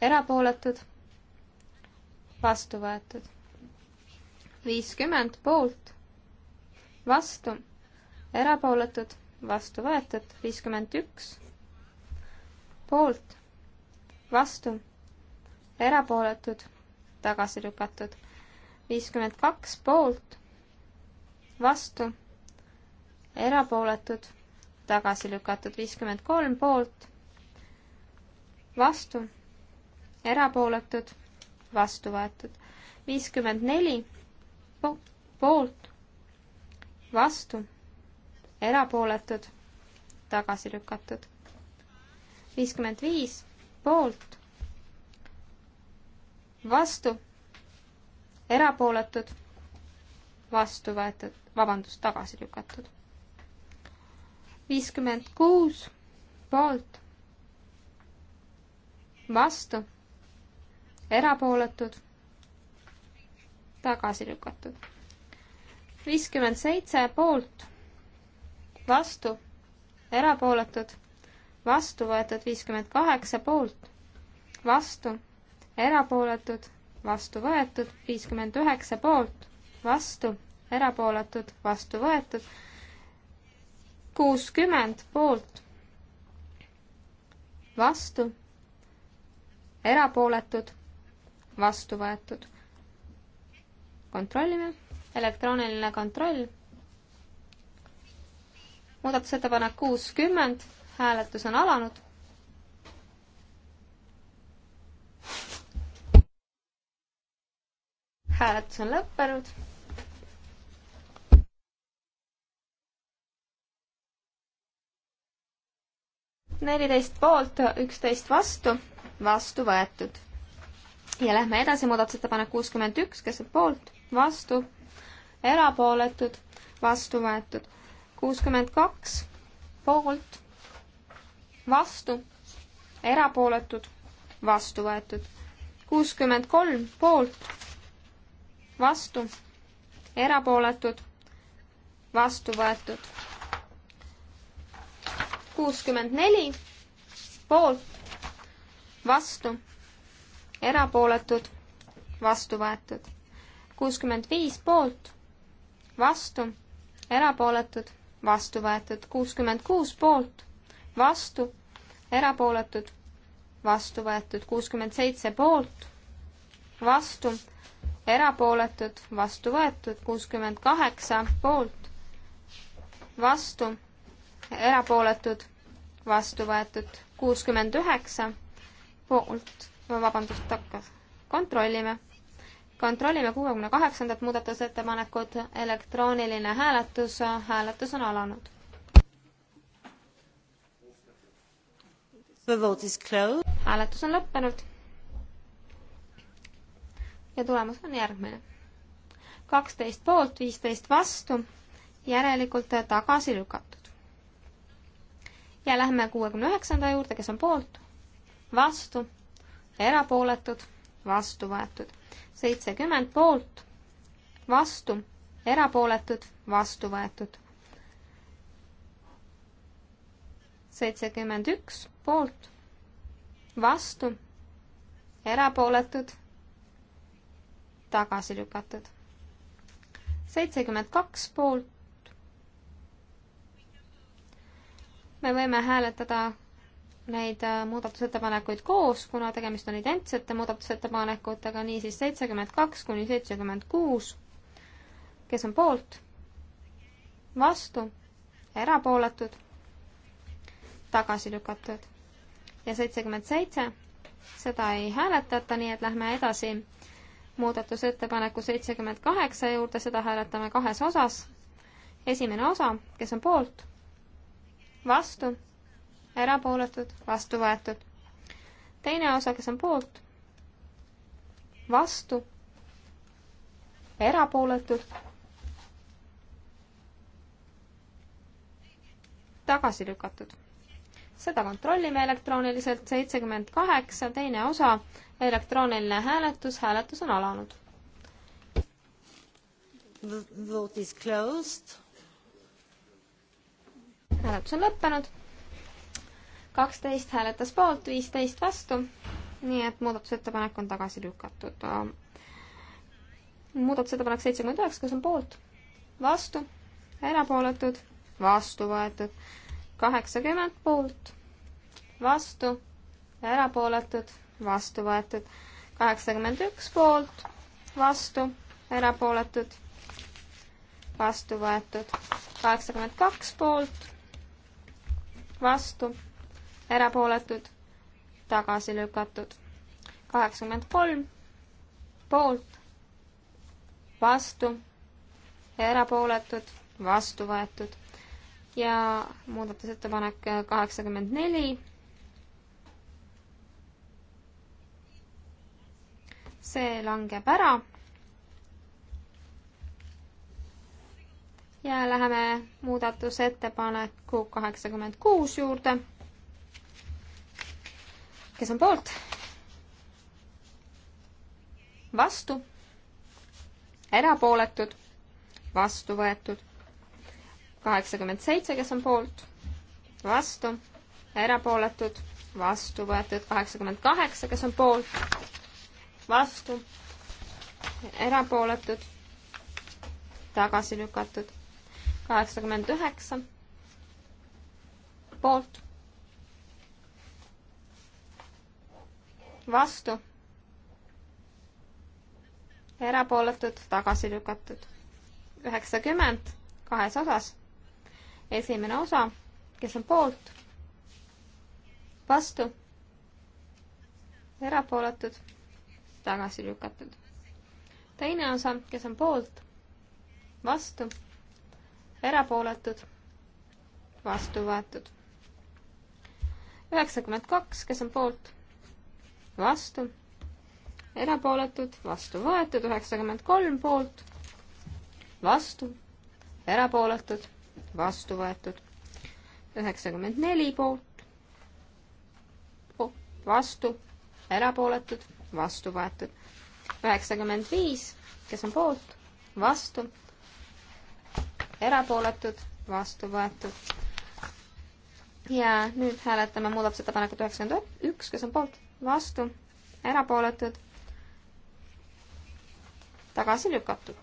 Speaker 2: erapooletud, vastu võetud. viiskümmend poolt, vastu, erapooletud, vastu võetud, viiskümmend üks poolt, vastu, erapooletud, tagasi lükatud, viiskümmend kaks poolt, vastu, erapooletud, tagasi lükatud, viiskümmend kolm poolt, vastu erapooletud, vastu võetud. viiskümmend neli poolt, vastu, erapooletud, tagasi lükatud. viiskümmend viis poolt, vastu, erapooletud, vastu võetud, vabandust, tagasi lükatud. viiskümmend kuus poolt, vastu erapooletud, tagasi lükatud. viiskümmend seitse poolt, vastu, erapooletud, vastu võetud viiskümmend kaheksa poolt, vastu, erapooletud, vastu võetud, viiskümmend üheksa poolt, vastu, erapooletud, vastu võetud, kuuskümmend poolt, vastu, erapooletud vastu võetud. kontrollime, elektrooniline kontroll. muudatusettepanek kuuskümmend, hääletus on alanud. hääletus on lõppenud neliteist poolt, üksteist vastu, vastu võetud ja lähme edasi, muudatusettepanek kuuskümmend üks, kes on poolt, vastu, erapooletud, vastu võetud. kuuskümmend kaks, poolt, vastu, erapooletud, vastu võetud. kuuskümmend kolm, poolt, vastu, erapooletud, vastu võetud. kuuskümmend neli, poolt, vastu erapooletud, vastu võetud. kuuskümmend viis poolt, vastu, erapooletud, vastu võetud. kuuskümmend kuus poolt, vastu, erapooletud, vastu võetud. kuuskümmend seitse poolt, vastu, erapooletud, vastu võetud. kuuskümmend kaheksa poolt, vastu, erapooletud, vastu võetud. kuuskümmend üheksa poolt vabandust, takkas. kontrollime. kontrollime kuuekümne kaheksandat muudatusettepanekut, elektrooniline hääletus, hääletus on alanud. hääletus on lõppenud. ja tulemus on järgmine. kaksteist poolt, viisteist vastu, järelikult tagasi lükatud. ja lähme kuuekümne üheksanda juurde, kes on poolt, vastu erapooletud, vastu võetud. seitsekümmend poolt, vastu, erapooletud, vastu võetud. seitsekümmend üks poolt, vastu, erapooletud, tagasi lükatud. seitsekümmend kaks poolt. me võime hääletada neid äh, muudatusettepanekuid koos, kuna tegemist on identsete muudatusettepanekutega, niisiis seitsekümmend kaks kuni seitsekümmend kuus. kes on poolt? vastu? erapooletud? tagasi lükatud? ja seitsekümmend seitse, seda ei hääletata, nii et lähme edasi muudatusettepaneku seitsekümmend kaheksa juurde, seda hääletame kahes osas. esimene osa, kes on poolt? vastu? erapooletud, vastu võetud. teine osa, kes on poolt, vastu, erapooletud, tagasi lükatud. seda kontrollime elektrooniliselt, seitsekümmend kaheksa, teine osa, elektrooniline hääletus, hääletus on alanud. Vote is closed. hääletus on lõppenud kaksteist hääletas poolt, viisteist vastu, nii et muudatusettepanek on tagasi lükatud. muudatusettepanek seitsekümmend üheksa, kes on poolt? vastu, erapooletud, vastu võetud. kaheksakümmend poolt, vastu, erapooletud, vastu võetud. kaheksakümmend üks poolt, vastu, erapooletud, vastu võetud. kaheksakümmend kaks poolt, vastu erapooletud, tagasi lükatud. kaheksakümmend kolm poolt, vastu, erapooletud, vastu võetud ja muudatusettepanek kaheksakümmend neli. see langeb ära. ja läheme muudatusettepaneku kaheksakümmend kuus juurde kes on poolt? vastu, erapooletud, vastu võetud. kaheksakümmend seitse, kes on poolt, vastu, erapooletud, vastu võetud. kaheksakümmend kaheksa, kes on poolt, vastu, erapooletud, tagasi lükatud. kaheksakümmend üheksa, poolt vastu, erapooletud, tagasi lükatud. üheksakümmend kahes osas. esimene osa, kes on poolt, vastu, erapooletud, tagasi lükatud. teine osa, kes on poolt, vastu, erapooletud, vastu võetud. üheksakümmend kaks, kes on poolt vastu, erapooletud, vastu võetud, üheksakümmend kolm poolt, vastu, erapooletud, vastu võetud, üheksakümmend neli poolt, vastu, erapooletud, vastu võetud, üheksakümmend viis, kes on poolt, vastu, erapooletud, vastu võetud. ja nüüd hääletame muudatusettepanekut üheksakümmend üks, kes on poolt vastu, erapooletud, tagasi lükatud.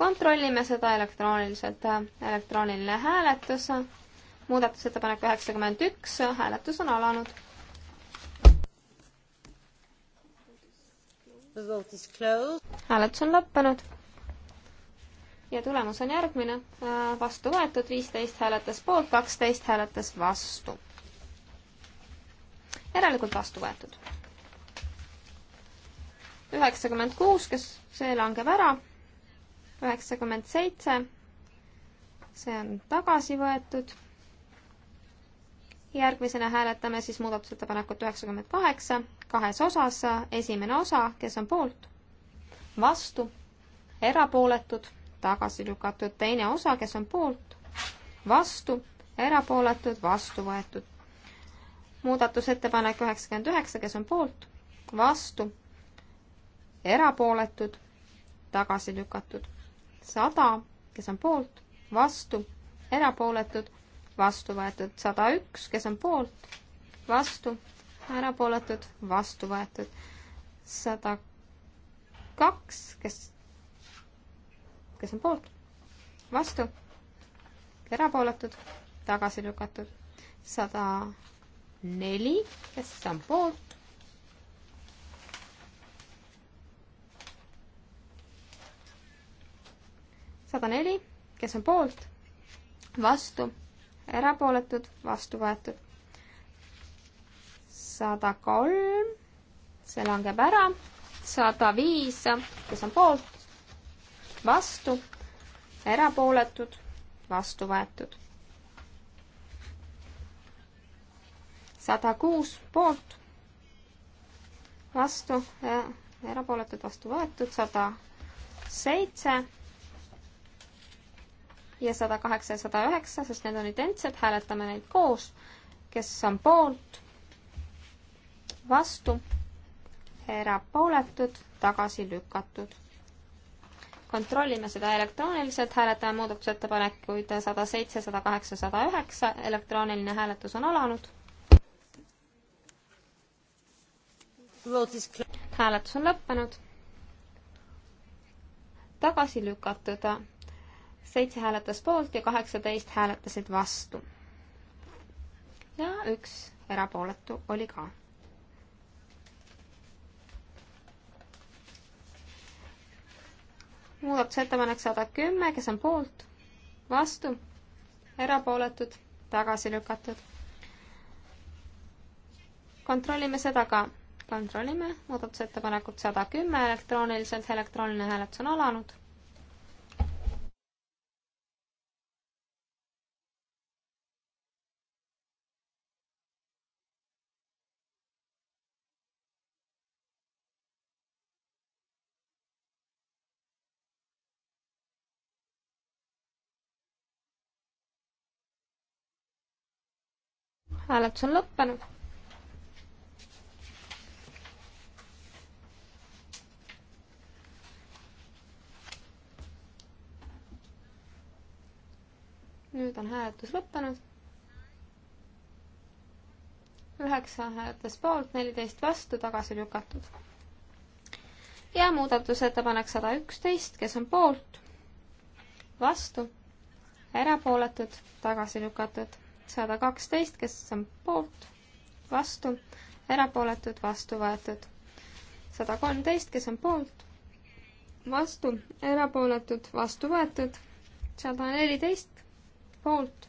Speaker 2: kontrollime seda elektrooniliselt, elektrooniline hääletus, muudatusettepanek üheksakümmend üks, hääletus on alanud. hääletus on lõppenud ja tulemus on järgmine, äh, vastu võetud, viisteist hääletas poolt, kaksteist hääletas vastu. järelikult vastu võetud. üheksakümmend kuus, kes, see langeb ära, üheksakümmend seitse, see on tagasi võetud, järgmisena hääletame siis muudatusettepanekut üheksakümmend kaheksa, kahes osas, esimene osa, kes on poolt, vastu, erapooletud tagasi lükatud, teine osa, kes on poolt, vastu, erapooletud, vastu võetud. muudatusettepanek üheksakümmend üheksa, kes on poolt, vastu, erapooletud, tagasi lükatud. sada, kes on poolt, vastu, erapooletud, vastu võetud. sada üks, kes on poolt, vastu, erapooletud, vastu võetud. sada kaks, kes kes on poolt, vastu, erapooletud, tagasi lükatud, sada neli, kes on poolt, sada neli, kes on poolt, vastu, erapooletud, vastu võetud. sada kolm, see langeb ära, sada viis, kes on poolt, vastu, erapooletud, vastu võetud. sada kuus poolt, vastu, erapooletud, vastu võetud, sada seitse ja sada kaheksa ja sada üheksa, sest need on identsed, hääletame neid koos, kes on poolt, vastu, erapooletud, tagasi lükatud kontrollime seda elektrooniliselt, hääletame muudatusettepanekuid sada seitse, sada kaheksa, sada üheksa, elektrooniline hääletus on alanud. hääletus on lõppenud. tagasi lükatud. seitse hääletas poolt ja kaheksateist hääletasid vastu. ja üks erapooletu oli ka muudatusettepanek sada kümme, kes on poolt, vastu, erapooletud, tagasi lükatud. kontrollime seda ka. kontrollime muudatusettepanekut sada kümme elektrooniliselt, elektrooniline hääletus on alanud. hääletus on lõppenud. nüüd on hääletus lõppenud. üheksa hääletas poolt, neliteist vastu, tagasi lükatud. ja muudatusettepanek sada üksteist, kes on poolt, vastu, erapooletud, tagasi lükatud sada kaksteist, kes on poolt, vastu, erapooletud, vastu võetud. sada kolmteist, kes on poolt, vastu, erapooletud, vastu võetud. sada neliteist, poolt,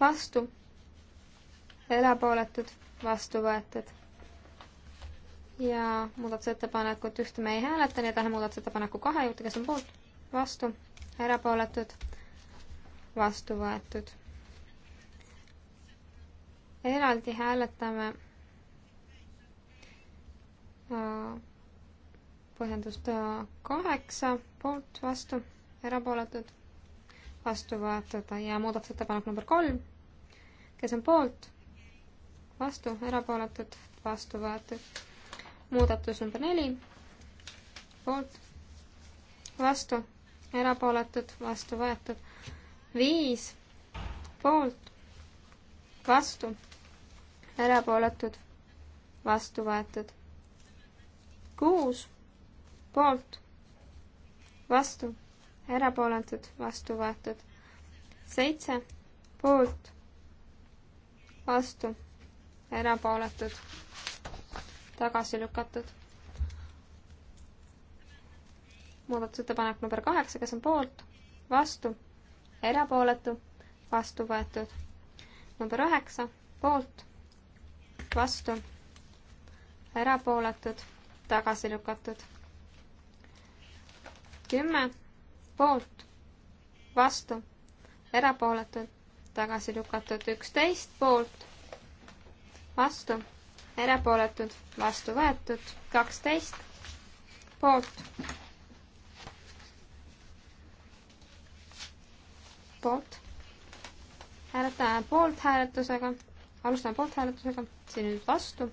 Speaker 2: vastu, erapooletud, vastu võetud. ja muudatusettepanekut ühte me ei hääleta, nii et läheme muudatusettepaneku kahe juurde, kes on poolt, vastu, erapooletud, vastu võetud eraldi hääletame äh, põhjendust äh, kaheksa poolt, vastu, erapooletud, vastu võetud ja muudatusettepanek number kolm, kes on poolt, vastu, erapooletud, vastu võetud. muudatus number neli, poolt, vastu, erapooletud, vastu võetud, viis, poolt, vastu erapooletud, vastu võetud. kuus poolt, vastu, erapooletud, vastu võetud. seitse poolt, vastu, erapooletud, tagasi lükatud. muudatusettepanek number kaheksa, kes on poolt, vastu, erapooletu, vastu võetud. number üheksa poolt vastu, erapooletud, tagasi lükatud. kümme poolt, vastu, erapooletud, tagasi lükatud, üksteist poolt, vastu, erapooletud, vastu võetud, kaksteist poolt, poolt, hääletame poolthääletusega, alustame poolthääletusega siin nüüd vastu,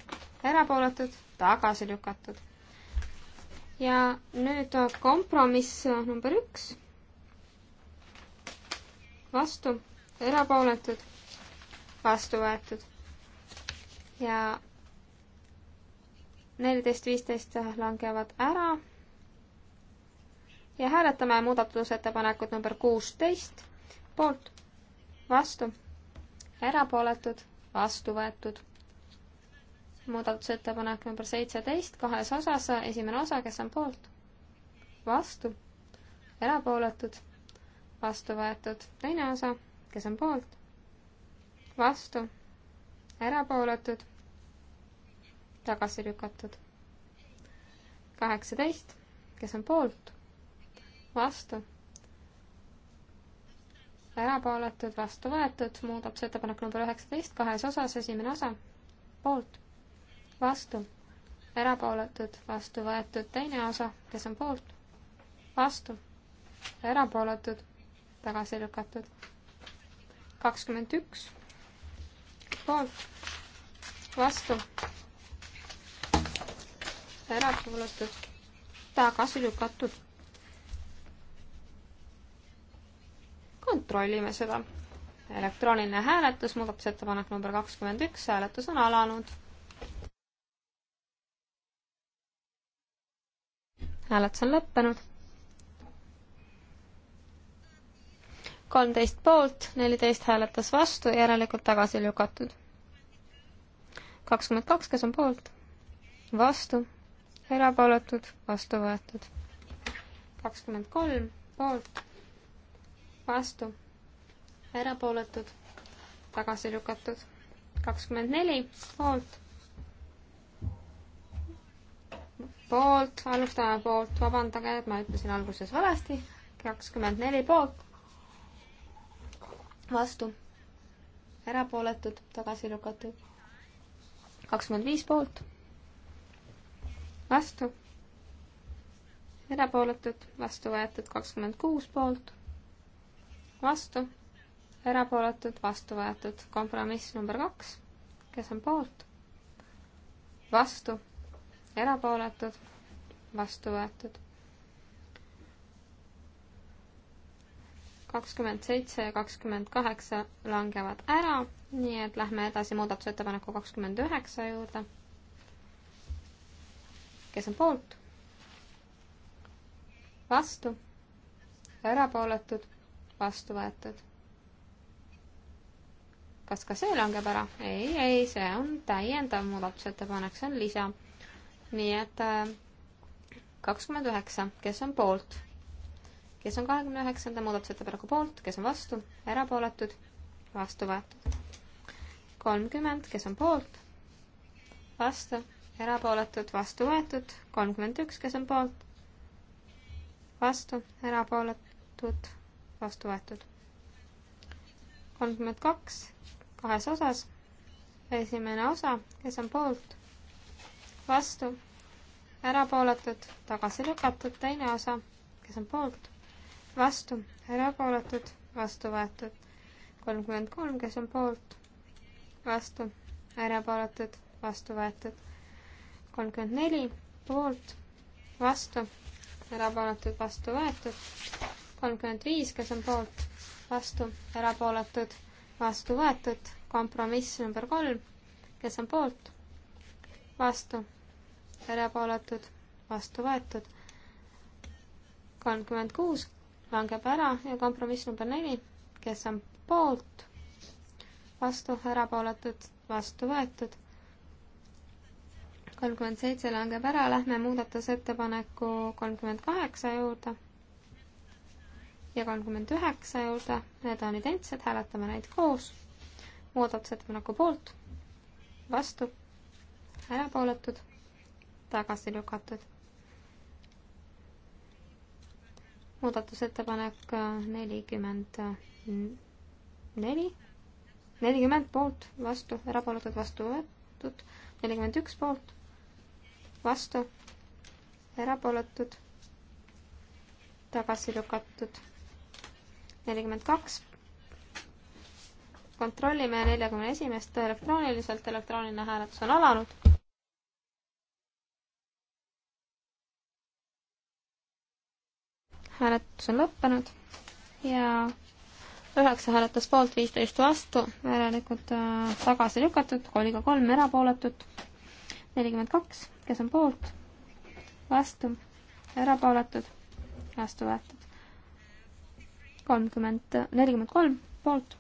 Speaker 2: erapooletud, tagasi lükatud. ja nüüd kompromiss number üks. vastu, erapooletud, vastu võetud. ja neliteist, viisteist langevad ära. ja hääletame muudatusettepanekut number kuusteist, poolt, vastu, erapooletud, vastu võetud muudatusettepanek number seitseteist kahes osas, esimene osa, kes on poolt? vastu, erapooletud, vastu võetud, teine osa, kes on poolt? vastu, erapooletud, tagasi lükatud. kaheksateist, kes on poolt? vastu erapooletud, vastu võetud, muudatusettepanek number üheksateist, kahes osas, esimene osa, poolt, vastu, erapooletud, vastu võetud, teine osa, kes on poolt, vastu, erapooletud, tagasi lükatud. kakskümmend üks, poolt, vastu, erapooletud, tagasi lükatud. kontrollime seda elektrooniline hääletus, muudatusettepanek number kakskümmend üks, hääletus on alanud. hääletus on lõppenud. kolmteist poolt, neliteist hääletas vastu, järelikult tagasi lükatud. kakskümmend kaks, kes on poolt? vastu, erapooletud, vastu võetud. kakskümmend kolm poolt, vastu, erapooletud, tagasi lükatud. kakskümmend neli poolt poolt, alustame poolt, vabandage, et ma ütlesin alguses valesti, kakskümmend neli poolt, vastu, erapooletud, tagasi lükatud, kakskümmend viis poolt, vastu, erapooletud, vastu võetud kakskümmend kuus poolt, vastu, erapooletud, vastu võetud, kompromiss number kaks, kes on poolt, vastu erapooletud, vastu võetud. kakskümmend seitse ja kakskümmend kaheksa langevad ära, nii et lähme edasi muudatusettepaneku kakskümmend üheksa juurde. kes on poolt? vastu, erapooletud, vastu võetud kas ka see langeb ära? ei, ei, see on täiendav muudatusettepanek, see on lisa nii et äh, kakskümmend üheksa, kes on poolt? kes on kahekümne üheksanda muudatusettepaneku poolt, kes on vastu, erapooletud, vastu võetud. kolmkümmend, kes on poolt, vastu, erapooletud, vastu võetud, kolmkümmend üks, kes on poolt, vastu, erapooletud, vastu võetud. kolmkümmend kaks, kahes osas, esimene osa, kes on poolt vastu, erapooletud, tagasi lükatud, teine osa, kes on poolt, vastu, erapooletud, vastu võetud. kolmkümmend kolm, kes on poolt, vastu, erapooletud, vastu võetud. kolmkümmend neli, poolt, vastu, erapooletud, vastu võetud. kolmkümmend viis, kes on poolt, vastu, erapooletud, vastu võetud. kompromiss number kolm, kes on poolt, vastu, erapooletud, vastu võetud. kolmkümmend kuus langeb ära ja kompromiss number neli, kes on poolt, vastu, erapooletud, vastu võetud. kolmkümmend seitse langeb ära, lähme muudatusettepaneku kolmkümmend kaheksa juurde ja kolmkümmend üheksa juurde, need on identsed, hääletame neid koos. muudatusettepaneku poolt, vastu erapooletud, tagasi lükatud. muudatusettepanek äh, nelikümmend neli, nelikümmend poolt, vastu, erapooletud, vastu võetud, nelikümmend üks poolt, vastu, erapooletud, tagasi lükatud, nelikümmend kaks kontrollime neljakümne esimest elektrooniliselt, elektrooniline hääletus on alanud. hääletus on lõppenud ja üheksa hääletas poolt, viisteist vastu, järelikult äh, tagasi lükatud, oli ka kolm erapooletut, nelikümmend kaks, kes on poolt, vastu, erapooletud, vastu võetud. kolmkümmend, nelikümmend kolm poolt,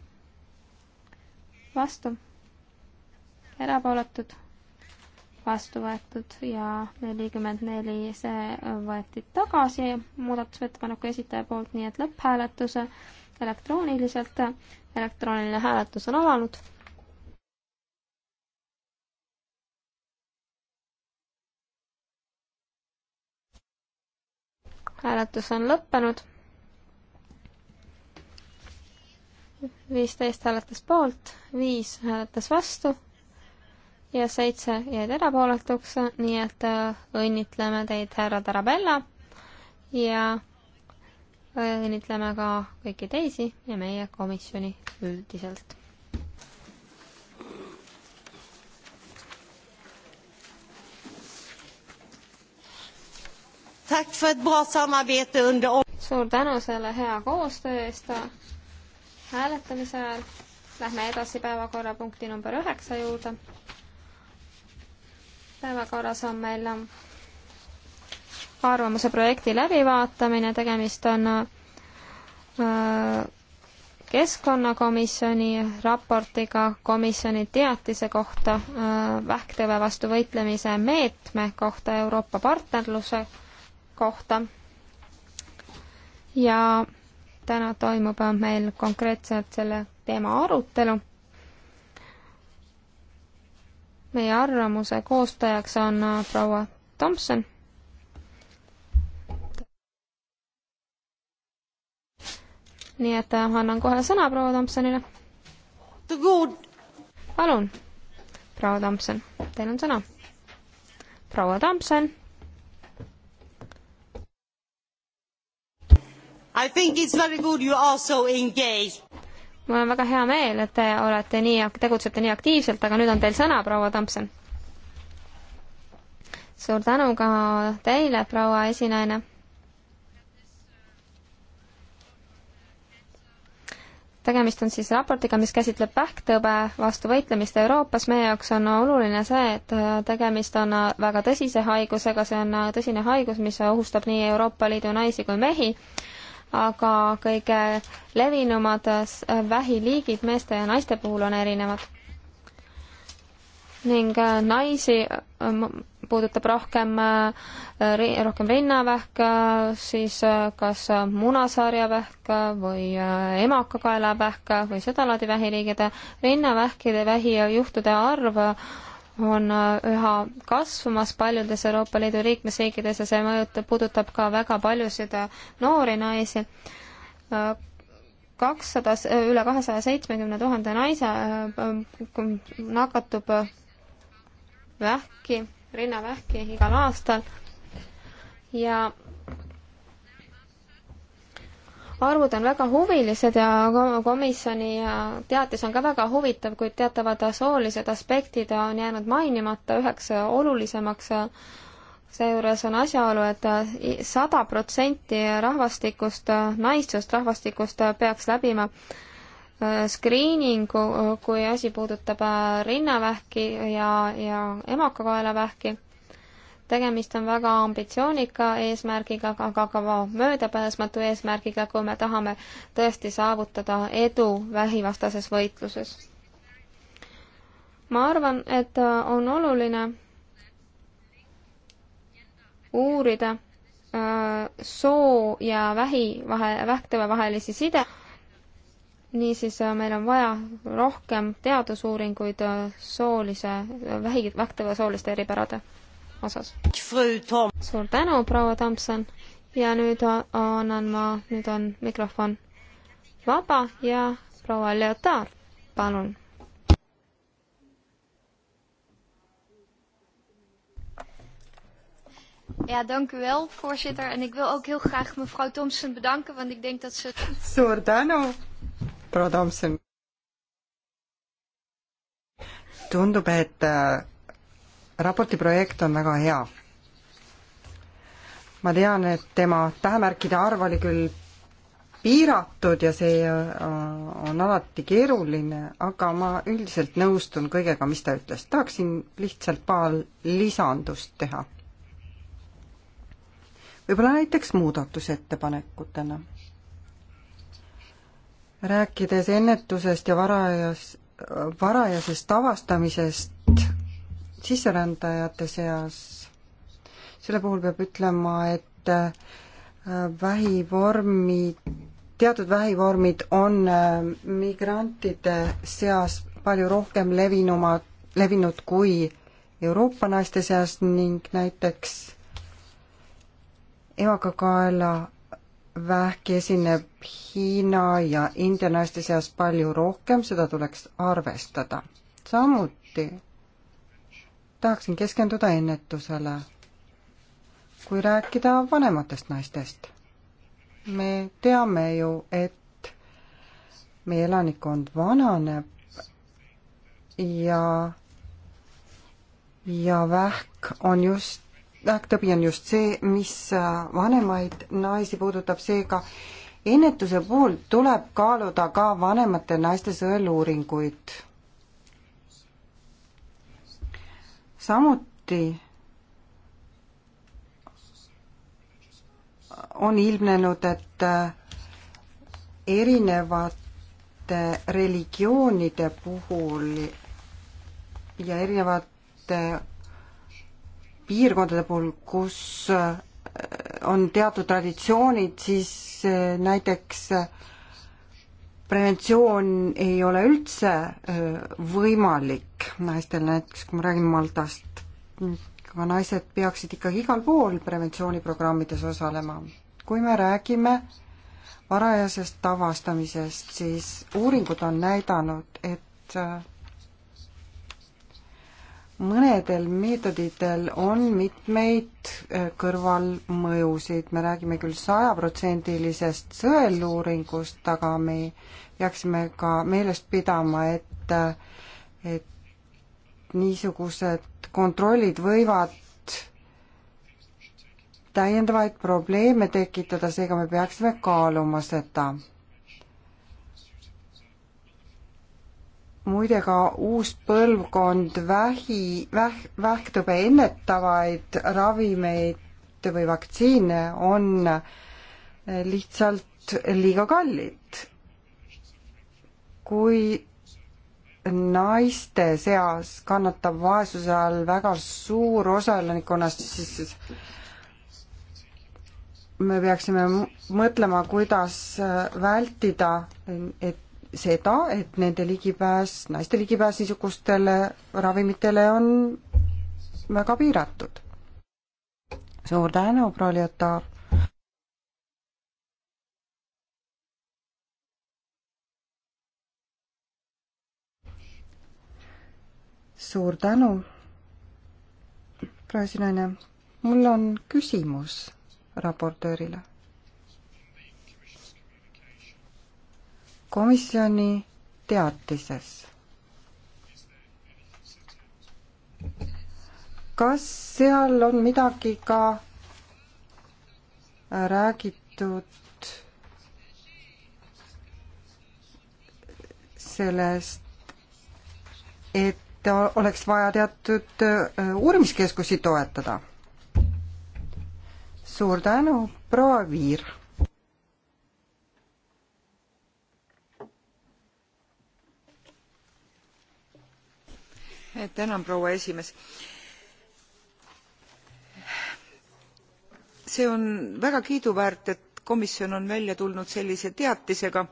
Speaker 2: vastu, erapooletud vastu võetud ja nelikümmend neli, see võeti tagasi muudatusettepaneku esitaja poolt, nii et lõpphääletus elektrooniliselt, elektrooniline hääletus on alanud. hääletus on lõppenud. viisteist hääletas poolt, viis hääletas vastu ja seitse jäid erapooletuks, nii et äh, õnnitleme teid, härra Tarabella ja äh, õnnitleme ka kõiki teisi ja meie komisjoni üldiselt. suur tänu selle hea koostöö eest hääletamise ajal. Lähme edasi päevakorrapunkti number üheksa juurde päevakorras on meil arvamuse projekti läbivaatamine, tegemist on äh, keskkonnakomisjoni raportiga komisjoni teatise kohta äh, vähktõve vastu võitlemise meetme kohta Euroopa partnerluse kohta. ja täna toimub meil konkreetselt selle teema arutelu meie arvamuse koostajaks on äh, proua Tomson. nii et äh, annan kohe sõna proua Tomsonile. palun, proua Tomson, teil on sõna. proua Tomson.
Speaker 1: I think it's very good you are so engaged
Speaker 2: mul on väga hea meel, et te olete nii, tegutsete nii aktiivselt, aga nüüd on teil sõna, proua Tomson. suur tänu ka teile, proua esinaine. tegemist on siis raportiga, mis käsitleb vähktõbe vastu võitlemist Euroopas. meie jaoks on oluline see, et tegemist on väga tõsise haigusega, see on tõsine haigus, mis ohustab nii Euroopa Liidu naisi kui mehi aga kõige levinumad vähiliigid meeste ja naiste puhul on erinevad. ning äh, naisi äh, puudutab rohkem, äh, rohkem rinnavähk, siis kas munasarjavähk või emakakaelavähk või sedalaadi vähiliigid. rinnavähkide vähijuhtude arv on äh, üha kasvamas paljudes Euroopa Liidu liikmesriikides ja see mõjutab, puudutab ka väga paljusid äh, noori naisi. Äh, kakssada, üle kahesaja seitsmekümne tuhande naise nakatub vähki, rinnavähki igal aastal ja arvud on väga huvilised ja komisjoni äh, teatis on ka väga huvitav, kuid teatavad soolised aspektid on jäänud mainimata, üheks olulisemaks seejuures on asjaolu et, et äh, sada protsenti rahvastikust, äh, naissoost rahvastikust peaks läbima skriiningu, kui asi puudutab rinnavähki ja, ja emakakaelavähki tegemist on väga ambitsioonika eesmärgiga, aga ka möödapääsmatu eesmärgiga, kui me tahame tõesti saavutada edu vähivastases võitluses. ma arvan, et äh, on oluline uurida äh, soo ja vähi vahe, vähktõve vahelisi side, niisiis äh, meil on vaja rohkem teadusuuringuid soolise, vähi, vähktõve sooliste eripärade osas. suur tänu, proua Tomson ja nüüd annan ma, nüüd on mikrofon vaba ja proua Leotaar, palun. Ja, dank u wel, voorzitter. En ik wil ook heel graag mevrouw Thompson bedanken, want ik denk dat ze...
Speaker 4: Suur tänu, proua Thompson. tundub, et äh, raporti projekt on väga hea. ma tean, et tema tähemärkide arv oli küll piiratud ja see äh, on alati keeruline, aga ma üldiselt nõustun kõigega, mis ta ütles. tahaksin lihtsalt paar lisandust teha. võib-olla näiteks muudatusettepanekutena. rääkides ennetusest ja varajas, äh, varajasest avastamisest, sisserändajate seas. selle puhul peab ütlema, et äh, vähivormid, teatud vähivormid on äh, migrantide seas palju rohkem levinumad, levinud kui Euroopa naiste seas ning näiteks emakakaela vähki esineb Hiina ja India naiste seas palju rohkem, seda tuleks arvestada. samuti tahaksin keskenduda ennetusele. kui rääkida vanematest naistest, me teame ju, et meie elanikkond vananeb ja, ja vähk on just, vähktõbi on just see, mis vanemaid naisi puudutab, seega ennetuse puhul tuleb kaaluda ka vanemate naiste sõeluuringuid samuti on ilmnenud, et äh, erinevate religioonide puhul ja erinevate piirkondade puhul, kus äh, on teatud traditsioonid, siis äh, näiteks äh, preventsioon ei ole üldse äh, võimalik naistel, näiteks kui me räägime Maltast, aga naised peaksid ikkagi igal pool preventsiooniprogrammides osalema. kui me räägime varajasest avastamisest, siis uuringud on näidanud, et äh, mõnedel meetoditel on mitmeid äh, kõrvalmõjusid, me räägime küll sajaprotsendilisest sõeluuringust, aga me peaksime ka meeles pidama, et, äh, et niisugused kontrollid võivad täiendavaid probleeme tekitada, seega me peaksime kaaluma seda muide ka uus põlvkond vähi, väh-, vähktõbe ennetavaid ravimeid või vaktsiine on lihtsalt liiga kallid. kui naiste seas kannatab vaesuse all väga suur osa elanikkonnast, siis me peaksime mõtlema, kuidas vältida, et seda, et nende ligipääs, naiste ligipääs niisugustele ravimitele on väga piiratud. suur tänu, proua Liotaar. suur tänu, proua esinaine. mul on küsimus raportöörile komisjoni teatises. kas seal on midagi ka äh, räägitud sellest, et oleks vaja teatud äh, uurimiskeskusi toetada? suur tänu, proua Viir
Speaker 3: tänan proua esimees see on väga kiiduväärt et komisjon on välja tulnud sellise teatisega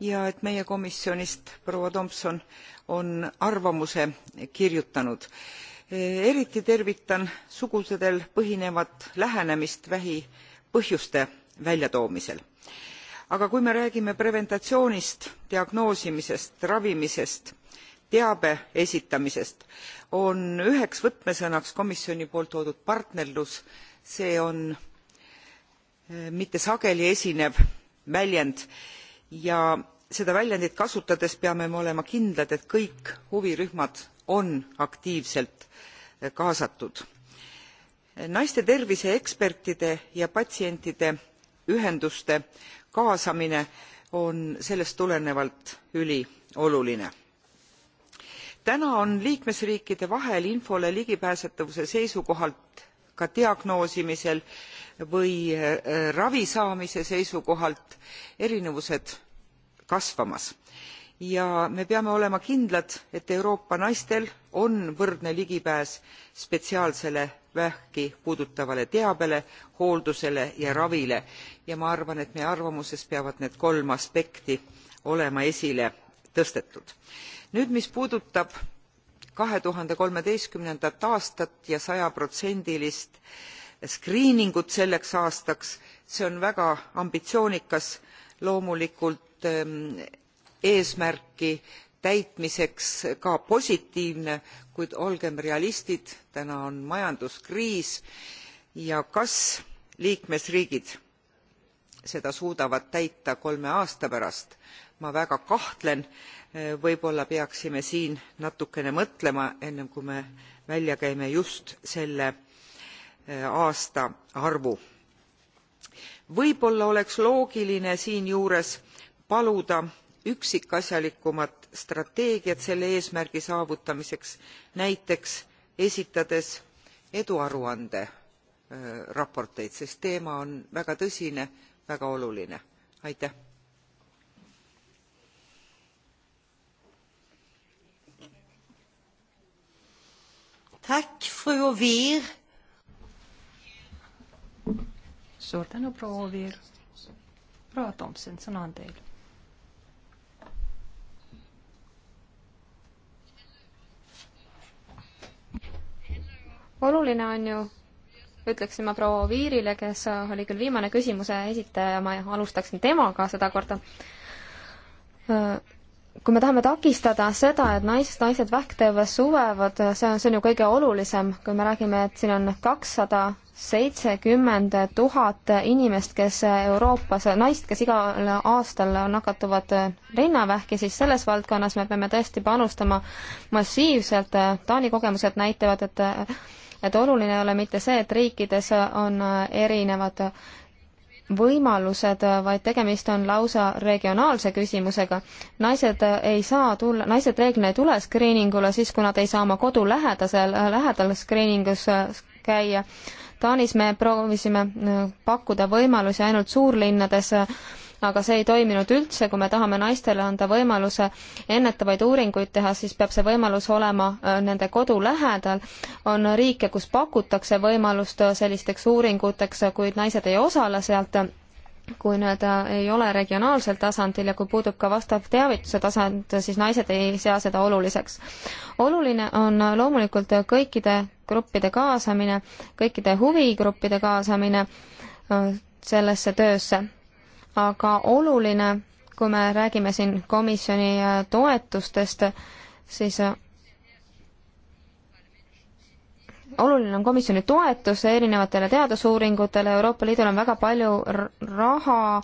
Speaker 3: ja et meie komisjonist proua thomson on arvamuse kirjutanud. eriti tervitan sugudel põhinevat lähenemist vähi põhjuste väljatoomisel. aga kui me räägime preventsioonist diagnoosimisest ravimisest teabe esitamisest on üheks võtmesõnaks komisjoni poolt toodud partnerlus see on eh, mitte sageli esinev väljend ja seda väljendit kasutades peame me olema kindlad et kõik huvirühmad on aktiivselt eh, kaasatud. naiste terviseekspertide ja patsientide ühenduste kaasamine on sellest tulenevalt ülioluline täna on liikmesriikide vahel infole ligipääsetavuse seisukohalt ka diagnoosimisel või äh, ravi saamise seisukohalt erinevused kasvamas ja me peame olema kindlad et euroopa naistel on võrdne ligipääs spetsiaalsele vähki puudutavale teabele hooldusele ja ravile ja ma arvan et meie arvamuses peavad need kolm aspekti olema esile tõstetud nüüd mis puudutab 2013. aastat ja sajaprotsendilist skriiningut selleks aastaks see on väga ambitsioonikas loomulikult ehm, eesmärgi täitmiseks ka positiivne kuid olgem realistid täna on majanduskriis ja kas liikmesriigid seda suudavad täita kolme aasta pärast ma väga kahtlen võib-olla peaksime siin natukene mõtlema enne kui me välja käime just selle eh, aastaarvu. võib-olla oleks loogiline siinjuures paluda üksikasjalikumat strateegiat selle eesmärgi saavutamiseks näiteks esitades eduaruande eh, raporteid sest teema on väga tõsine väga oluline. aitäh!
Speaker 1: Tack, fru Oviir.
Speaker 5: suur tänu, proua Oviir. proua Tomson, sõna on teil.
Speaker 2: oluline on ju, ütleksin ma proua Oviirile, kes oli küll viimane küsimuse esitaja, ma alustaksin temaga sedakorda kui me tahame takistada seda, et naised, naised vähktõves suvevad, see on, see on ju kõige olulisem, kui me räägime, et siin on kakssada seitsekümmend tuhat inimest, kes Euroopas, naist, kes igal aastal nakatuvad rinnavähki, siis selles valdkonnas me peame tõesti panustama massiivselt, Taani kogemused näitavad, et et oluline ei ole mitte see, et riikides on erinevad võimalused, vaid tegemist on lausa regionaalse küsimusega. naised ei saa tulla, naised reeglina ei tule screeningule siis, kui nad ei saa oma kodu lähedasel, lähedal screeningus käia. Taanis me proovisime pakkuda võimalusi ainult suurlinnades aga see ei toiminud üldse, kui me tahame naistele anda võimaluse ennetavaid uuringuid teha, siis peab see võimalus olema äh, nende kodu lähedal. on riike, kus pakutakse võimalust äh, sellisteks uuringuteks, äh, kuid naised ei osale sealt kui need ei ole regionaalsel tasandil ja kui puudub ka vastav teavituse tasand, siis naised ei sea seda oluliseks. oluline on loomulikult kõikide gruppide kaasamine, kõikide huvigruppide kaasamine sellesse töösse aga oluline, kui me räägime siin komisjoni äh, toetustest, siis äh, oluline on komisjoni toetus erinevatele teadusuuringutele, Euroopa Liidul on väga palju raha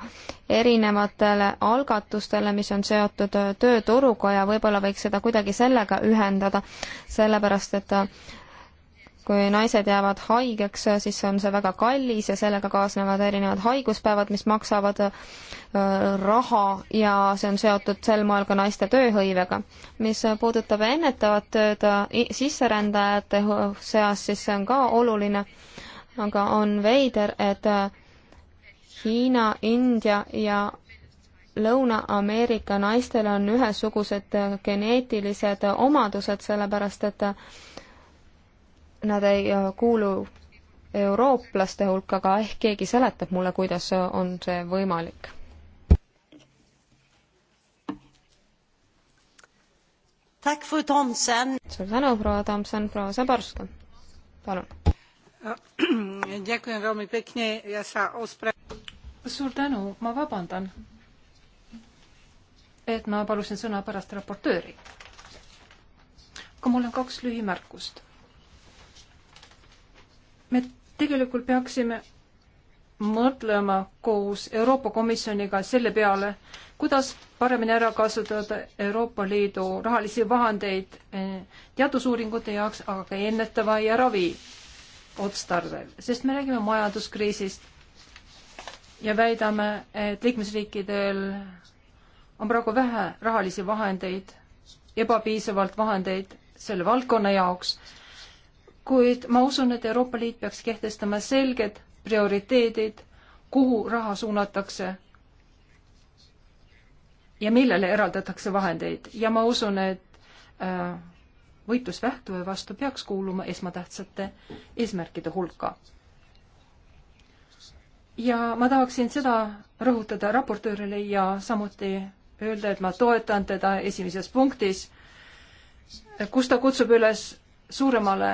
Speaker 2: erinevatele algatustele, mis on seotud äh, tööturuga ja võib-olla võiks seda kuidagi sellega ühendada, sellepärast et kui naised jäävad haigeks, siis on see väga kallis ja sellega kaasnevad erinevad haiguspäevad, mis maksavad äh, raha ja see on seotud sel moel ka naiste tööhõivega. mis puudutab ennetavat tööd sisserändajate seas, siis see on ka oluline, aga on veider, et äh, Hiina, India ja Lõuna-Ameerika naistel on ühesugused äh, geneetilised omadused, sellepärast et nad ei äh, kuulu eurooplaste hulka, aga ehk keegi seletab mulle, kuidas on see võimalik. suur tänu, proua Tomson, proua
Speaker 5: Zaborska, palun. suur tänu, ma vabandan, et ma palusin sõna pärast raportööri. aga mul on kaks lühimärkust me tegelikult peaksime mõtlema koos Euroopa Komisjoniga selle peale, kuidas paremini ära kasutada Euroopa Liidu rahalisi vahendeid eh, teadusuuringute jaoks, aga ka ennetava ja ravi otstarvel, sest me räägime majanduskriisist ja väidame, et liikmesriikidel on praegu vähe rahalisi vahendeid, ebapiisavalt vahendeid selle valdkonna jaoks kuid ma usun, et Euroopa Liit peaks kehtestama selged prioriteedid, kuhu raha suunatakse ja millele eraldatakse vahendeid ja ma usun, et äh, võitlus vähktõe vastu peaks kuuluma esmatähtsate eesmärkide hulka. ja ma tahaksin seda rõhutada raportöörile ja samuti öelda, et ma toetan teda esimeses punktis, kus ta kutsub üles suuremale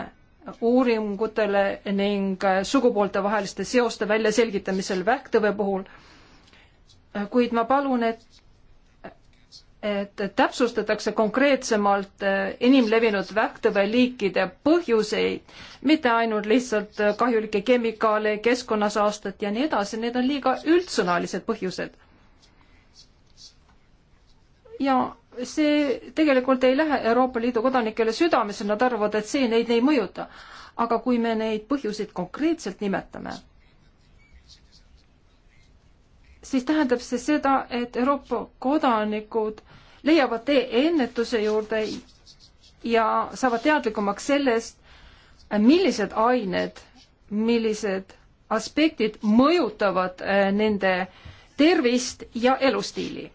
Speaker 5: uuringutele ning äh, sugupooltevaheliste seoste väljaselgitamisel vähktõve puhul. Äh, kuid ma palun, et et täpsustatakse konkreetsemalt äh, inimlevinud vähktõveliikide põhjuseid, mitte ainult lihtsalt kahjulikke kemikaale, keskkonnasaastet ja nii edasi, need on liiga üldsõnalised põhjused. ja see tegelikult ei lähe Euroopa Liidu kodanikele südamesse, nad arvavad, et see neid ei mõjuta. aga kui me neid põhjuseid konkreetselt nimetame, siis tähendab see seda, et Euroopa kodanikud leiavad tee ennetuse juurde ja saavad teadlikumaks sellest, millised ained, millised aspektid mõjutavad eh, nende tervist ja elustiili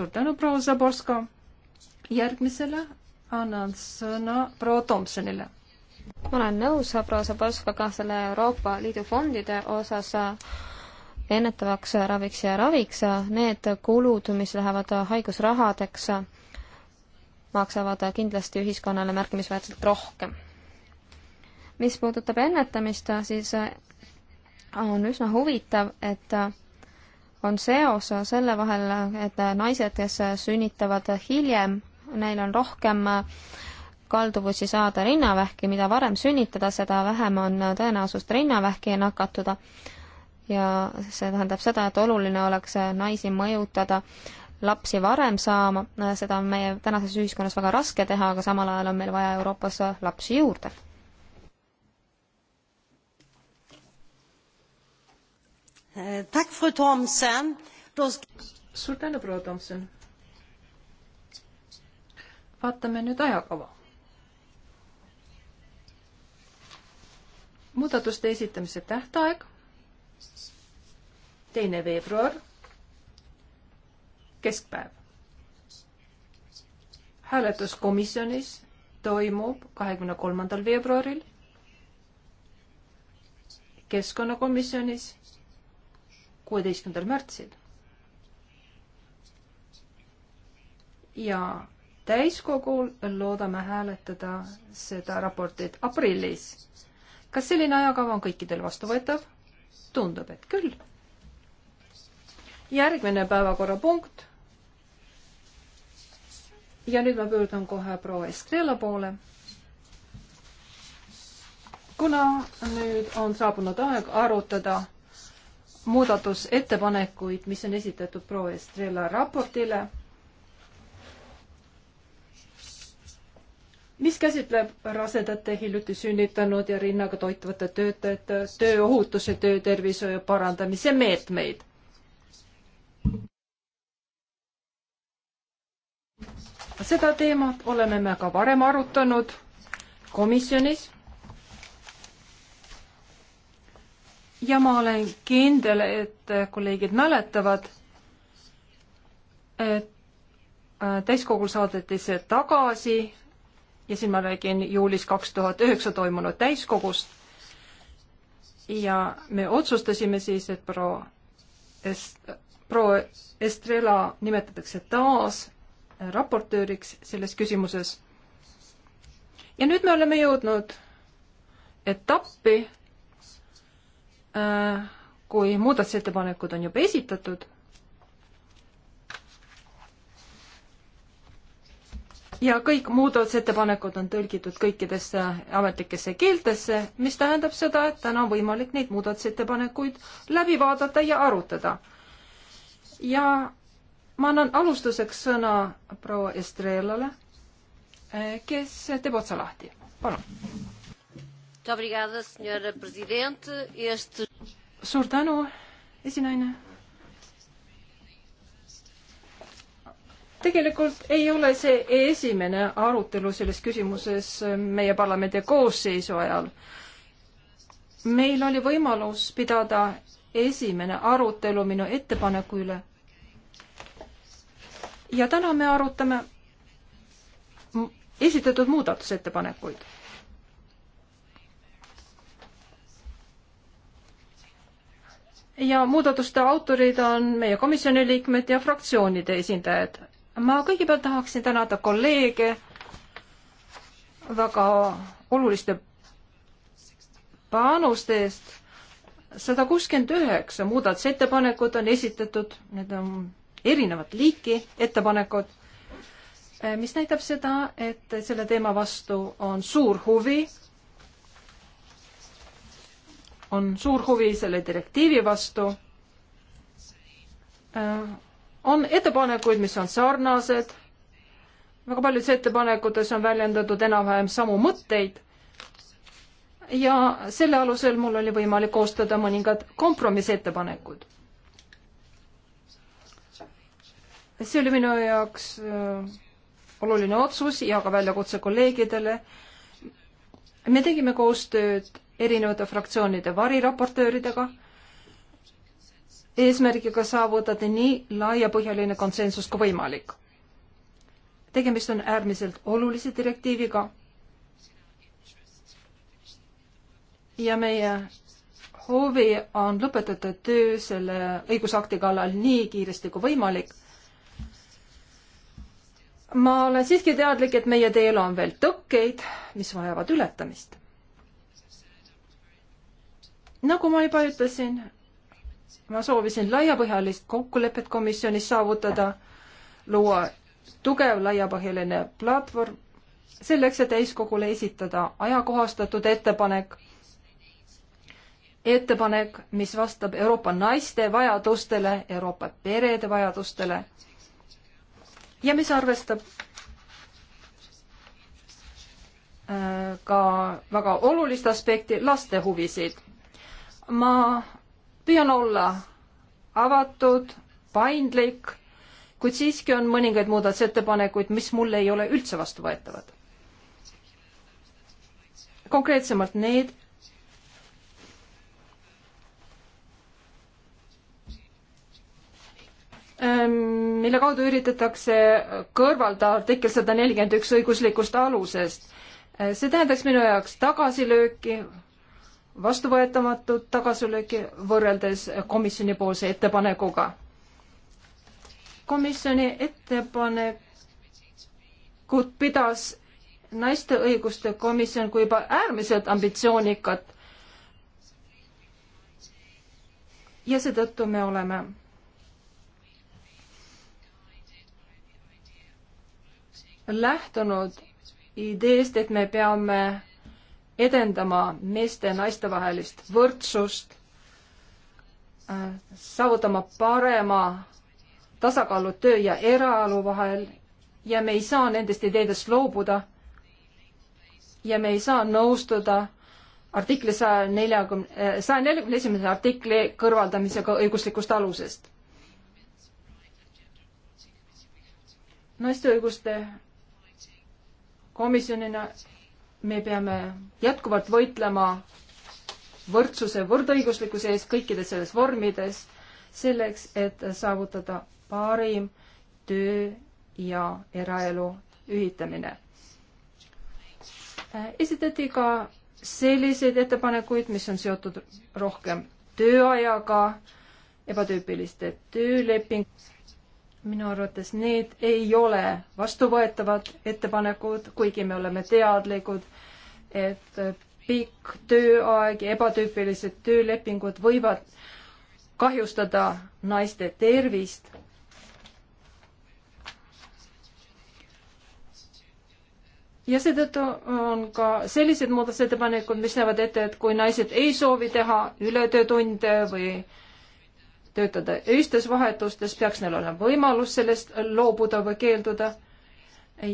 Speaker 5: suur tänu, proua Zaborska. järgmisele annan sõna proua Tomsonile. ma olen nõus proua Zaborskaga selle Euroopa Liidu fondide
Speaker 2: osas ennetavaks raviks ja raviks. Need kulud, mis lähevad haigusrahadeks, maksavad kindlasti ühiskonnale märkimisväärselt rohkem. mis puudutab ennetamist, siis on üsna huvitav, et on seos selle vahel, et naised, kes sünnitavad hiljem, neil on rohkem kalduvusi saada rinnavähki, mida varem sünnitada, seda vähem on tõenäosust rinnavähki nakatuda. ja see tähendab seda, et oluline oleks naisi mõjutada lapsi varem saama, seda on meie tänases ühiskonnas väga raske teha, aga samal ajal on meil vaja Euroopas lapsi juurde
Speaker 1: Eh, tack, fru Thomsen. suur tänu, proua Thomsen. vaatame nüüd ajakava.
Speaker 5: muudatuste esitamise tähtaeg, teine veebruar, keskpäev. hääletus komisjonis toimub kahekümne kolmandal veebruaril keskkonnakomisjonis kuueteistkümnendal märtsil. ja täiskogul loodame hääletada seda raportit aprillis. kas selline ajakava on kõikidel vastuvõetav? tundub, et küll. järgmine päevakorrapunkt. ja nüüd ma pöördun kohe proua Estrela poole. kuna nüüd on saabunud aeg arutada muudatusettepanekuid, mis on esitatud proua Estrela raportile, mis käsitleb rasedate, hiljuti sünnitanud ja rinnaga toituvate töötajate tööohutuse, töötervishoiu parandamise meetmeid. seda teemat oleme me ka varem arutanud komisjonis ja ma olen kindel, et kolleegid mäletavad, et äh, täiskogul saadeti see tagasi ja siin ma räägin juulis kaks tuhat üheksa toimunud täiskogust. ja me otsustasime siis, et pro Est-, pro Estrela nimetatakse taas äh, raportööriks selles küsimuses. ja nüüd me oleme jõudnud etappi, Äh, kui muudatusettepanekud on juba esitatud ja kõik muudatusettepanekud on tõlgitud kõikidesse ametlikesse keeltesse, mis tähendab seda, et täna on võimalik neid muudatusettepanekuid läbi vaadata ja arutada. ja ma annan alustuseks sõna proua Estrelale, kes teeb otsa lahti. palun suur tänu, esinaine. tegelikult ei ole see esimene arutelu selles küsimuses meie parlamendi koosseisu ajal. meil oli võimalus pidada esimene arutelu minu ettepaneku üle. ja täna me arutame esitatud muudatusettepanekuid ja muudatuste autorid on meie komisjoni liikmed ja fraktsioonide esindajad. ma kõigepealt tahaksin tänada kolleege väga oluliste panuste eest. sada kuuskümmend üheksa muudatusettepanekut on esitatud, need on erinevat liiki ettepanekud, mis näitab seda, et selle teema vastu on suur huvi on suur huvi selle direktiivi vastu. Äh, on ettepanekuid, mis on sarnased. väga paljudes ettepanekutes on väljendatud enam-vähem samu mõtteid. ja selle alusel mul oli võimalik koostada mõningad kompromissettepanekud. see oli minu jaoks äh, oluline otsus ja ka väljakutse kolleegidele me tegime koostööd erinevate fraktsioonide variraportööridega, eesmärgiga saavutada nii laiapõhjaline konsensus kui võimalik. tegemist on äärmiselt olulise direktiiviga ja meie hoovi on lõpetada töö selle õigusakti kallal nii kiiresti kui võimalik. ma olen siiski teadlik, et meie teel on veel tõkkeid, mis vajavad ületamist nagu ma juba ütlesin, ma soovisin laiapõhjalist kokkulepet komisjonis saavutada, luua tugev laiapõhjaline platvorm selleks, et täiskogule esitada ajakohastatud ettepanek, ettepanek, mis vastab Euroopa naiste vajadustele, Euroopa perede vajadustele ja mis arvestab äh, ka väga olulist aspekti, laste huvisid ma püüan olla avatud, paindlik, kuid siiski on mõningaid muudatusettepanekuid, mis mulle ei ole üldse vastuvõetavad. konkreetsemalt need, ähm, mille kaudu üritatakse kõrvalda artikkel sada nelikümmend üks õiguslikust alusest. Äh, see tähendaks minu jaoks tagasilööki, vastuvõetamatut tagasilööki võrreldes komisjoni poolse ettepanekuga. komisjoni ettepanekut pidas naiste õiguste komisjon kui juba äärmiselt ambitsioonikat. ja seetõttu me oleme lähtunud ideest, et me peame edendama meeste ja naiste vahelist võrdsust, äh, saavutama parema tasakaalu töö ja eraelu vahel ja me ei saa nendest ideedest loobuda. ja me ei saa nõustuda artikli saja neljakümne, äh, saja neljakümne esimese artikli kõrvaldamisega õiguslikust alusest. naiste õiguste komisjonina me peame jätkuvalt võitlema võrdsuse, võrdõiguslikkuse eest kõikides selles vormides, selleks, et saavutada parim töö ja eraelu ühitamine. esitati ka selliseid ettepanekuid, mis on seotud rohkem tööajaga, ebatüüpiliste tööleping- minu arvates need ei ole vastuvõetavad ettepanekud, kuigi me oleme teadlikud, et pikk tööaeg ja ebatüüpilised töölepingud võivad kahjustada naiste tervist. ja seetõttu on ka sellised muudatusettepanekud, mis näevad ette, et kui naised ei soovi teha ületöötunde või äh, töötada öistes vahetustes, peaks neil olema võimalus sellest loobuda või keelduda.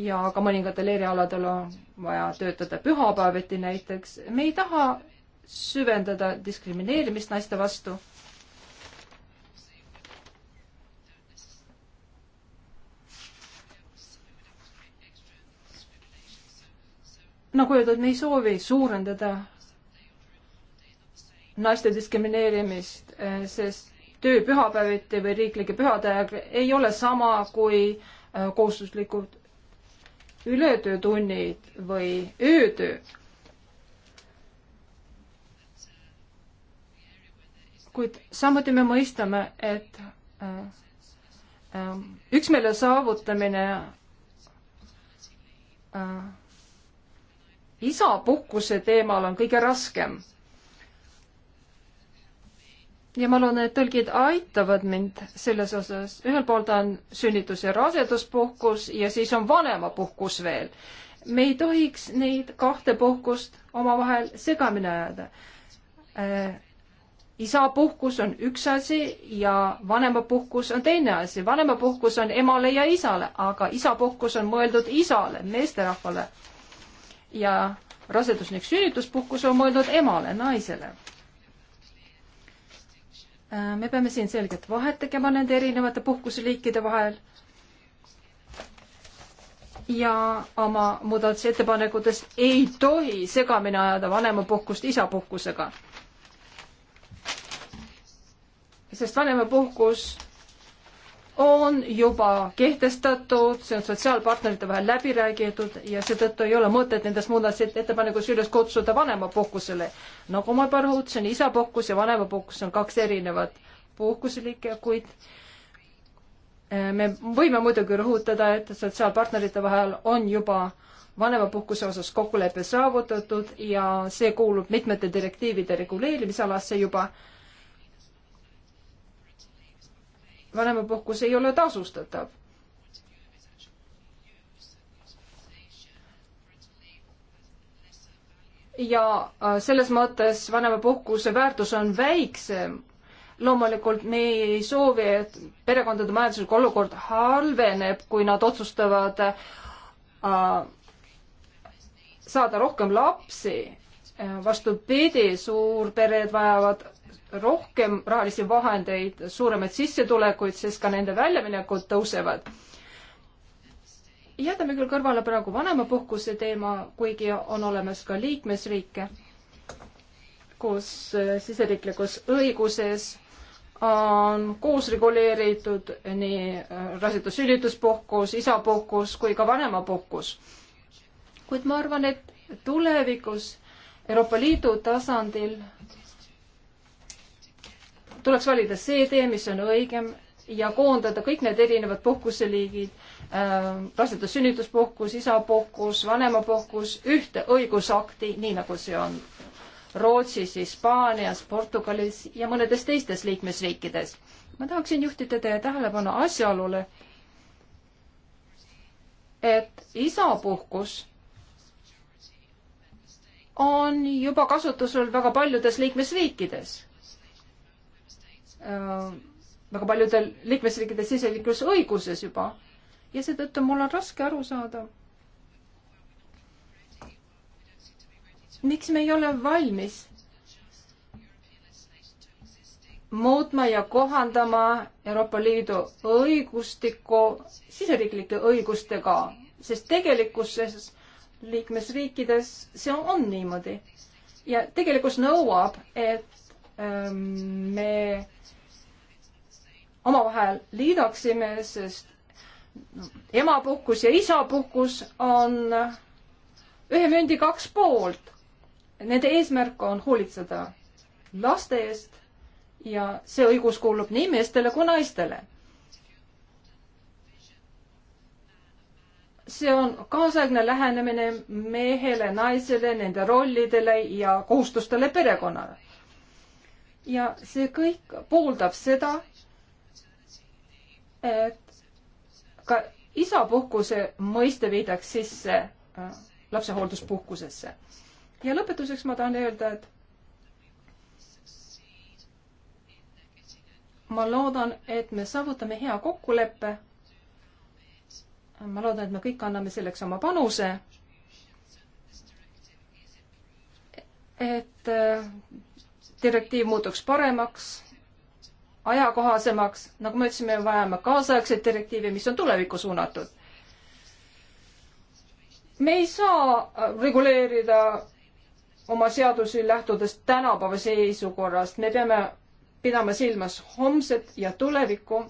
Speaker 5: ja ka mõningatel erialadel on vaja töötada pühapäeviti näiteks. me ei taha süvendada diskrimineerimist naiste vastu. nagu öeldud, me ei soovi suurendada naiste diskrimineerimist, eh, sest töö pühapäeviti või riiklike pühadega ei ole sama kui äh, kohustuslikud ületöötunnid või öötöö. kuid samuti me mõistame, et äh, äh, üksmeele saavutamine isapuhkuse teemal on kõige raskem ja ma loodan, et tõlgid aitavad mind selles osas. ühelt poolt on sünnitus- ja raseduspuhkus ja siis on vanemapuhkus veel. me ei tohiks neid kahte puhkust omavahel segamini ajada äh,. isapuhkus on üks asi ja vanemapuhkus on teine asi. vanemapuhkus on emale ja isale, aga isapuhkus on mõeldud isale, meesterahvale. ja rasedus ning sünnituspuhkus on mõeldud emale, naisele Äh, me peame siin selget vahet tegema nende erinevate puhkuseliikide vahel ja oma muudatusettepanekutes ei tohi segamini ajada vanemapuhkust isapuhkusega. sest vanemapuhkus on juba kehtestatud, see on sotsiaalpartnerite vahel läbi räägitud ja seetõttu ei ole mõtet nendes muudatusettepanekus üles kutsuda vanemapuhkusele. nagu ma juba rõhutasin, isapuhkus ja vanemapuhkus on kaks erinevat puhkuseliike, kuid eh, me võime muidugi rõhutada, et sotsiaalpartnerite vahel on juba vanemapuhkuse osas kokkulepe saavutatud ja see kuulub mitmete direktiivide reguleerimisalasse juba vanemapuhkus ei ole tasustatav. ja äh, selles mõttes vanemapuhkuse väärtus on väiksem. loomulikult me ei soovi, et perekondade majanduslik olukord halveneb, kui nad otsustavad äh, saada rohkem lapsi. Äh, vastupidi, suurpered vajavad rohkem rahalisi vahendeid, suuremaid sissetulekuid, siis ka nende väljaminekud tõusevad. jätame küll kõrvale praegu vanemapuhkuse teema, kuigi on olemas ka liikmesriike, kus äh, siseriiklikus õiguses on koos reguleeritud nii äh, rasedus-sünnituspuhkus, isapuhkus kui ka vanemapuhkus. kuid ma arvan, et tulevikus Euroopa Liidu tasandil tuleks valida see tee, mis on õigem ja koondada kõik need erinevad puhkuseliigid äh,, rasedus-sünnituspuhkus, isapuhkus, vanemapuhkus, ühte õigusakti, nii nagu see on Rootsis, Hispaanias, Portugalis ja mõnedes teistes liikmesriikides. ma tahaksin juhtida teie tähelepanu asjaolule, et isapuhkus on juba kasutusel väga paljudes liikmesriikides Äh, väga paljudel liikmesriikide siseriiklikus õiguses juba ja seetõttu mul on raske aru saada, miks me ei ole valmis muutma ja kohandama Euroopa Liidu õigustikku siseriiklike õigustega, sest tegelikkuses liikmesriikides see on niimoodi. ja tegelikkus nõuab, et ähm, me omavahel liidaksime, sest emapuhkus ja isapuhkus on ühe mündi kaks poolt. Nende eesmärk on hoolitseda laste eest ja see õigus kuulub nii meestele kui naistele. see on kaasaegne lähenemine mehele, naisele, nende rollidele ja kohustustele perekonnale. ja see kõik pooldab seda, ka isapuhkuse mõiste viidaks sisse äh, lapsehoolduspuhkusesse. ja lõpetuseks ma tahan öelda, et ma loodan, et me saavutame hea kokkuleppe. ma loodan, et me kõik anname selleks oma panuse. et äh, direktiiv muutuks paremaks ajakohasemaks, nagu me ütlesime, vajame kaasaegseid direktiive, mis on tulevikku suunatud. me ei saa äh, reguleerida oma seadusi lähtudes tänapäeva seisukorrast, me peame pidama silmas homset ja tulevikku,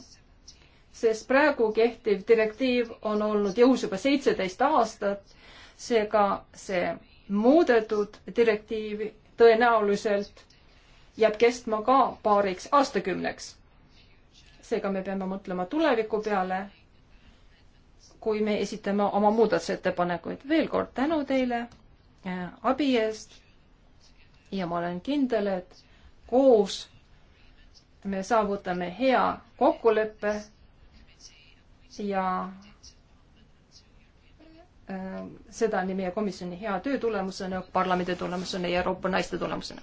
Speaker 5: sest praegu kehtiv direktiiv on olnud jõus juba seitseteist aastat, seega see muudetud direktiiv tõenäoliselt jääb kestma ka paariks aastakümneks. seega me peame mõtlema tuleviku peale, kui me esitame oma muudatusettepanekuid. veel kord tänu teile äh, abi eest ja ma olen kindel, et koos me saavutame hea kokkuleppe ja äh, seda nii meie komisjoni hea töö tulemusena, parlamendi tulemusena ja Euroopa naiste tulemusena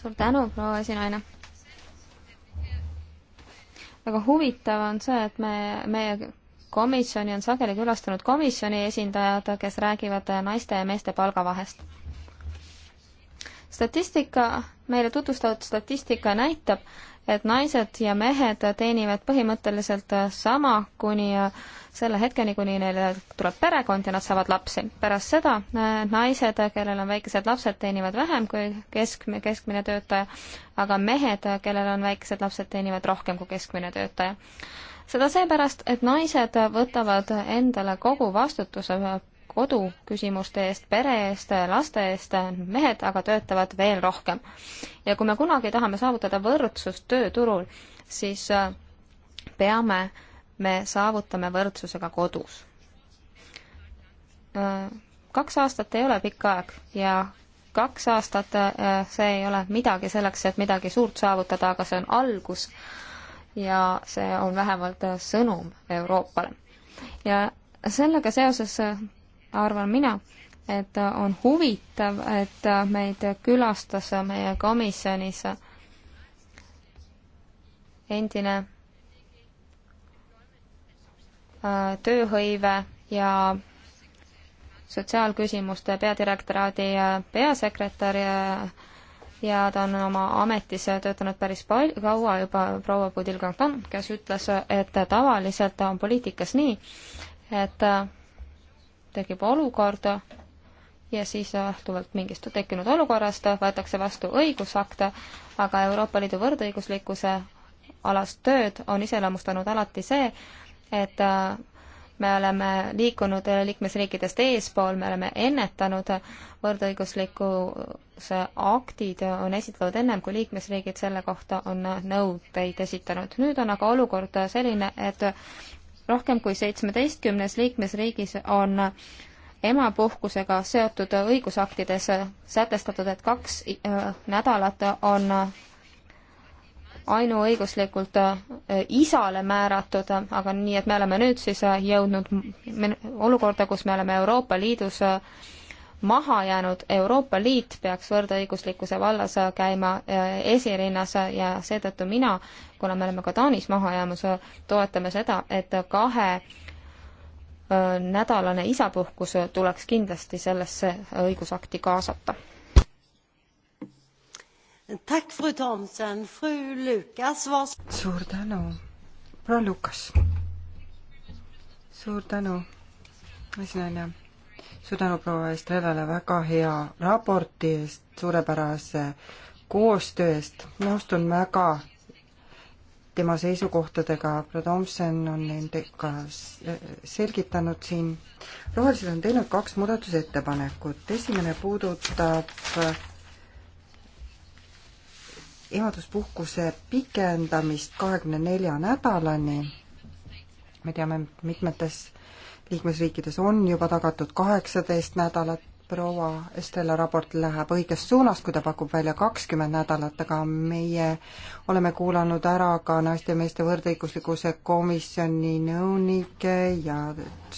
Speaker 2: suur tänu, proua esinaine väga huvitav on see, et me, meie komisjoni on sageli külastanud komisjoni esindajad, kes räägivad naiste ja meeste palgavahest. statistika, meile tutvustatud statistika näitab, et naised ja mehed teenivad põhimõtteliselt äh, sama kuni äh, selle hetkeni, kuni neile tuleb perekond ja nad saavad lapsi. pärast seda äh, naised, kellel on väikesed lapsed, teenivad vähem kui keskmine, keskmine töötaja, aga mehed, kellel on väikesed lapsed, teenivad rohkem kui keskmine töötaja. seda seepärast, et naised võtavad endale kogu vastutuse kodu küsimuste eest, pere eest, laste eest, mehed aga töötavad veel rohkem. ja kui me kunagi tahame saavutada võrdsust tööturul, siis äh, peame me saavutame võrdsuse ka kodus. Äh, kaks aastat ei ole pikk aeg ja kaks aastat, äh, see ei ole midagi selleks, et midagi suurt saavutada, aga see on algus ja see on vähemalt sõnum Euroopale. ja sellega seoses arvan mina, et on huvitav, et meid külastas meie komisjonis endine äh, tööhõive ja sotsiaalküsimuste peadirektoraadi äh, peasekretär ja, ja ta on oma ametis töötanud päris palju, kaua juba proua Budil-Kantan, kes ütles, et tavaliselt on poliitikas nii, et äh, tekib olukorda ja siis lähtuvalt mingist tekkinud olukorrast võetakse vastu õigusakte, aga Euroopa Liidu võrdõiguslikkuse alast tööd on iseloomustanud alati see, et äh, me oleme liikunud liikmesriikidest eespool, me oleme ennetanud võrdõiguslikkuse aktid on esitletud ennem, kui liikmesriigid selle kohta on nõudeid esitanud. nüüd on aga olukord selline, et rohkem kui seitsmeteistkümnes liikmesriigis on emapuhkusega seotud õigusaktides sätestatud, et kaks äh, nädalat on ainuõiguslikult äh, isale määratud, aga nii, et me oleme nüüd siis äh, jõudnud olukorda, kus me oleme Euroopa Liidus maha jäänud Euroopa Liit peaks võrdõiguslikkuse vallas käima äh, esirinnas ja seetõttu mina, kuna me oleme ka Taanis maha jäämas, toetame seda, et kahe äh, nädalane isapuhkus tuleks kindlasti sellesse õigusakti kaasata.
Speaker 1: suur tänu, proua Lukas. suur
Speaker 4: tänu, esinaine suur tänu proua Estrelale väga hea raporti eest, suurepärase koostöö eest, nõustun väga tema seisukohtadega, proua Tomson on nendega selgitanud siin. rohelised on teinud kaks muudatusettepanekut, esimene puudutab emaduspuhkuse pikendamist kahekümne nelja nädalani. me teame mitmetes liikmesriikides on juba tagatud kaheksateist nädalat, proua Estela raport läheb õiges suunas, kui ta pakub välja kakskümmend nädalat, aga meie oleme kuulanud ära ka naiste ja meeste võrdõiguslikkuse komisjoni nõunike ja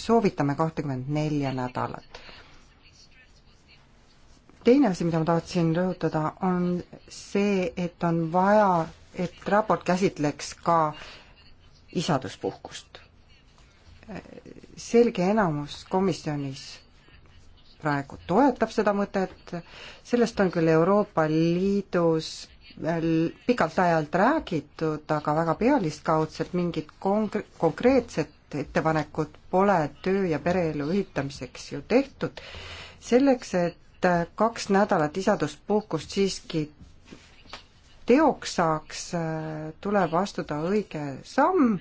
Speaker 4: soovitame kahtekümmend nelja nädalat. teine asi, mida ma tahtsin rõhutada, on see, et on vaja, et raport käsitleks ka isaduspuhkust selge enamus komisjonis praegu toetab seda mõtet, sellest on küll Euroopa Liidus äh, pikalt ajalt räägitud, aga väga pealiskaudselt mingit konkre-, konkreetset ettepanekut pole töö- ja pereelu ühitamiseks ju tehtud. selleks, et äh, kaks nädalat isaduspuhkust siiski teoks saaks, äh, tuleb astuda õige samm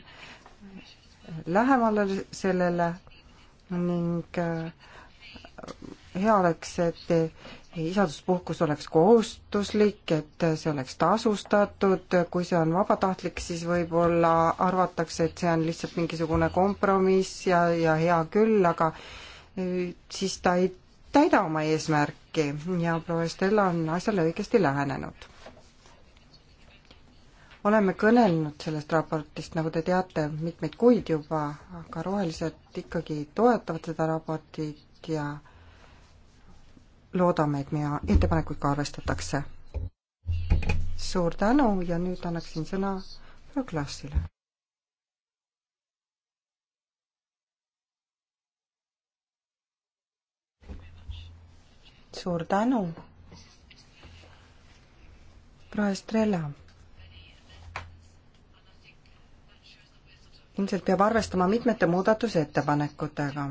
Speaker 4: lähemale sellele ning äh, hea oleks, et isaduspuhkus oleks kohustuslik, et see oleks tasustatud, kui see on vabatahtlik, siis võib-olla arvatakse, et see on lihtsalt mingisugune kompromiss ja, ja hea küll, aga äh, siis ta ei täida oma eesmärki ja proua Stella on asjale õigesti lähenenud oleme kõnelenud sellest raportist, nagu te teate, mitmeid kuid juba, aga rohelised ikkagi toetavad seda raportit ja loodame, et meie ettepanekuid ka arvestatakse. suur tänu ja nüüd annaksin sõna Proglassile. suur tänu. proua Estrella ilmselt peab arvestama mitmete muudatusettepanekutega.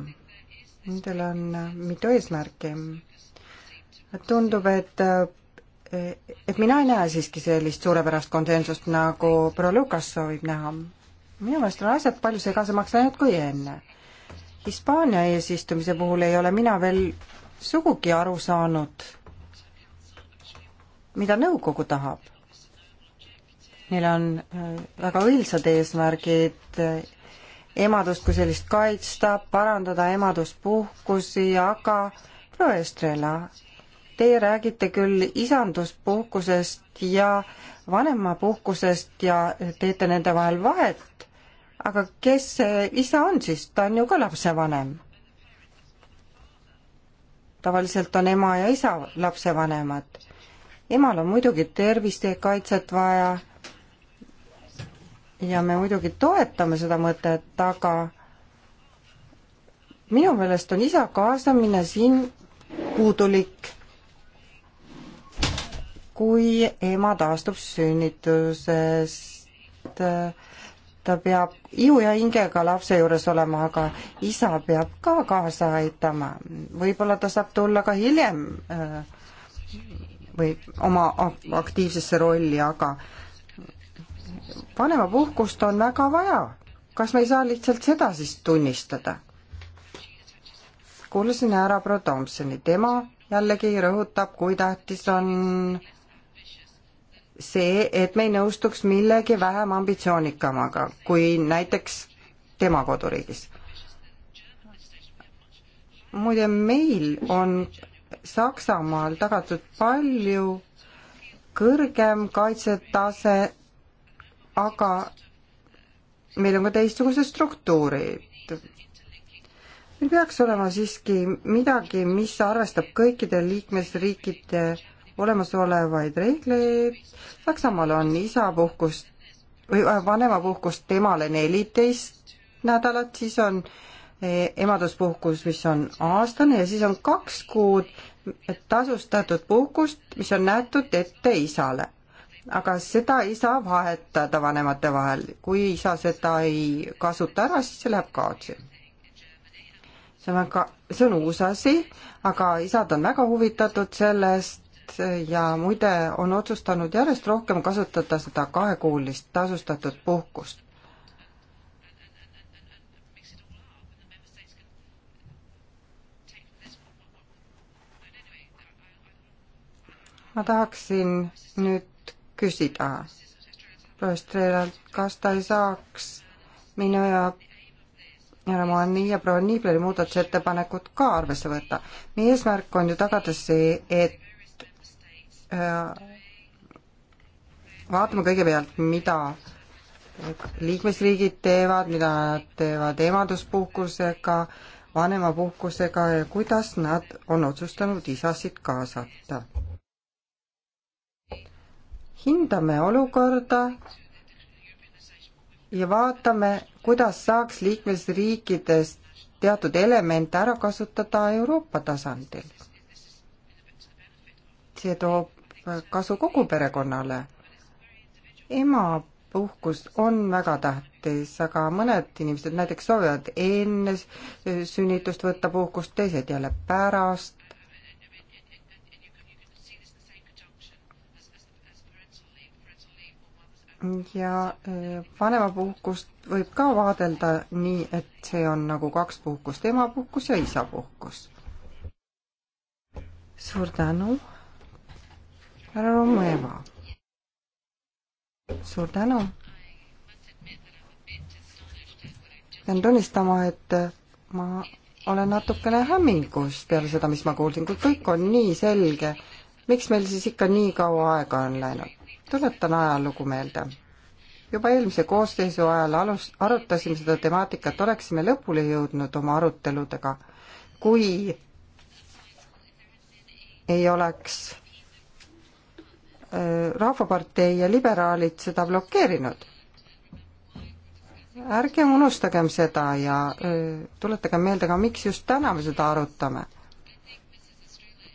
Speaker 4: Nendel on äh, mitu eesmärki. tundub, et, äh, et mina ei näe siiski sellist suurepärast konsensust, nagu proua Lukas soovib näha. minu meelest on asjad palju segasemaks läinud kui enne. Hispaania eesistumise puhul ei ole mina veel sugugi aru saanud, mida nõukogu tahab neil on äh, väga õilsad eesmärgid, emadust kui sellist kaitsta, parandada emaduspuhkusi, aga proua Estrela, teie räägite küll isanduspuhkusest ja vanemapuhkusest ja teete nende vahel vahet, aga kes see isa on siis, ta on ju ka lapsevanem? tavaliselt on ema ja isa lapsevanemad. emal on muidugi tervist ja kaitset vaja ja me muidugi toetame seda mõtet, aga minu meelest on isa kaasamine siin puudulik. kui ema taastub sünnitusest, ta peab ihu ja hingega lapse juures olema, aga isa peab ka kaasa aitama. võib-olla ta saab tulla ka hiljem äh, või oma aktiivsesse rolli, aga vanemapuhkust on väga vaja. kas me ei saa lihtsalt seda siis tunnistada? kuulasin ära proua Tomsoni, tema jällegi rõhutab, kui tähtis on see, et me ei nõustuks millegi vähem ambitsioonikamaga kui näiteks tema koduriigis. muide, meil on Saksamaal tagatud palju kõrgem kaitsetase aga meil on ka teistsugused struktuurid. meil peaks olema siiski midagi, mis arvestab kõikide liikmesriikide olemasolevaid reegleid. Saksamaal on isapuhkust või äh, vanemapuhkust temale neliteist nädalat, siis on eh, emaduspuhkus, mis on aastane ja siis on kaks kuud tasustatud puhkust, mis on nähtud ette isale aga seda ei saa vahetada vanemate vahel. kui isa seda ei kasuta ära, siis see läheb kaotsi. see on väga, see on uus asi, aga isad on väga huvitatud sellest ja muide, on otsustanud järjest rohkem kasutada seda kahekuulist tasustatud puhkust. ma tahaksin nüüd küsida proua Estrelalt, kas ta ei saaks minu ja härra Moani ja proua Niibleri muudatusettepanekut ka arvesse võtta. meie eesmärk on ju tagada see, et äh, vaatame kõigepealt, mida liikmesriigid teevad, mida nad teevad emaduspuhkusega, vanemapuhkusega ja kuidas nad on otsustanud isasid kaasata hindame olukorda ja vaatame, kuidas saaks liikmesriikides teatud elemente ära kasutada Euroopa tasandil. see toob kasu kogu perekonnale. emapuhkus on väga tähtis, aga mõned inimesed näiteks soovivad enne sünnitust võtta puhkust, teised jälle pärast. ja eh, vanemapuhkust võib ka vaadelda nii, et see on nagu kaks puhkust, emapuhkus ja isapuhkus. suur tänu, härra Romeva. suur tänu. pean tunnistama, et ma olen natukene hämmingus peale seda, mis ma kuulsin, kui kõik on nii selge, miks meil siis ikka nii kaua aega on läinud? tuletan ajalugu meelde. juba eelmise koosseisu ajal alus, arutasime seda temaatikat, oleksime lõpule jõudnud oma aruteludega, kui ei oleks äh, Rahvapartei ja liberaalid seda blokeerinud. ärgem unustagem seda ja äh, tuletagem meelde ka, miks just täna me seda arutame.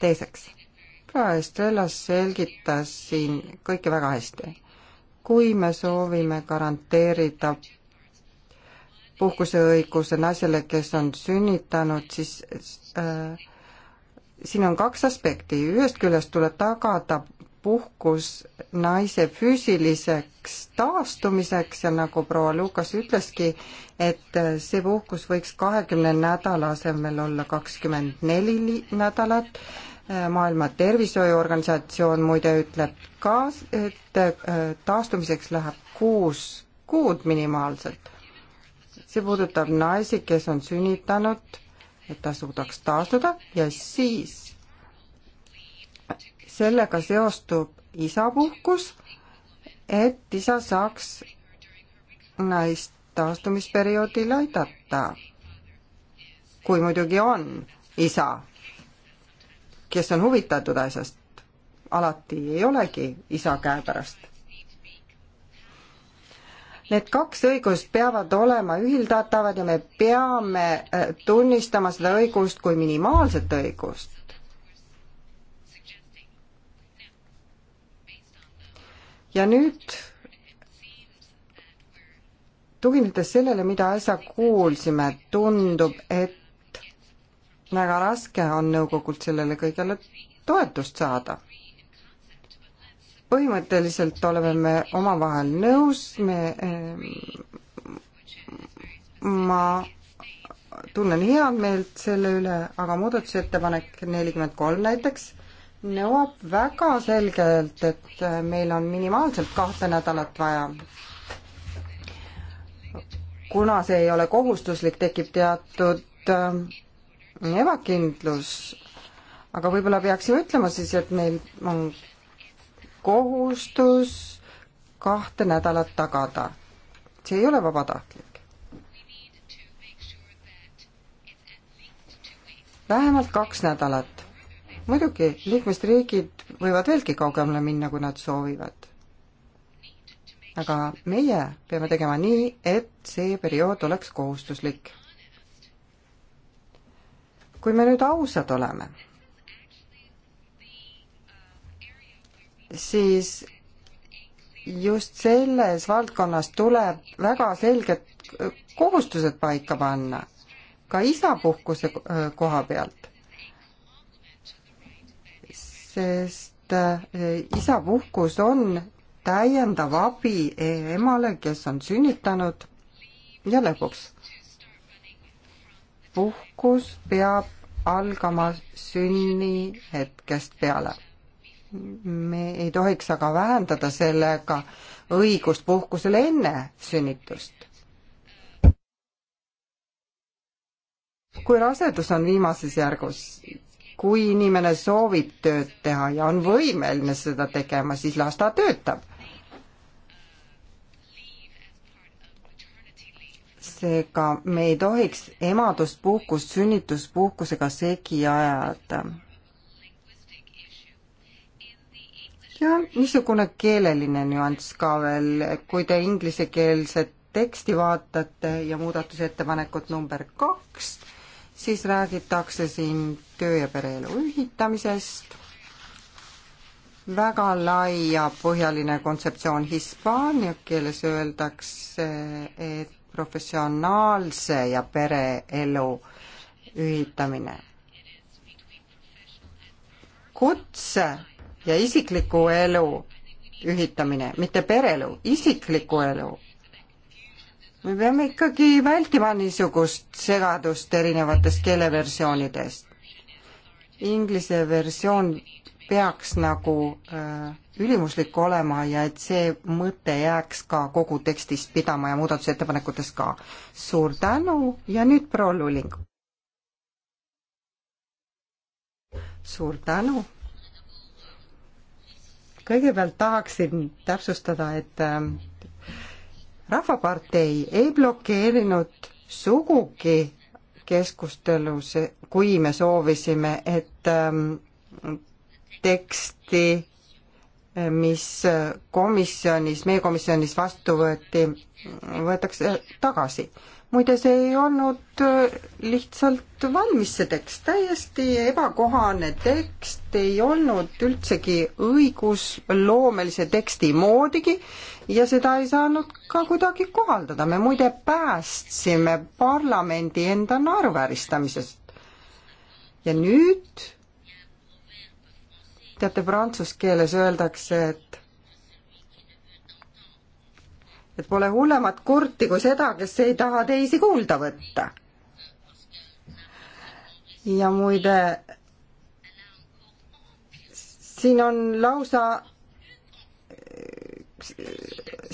Speaker 4: teiseks ka Estrella selgitas siin kõike väga hästi. kui me soovime garanteerida puhkuseõiguse naisele, kes on sünnitanud, siis äh, siin on kaks aspekti, ühest küljest tuleb tagada puhkus naise füüsiliseks taastumiseks ja nagu proua Lukas ütleski, et äh, see puhkus võiks kahekümne nädala asemel olla kakskümmend neli nädalat maailma Tervishoiuorganisatsioon muide ütleb ka, et äh, taastumiseks läheb kuus kuud minimaalselt. see puudutab naisi, kes on sünnitanud, et ta suudaks taastuda ja siis sellega seostub isapuhkus, et isa saaks naist taastumisperioodil aidata. kui muidugi on isa kes on huvitatud asjast. alati ei olegi isa käepärast. Need kaks õigust peavad olema ühildatavad ja me peame äh, tunnistama seda õigust kui minimaalset õigust. ja nüüd tuginedes sellele, mida äsja kuulsime, tundub, et väga raske on nõukogult sellele kõigele toetust saada. põhimõtteliselt oleme me omavahel nõus, me, ehm, ma tunnen head meelt selle üle, aga muudatusettepanek nelikümmend kolm näiteks nõuab väga selgelt, et meil on minimaalselt kahte nädalat vaja kuna see ei ole kohustuslik, tekib teatud ehm, ebakindlus, aga võib-olla peaksime ütlema siis, et meil on kohustus kahte nädalat tagada. see ei ole vabatahtlik. vähemalt kaks nädalat. muidugi, liikmesriigid võivad veelgi kaugemale minna, kui nad soovivad. aga meie peame tegema nii, et see periood oleks kohustuslik kui me nüüd ausad oleme, siis just selles valdkonnas tuleb väga selged kohustused paika panna, ka isapuhkuse koha pealt. sest isapuhkus on täiendav abi emale, kes on sünnitanud ja lõpuks puhkus peab algama sünni hetkest peale. me ei tohiks aga vähendada sellega õigust puhkusele enne sünnitust. kui rasedus on viimases järgus, kui inimene soovib tööd teha ja on võimeline seda tegema, siis las ta töötab. seega me ei tohiks emaduspuhkust sünnituspuhkusega segi ajada. ja niisugune keeleline nüanss ka veel, kui te inglisekeelset teksti vaatate ja muudatusettepanekut number kaks, siis räägitakse siin töö ja pereelu ühitamisest väga laiapõhjaline kontseptsioon. Hispaania keeles öeldakse, et professionaalse ja pereelu ühitamine. kutse ja isikliku elu ühitamine, mitte pereelu, isikliku elu. me peame ikkagi vältima niisugust segadust erinevatest keeleversioonidest. Inglise versioon peaks nagu äh, ülimuslik olema ja et see mõte jääks ka kogu tekstis pidama ja muudatusettepanekutes ka. suur tänu ja nüüd proua Luling. suur tänu. kõigepealt tahaksin täpsustada, et äh, Rahvapartei ei blokeerinud sugugi keskustelus, kui me soovisime, et ähm, teksti, mis komisjonis, meie komisjonis vastu võeti, võetakse tagasi. muide, see ei olnud lihtsalt valmis, see tekst, täiesti ebakohane tekst, ei olnud üldsegi õigusloomelise teksti moodigi ja seda ei saanud ka kuidagi kohaldada, me muide päästsime parlamendi enda naeruvääristamisest. ja nüüd teate, prantsuse keeles öeldakse, et et pole hullemat kurti kui seda, kes ei taha teisi kuulda võtta. ja muide, siin on lausa äh,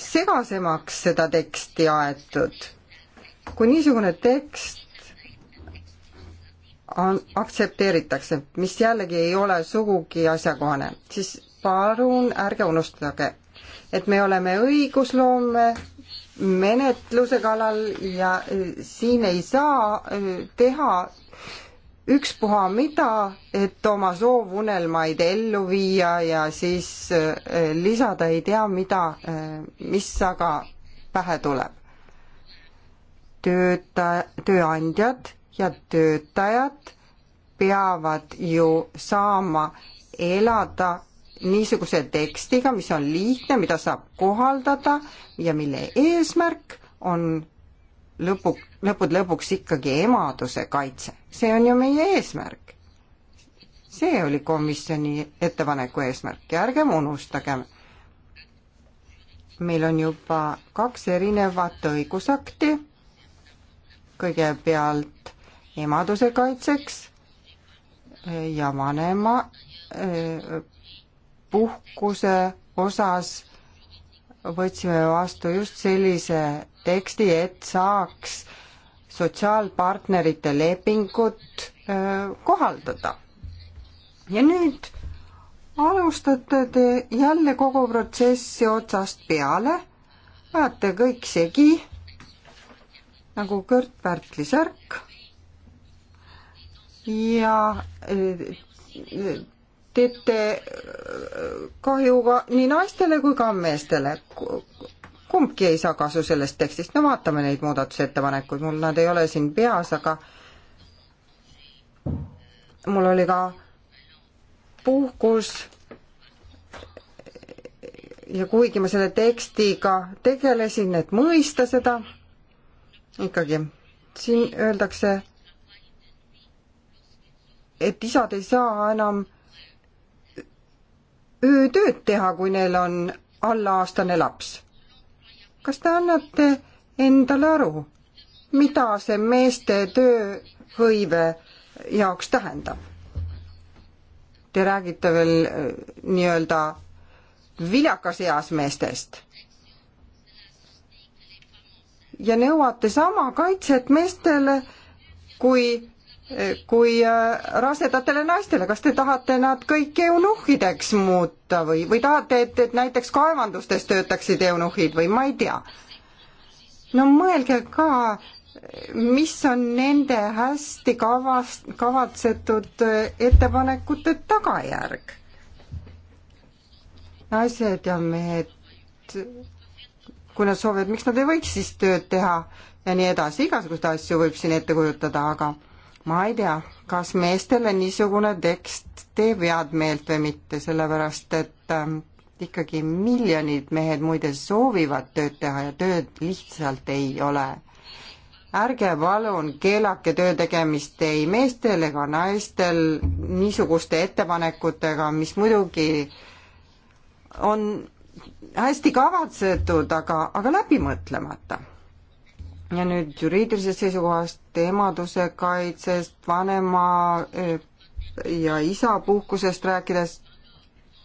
Speaker 4: segasemaks seda teksti aetud. kui niisugune tekst aktsepteeritakse, mis jällegi ei ole sugugi asjakohane, siis palun ärge unustage, et me oleme õigusloome menetluse kallal ja e, siin ei saa e, teha ükspuha mida, et oma soovunelmaid ellu viia ja siis e, lisada ei tea mida, mis aga pähe tuleb. tööta-, tööandjad ja töötajad peavad ju saama elada niisuguse tekstiga, mis on lihtne, mida saab kohaldada ja mille eesmärk on lõpu, lõppude lõpuks ikkagi emaduse kaitse. see on ju meie eesmärk. see oli komisjoni ettepaneku eesmärk ja ärgem unustagem, meil on juba kaks erinevat õigusakti, kõigepealt emaduse kaitseks ja vanema eh, puhkuse osas võtsime vastu just sellise teksti, et saaks sotsiaalpartnerite lepingut eh, kohaldada. ja nüüd alustate te jälle kogu protsessi otsast peale, ajate kõik segi nagu Kört Pärtli särk ja äh, teete äh, kahju ka nii naistele kui ka meestele. kumbki ei saa kasu sellest tekstist, no vaatame neid muudatusettepanekuid, mul nad ei ole siin peas, aga mul oli ka puhkus ja kuigi ma selle tekstiga tegelesin, et mõista seda, ikkagi siin öeldakse et isad ei saa enam öötööd teha, kui neil on allaaastane laps. kas te annate endale aru, mida see meeste tööhõive jaoks tähendab? Te räägite veel äh, nii-öelda viljakas eas meestest ja nõuate sama kaitset meestele kui kui äh, rasedatele naistele, kas te tahate nad kõik eunuhhideks muuta või, või tahate, et, et näiteks kaevandustes töötaksid eunuhhid või ma ei tea. no mõelge ka, mis on nende hästi kavas, kavatsetud äh, ettepanekute tagajärg. naised ja mehed, kui nad soovivad, miks nad ei võiks siis tööd teha ja nii edasi, igasuguseid asju võib siin ette kujutada, aga ma ei tea, kas meestele niisugune tekst teeb head meelt või mitte, sellepärast et äh, ikkagi miljonid mehed muide soovivad tööd teha ja tööd lihtsalt ei ole. ärge palun keelake töö tegemist ei meestel ega naistel niisuguste ettepanekutega, mis muidugi on hästi kavatsetud, aga, aga läbimõtlemata ja nüüd juriidilisest seisukohast emaduse kaitsest, vanema eh, ja isa puhkusest rääkides,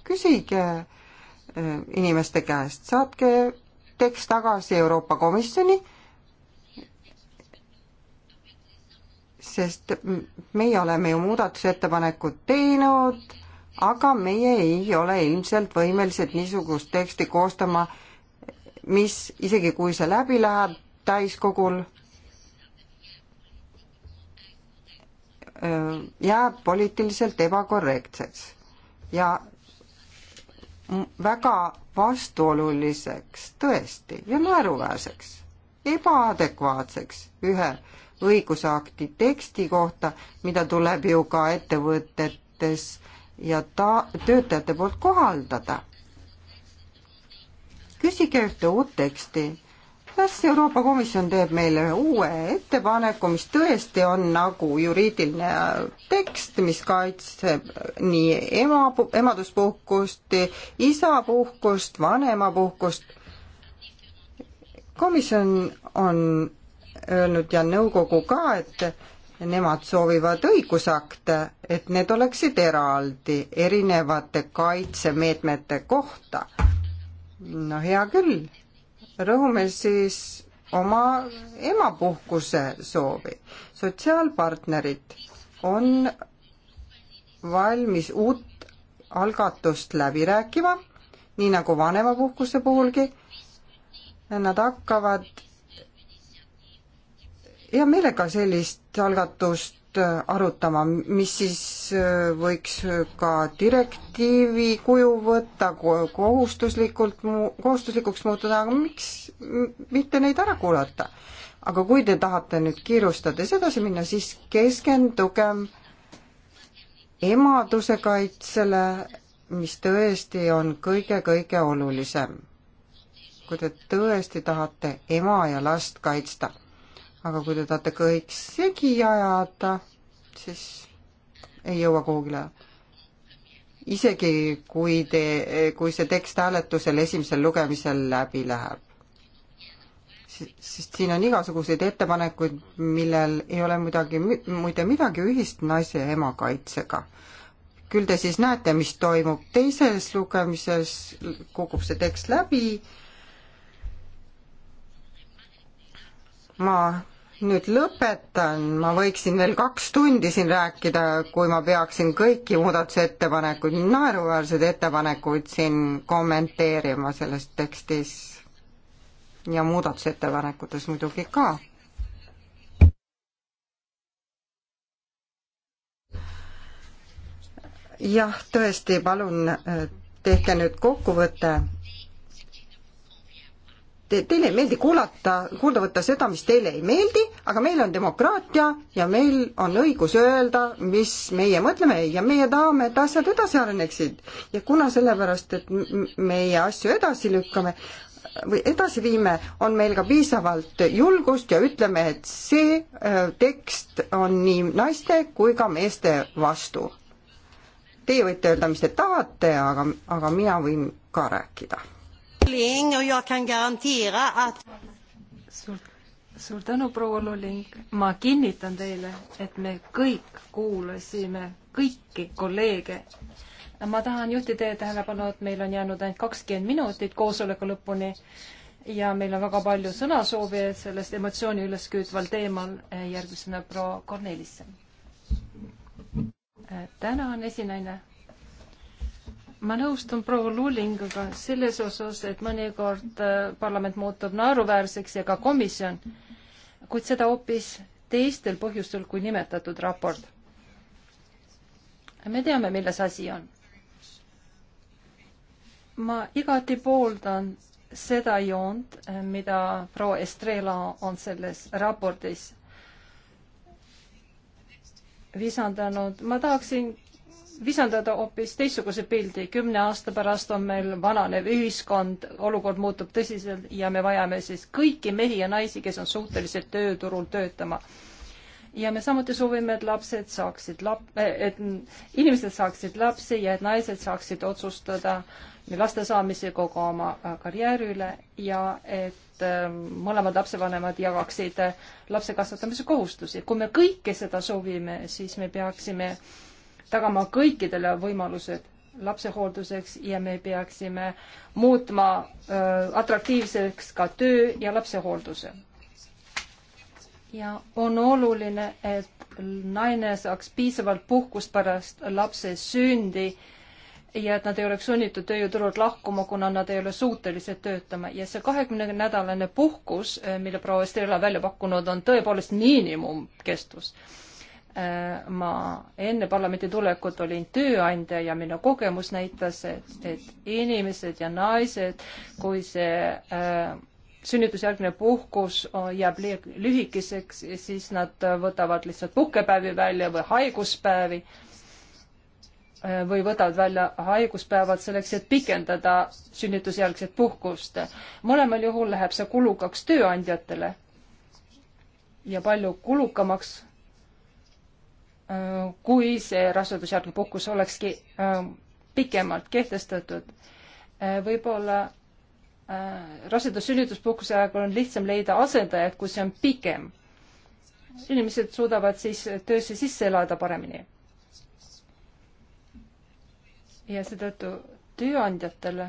Speaker 4: küsige eh, inimeste käest, saatke tekst tagasi Euroopa Komisjoni, sest meie oleme ju muudatusettepanekud teinud, aga meie ei ole ilmselt võimelised niisugust teksti koostama, mis isegi kui see läbi läheb, täiskogul jääb poliitiliselt ebakorrektseks ja väga vastuoluliseks tõesti ja naeruväärseks, ebaadekvaatseks ühe õigusakti teksti kohta, mida tuleb ju ka ettevõtetes ja ta, töötajate poolt kohaldada. küsige ühte uut teksti, kas Euroopa Komisjon teeb meile uue ettepaneku, mis tõesti on nagu juriidiline tekst, mis kaitseb nii ema, emaduspuhkust, isapuhkust, vanemapuhkust. komisjon on öelnud ja nõukogu ka, et nemad soovivad õigusakte, et need oleksid eraldi erinevate kaitsemeetmete kohta. no hea küll rõhume siis oma emapuhkuse soovi. sotsiaalpartnerid on valmis uut algatust läbi rääkima, nii nagu vanemapuhkuse puhulgi. Nad hakkavad hea meelega sellist algatust Äh, arutama, mis siis äh, võiks äh, ka direktiivi kuju võtta, kohustuslikult mu-, kohustuslikuks muutuda, aga miks mitte neid ära kuulata? aga kui te tahate nüüd kiirustades edasi minna, siis keskendugem emaduse kaitsele, mis tõesti on kõige-kõige olulisem. kui te tõesti tahate ema ja last kaitsta aga kui te tahate kõik segi ajada, siis ei jõua kuhugile. isegi kui te, kui see tekst hääletusel esimesel lugemisel läbi läheb. sest siin on igasuguseid ettepanekuid, millel ei ole midagi, muide midagi ühist naise ja ema kaitsega. küll te siis näete, mis toimub teises lugemises, kukub see tekst läbi ma nüüd lõpetan, ma võiksin veel kaks tundi siin rääkida, kui ma peaksin kõiki muudatusettepanekuid, naeruväärseid ettepanekuid siin kommenteerima selles tekstis ja muudatusettepanekutes muidugi ka. jah, tõesti, palun eh, tehke nüüd kokkuvõte te, teile ei meeldi kuulata, kuulda võtta seda, mis teile ei meeldi, aga meil on demokraatia ja meil on õigus öelda, mis meie mõtleme ja meie tahame, et asjad edasi areneksid. ja kuna sellepärast, et meie asju edasi lükkame või edasi viime, on meil ka piisavalt julgust ja ütleme, et see äh, tekst on nii naiste kui ka meeste vastu. Teie võite öelda, mis te tahate, aga, aga mina võin ka rääkida
Speaker 1: suur, suur tänu, proua Lulling. ma kinnitan teile, et me kõik
Speaker 5: kuulasime kõiki kolleege. ma tahan juhtida teie tähelepanu, et meil on jäänud ainult kakskümmend minutit koosoleku lõpuni ja meil on väga palju sõnasoovi sellest emotsiooni ülesküütval teemal järgmisena proua Kornelissen. tänan, esinaine ma nõustun proua Lulingaga selles osas, et mõnikord äh, parlament muutub naeruväärseks ja ka komisjon, kuid seda hoopis teistel põhjustel kui nimetatud raport. me teame, milles asi on. ma igati pooldan seda joont, äh, mida proua Estrela on selles raportis visandanud. ma tahaksin visandada hoopis teistsuguse pildi. kümne aasta pärast on meil vananev ühiskond, olukord muutub tõsiselt ja me vajame siis kõiki mehi ja naisi, kes on suutelised tööturul töötama. ja me samuti soovime, et lapsed saaksid lap-, et inimesed saaksid lapsi ja et naised saaksid otsustada nii laste saamise kogu oma karjääri üle ja et ähm, mõlemad lapsevanemad jagaksid lapse kasvatamise kohustusi. kui me kõike seda soovime, siis me peaksime äh, tagama kõikidele võimalused lapsehoolduseks ja me peaksime muutma öö, atraktiivseks ka töö ja lapsehoolduse. ja on oluline, et naine saaks piisavalt puhkust pärast lapse sündi ja et nad ei oleks sunnitud tööjõuturult lahkuma, kuna nad ei ole suutelised töötama ja see kahekümne nädalane puhkus, mille proua Estrela välja pakkunud, on tõepoolest miinimumkestus Äh, ma enne parlamenti tulekut olin tööandja ja minu kogemus näitas, et, et inimesed ja naised, kui see äh, sünnitusjärgne puhkus jääb lühikeseks, siis nad võtavad lihtsalt puhkepäevi välja või haiguspäevi äh, või võtavad välja haiguspäevad selleks, et pikendada sünnitusjärgset puhkust. mõlemal juhul läheb see kulukaks tööandjatele ja palju kulukamaks kui see rasedusjärgne puhkus olekski ähm, pikemalt kehtestatud. Äh, võib-olla äh, rasedus-sünnituspuhkuse ajal on lihtsam leida asendajat, kui see on pikem. inimesed suudavad siis töösse sisse elada paremini. ja seetõttu tööandjatele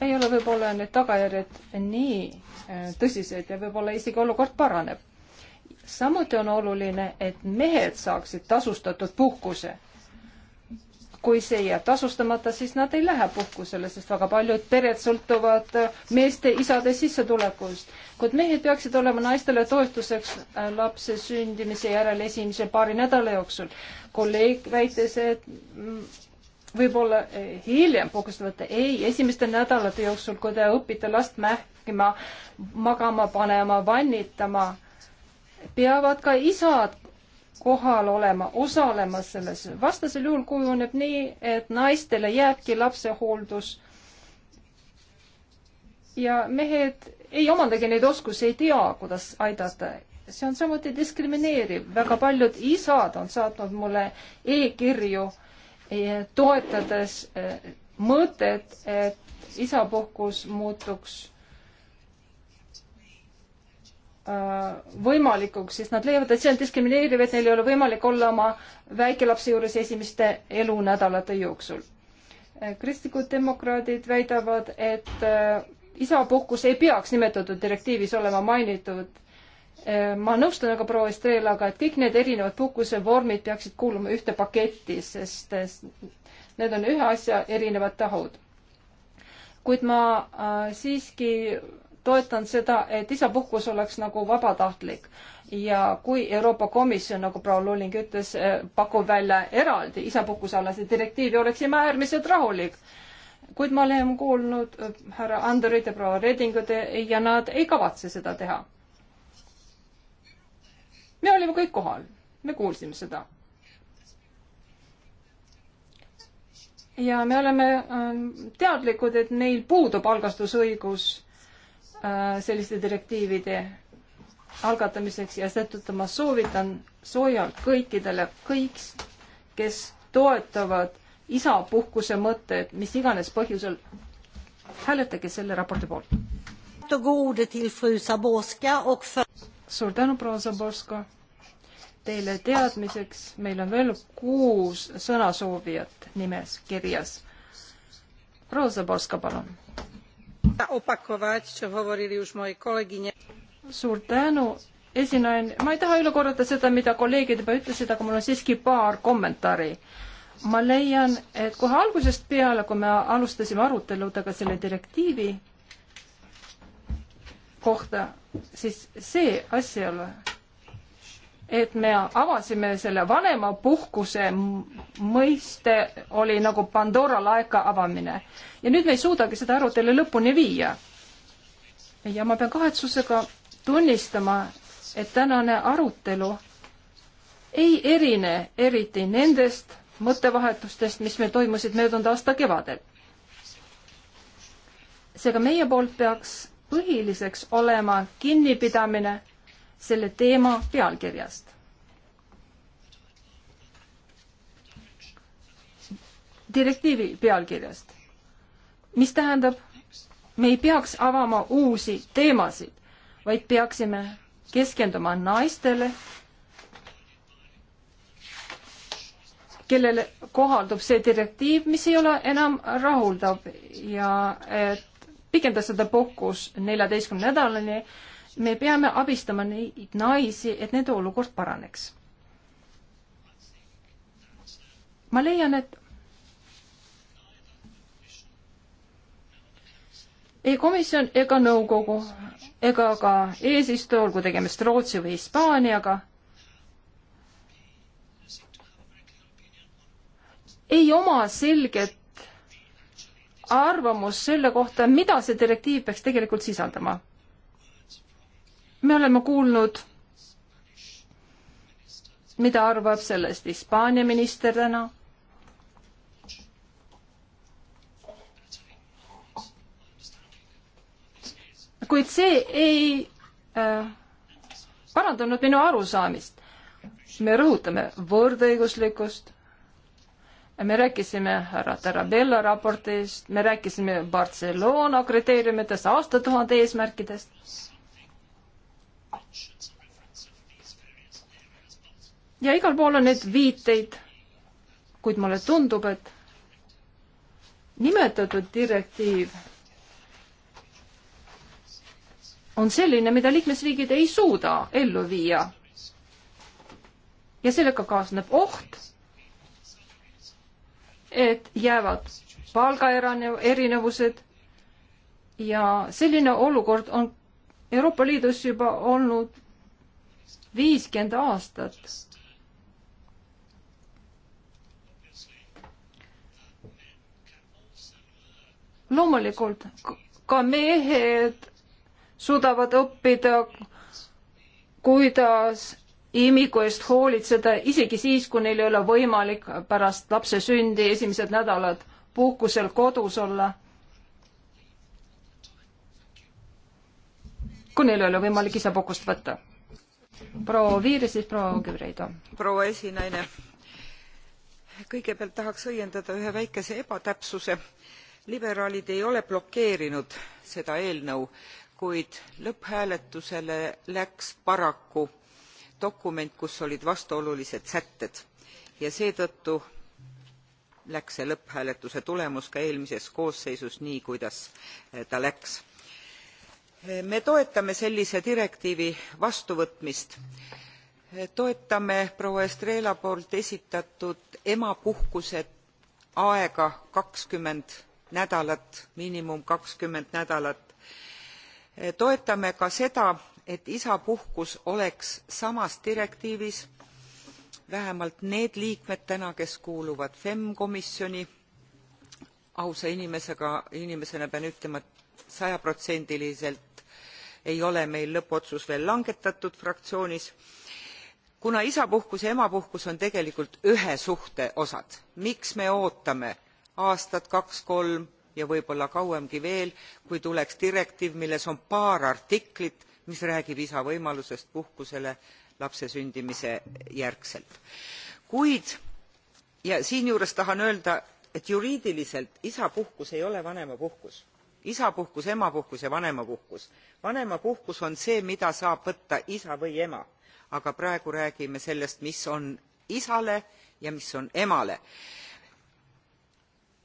Speaker 5: ei ole võib-olla need tagajärjed nii äh, tõsised ja võib-olla isegi olukord paraneb samuti on oluline, et mehed saaksid tasustatud puhkuse. kui see jääb tasustamata, siis nad ei lähe puhkusele, sest väga paljud pered sõltuvad meeste isade sissetulekust. kuid mehed peaksid olema naistele toetuseks lapse sündimise järel esimese paari nädala jooksul. kolleeg väitis, et võib-olla hiljem puhkust võtta, ei, esimeste nädalate jooksul, kui te õpite last mähkima, magama panema, vannitama peavad ka isad kohal olema, osalema selles. vastasel juhul kujuneb nii, et naistele jääbki lapsehooldus. ja mehed ei omandagi neid oskusi, ei tea, kuidas aidata. see on samuti diskrimineeriv. väga paljud isad on saatnud mulle e-kirju, eh, toetades eh, mõtet, et isapuhkus muutuks Äh, võimalikuks, sest nad leiavad, et see on diskrimineeriv, et neil ei ole võimalik olla oma väikelapse juures esimeste elunädalate jooksul. Äh, kristlikud demokraadid väidavad, et äh, isapuhkus ei peaks nimetatud direktiivis olema mainitud. ma nõustun aga proua Estrelaga, et kõik need erinevad puhkusevormid peaksid kuuluma ühte paketti, sest need on ühe asja erinevad tahud. kuid ma siiski toetan seda, et isapuhkus oleks nagu vabatahtlik ja kui Euroopa Komisjon, nagu proua Luling ütles, eh, pakub välja eraldi isapuhkusealase direktiivi, oleksime äärmiselt rahulik. kuid ma olen kuulnud eh, härra Andurit ja proua Redingut eh, ja nad ei kavatse seda teha. me olime kõik kohal, me kuulsime seda. ja me oleme teadlikud, et meil puudub algastusõigus Äh, selliste direktiivide algatamiseks ja seetõttu ma soovitan soojalt kõikidele, kõik, kes toetavad isapuhkuse mõtet, mis iganes põhjusel, hääletage selle raporti poolt. suur tänu, proua Zaborska. Teile teadmiseks, meil on veel kuus sõnasoovijat nimes kirjas. proua Zaborska, palun
Speaker 1: opakovať, čo hovorili už moji kolegyne.
Speaker 5: suur tänu, esinaine, ma ei taha üle korrata seda, mida kolleegid juba ütlesid, aga mul on siiski paar kommentaari ma leian, et kohe algusest peale, kui me alustasime aruteludega selle direktiivi kohta, siis see asjaolu, et me avasime selle vanemapuhkuse mõiste, oli nagu Pandora laeka avamine. ja nüüd me ei suudagi seda arutelu lõpuni viia. ja ma pean kahetsusega tunnistama, et tänane arutelu ei erine eriti nendest mõttevahetustest, mis meil toimusid möödunud aasta kevadel. seega meie poolt peaks põhiliseks olema kinnipidamine selle teema pealkirjast. direktiivi pealkirjast, mis tähendab, me ei peaks avama uusi teemasid, vaid peaksime keskenduma naistele, kellele kohaldub see direktiiv, mis ei ole enam rahuldav ja et pikendada seda puhkus neljateistkümne nädalani me peame abistama neid naisi, et nende olukord paraneks. ma leian, et ei komisjon ega nõukogu ega ka eesistuja, olgu tegemist Rootsi või Hispaaniaga, ei oma selget arvamust selle kohta, mida see direktiiv peaks tegelikult sisaldama me oleme kuulnud, mida arvab sellest Hispaania minister täna. kuid see ei äh, parandanud minu arusaamist. me rõhutame võrdõiguslikkust, me rääkisime härra Tarabella raportist, me rääkisime Barcelona kriteeriumitest, aastatuhande eesmärkidest ja igal pool on need viiteid, kuid mulle tundub, et nimetatud direktiiv on selline, mida liikmesriigid ei suuda ellu viia. ja sellega kaasneb oht, et jäävad palgaerinevused ja selline olukord on Euroopa Liidus juba olnud viiskümmend aastat loomulikult ka mehed suudavad õppida, kuidas imiku eest hoolitseda, isegi siis, kui neil ei ole võimalik pärast lapse sündi esimesed nädalad puhkusel kodus olla. kui neil ei ole võimalik ise puhkust võtta. proua Viiri, siis proua Kübreido.
Speaker 3: proua esinaine, kõigepealt tahaks õiendada ühe väikese ebatäpsuse liberaalid ei ole blokeerinud seda eelnõu kuid lõpphääletusele läks paraku dokument kus olid vastuolulised sätted ja seetõttu läks see lõpphääletuse tulemus ka eelmises koosseisus nii kuidas eh, ta läks. Eh, me toetame sellise direktiivi vastuvõtmist eh, toetame proua estrela poolt esitatud emapuhkuse aega kakskümmend nädalat miinimum nädalat. Eh, toetame ka seda et isapuhkus oleks samas direktiivis vähemalt need liikmed täna kes kuuluvad femm komisjoni ausa inimesega inimesena pean ütlema et sajaprotsendiliselt ei ole meil lõppotsus veel langetatud fraktsioonis kuna isapuhkus ja emapuhkus on tegelikult ühe suhte osad miks me ootame aastat kaks kolm ja võib-olla kauemgi veel kui tuleks direktiiv milles on paar artiklit mis räägib isa võimalusest puhkusele lapse sündimise järgselt. kuid ja siinjuures tahan öelda et juriidiliselt isapuhkus ei ole vanemapuhkus isapuhkus emapuhkus ja vanemapuhkus. vanemapuhkus on see mida saab võtta isa või ema aga praegu räägime sellest mis on isale ja mis on emale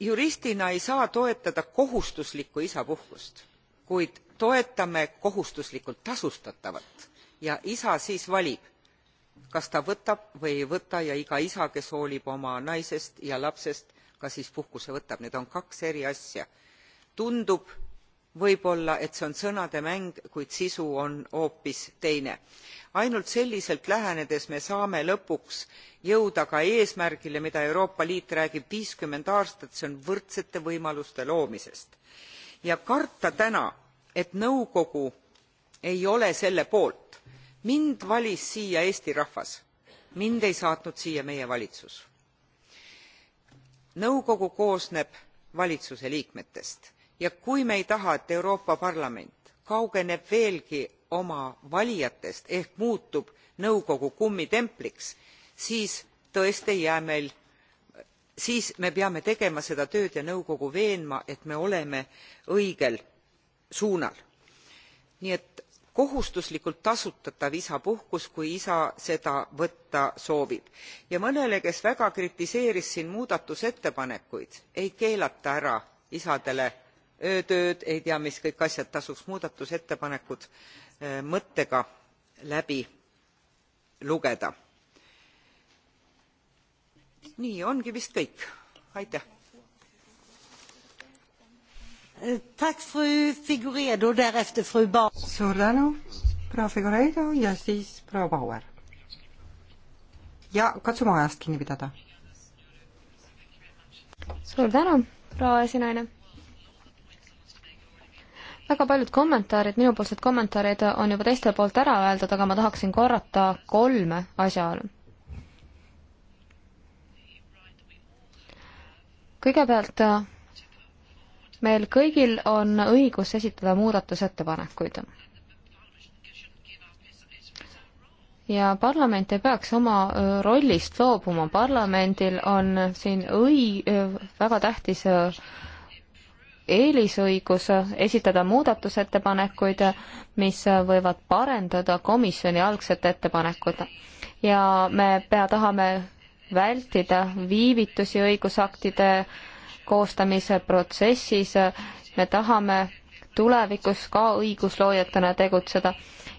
Speaker 3: juristina ei saa toetada kohustuslikku isapuhkust kuid toetame kohustuslikult tasustatavat ja isa siis valib kas ta võtab või ei võta ja iga isa kes hoolib oma naisest ja lapsest ka siis puhkuse võtab need on kaks eri asja. tundub võib-olla et see on sõnade mäng kuid sisu on hoopis teine. ainult selliselt lähenedes me saame lõpuks jõuda ka eesmärgile mida euroopa liit räägib viiskümmend aastat see on võrdsete võimaluste loomisest. ja karta täna et nõukogu ei ole selle poolt mind valis siia eesti rahvas mind ei saatnud siia meie valitsus. nõukogu koosneb valitsuse liikmetest ja kui me ei taha et euroopa parlament kaugeneb veelgi oma valijatest ehk muutub nõukogu kummitempliks siis tõesti ei jää meil siis me peame tegema seda tööd ja nõukogu veenma et me oleme õigel suunal. nii et kohustuslikult tasustatav isapuhkus kui isa seda võtta soovib ja mõnele kes väga kritiseeris siin muudatusettepanekuid ei keelata ära isadele öötööd ei tea mis kõik asjad tasuks muudatusettepanekud mõttega läbi lugeda.
Speaker 1: nii ongi vist kõik aitäh. suur tänu
Speaker 4: proua Figueiredo ja siis proua Bauer. ja katsume ajast kinni pidada.
Speaker 2: suur tänu proua esinaine väga paljud kommentaarid, minupoolsed kommentaarid on juba teiste poolt ära öeldud, aga ma tahaksin korrata kolme asjaolu. kõigepealt meil kõigil on õigus esitada muudatusettepanekuid. ja parlament ei peaks oma rollist loobuma, parlamendil on siin õi-, väga tähtis eelisõigus esitada muudatusettepanekuid, mis võivad parendada komisjoni algset ettepanekut. ja me pea tahame vältida viivitusi õigusaktide koostamise protsessis, me tahame tulevikus ka õigusloojatena tegutseda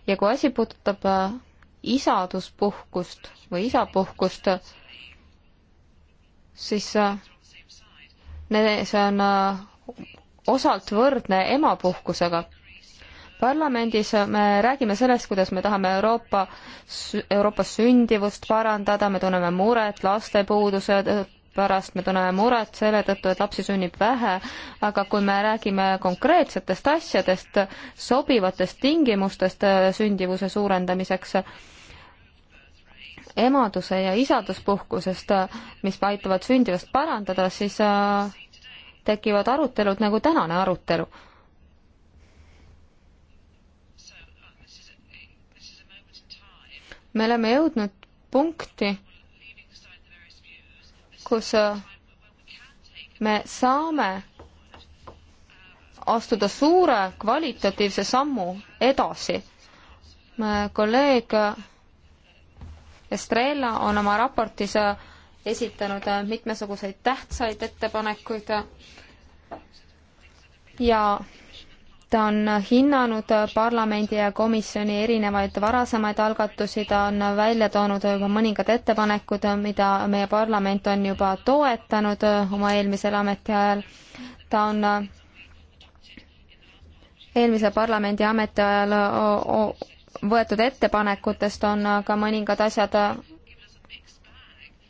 Speaker 2: ja kui asi puudutab äh, isaduspuhkust või isapuhkust, siis äh, see on äh, osalt võrdne emapuhkusega. parlamendis me räägime sellest, kuidas me tahame Euroopa, Euroopas sündivust parandada, me tunneme muret laste puuduse pärast, me tunneme muret selle tõttu, et lapsi sünnib vähe, aga kui me räägime konkreetsetest asjadest, sobivatest tingimustest äh, sündivuse suurendamiseks, emaduse ja isaduspuhkusest, äh, mis aitavad sündivust parandada, siis äh, tekivad arutelud nagu tänane arutelu. me oleme jõudnud punkti, kus äh, me saame astuda suure kvalitatiivse sammu edasi. kolleeg Estrella on oma raportis äh, esitanud äh, mitmesuguseid tähtsaid ettepanekuid ja ta on hinnanud parlamendi ja komisjoni erinevaid varasemaid algatusi, ta on välja toonud juba mõningad ettepanekud, mida meie parlament on juba toetanud äh, oma eelmisel ametiajal. ta on äh, eelmise parlamendi ametiajal võetud ettepanekutest on ka mõningad asjad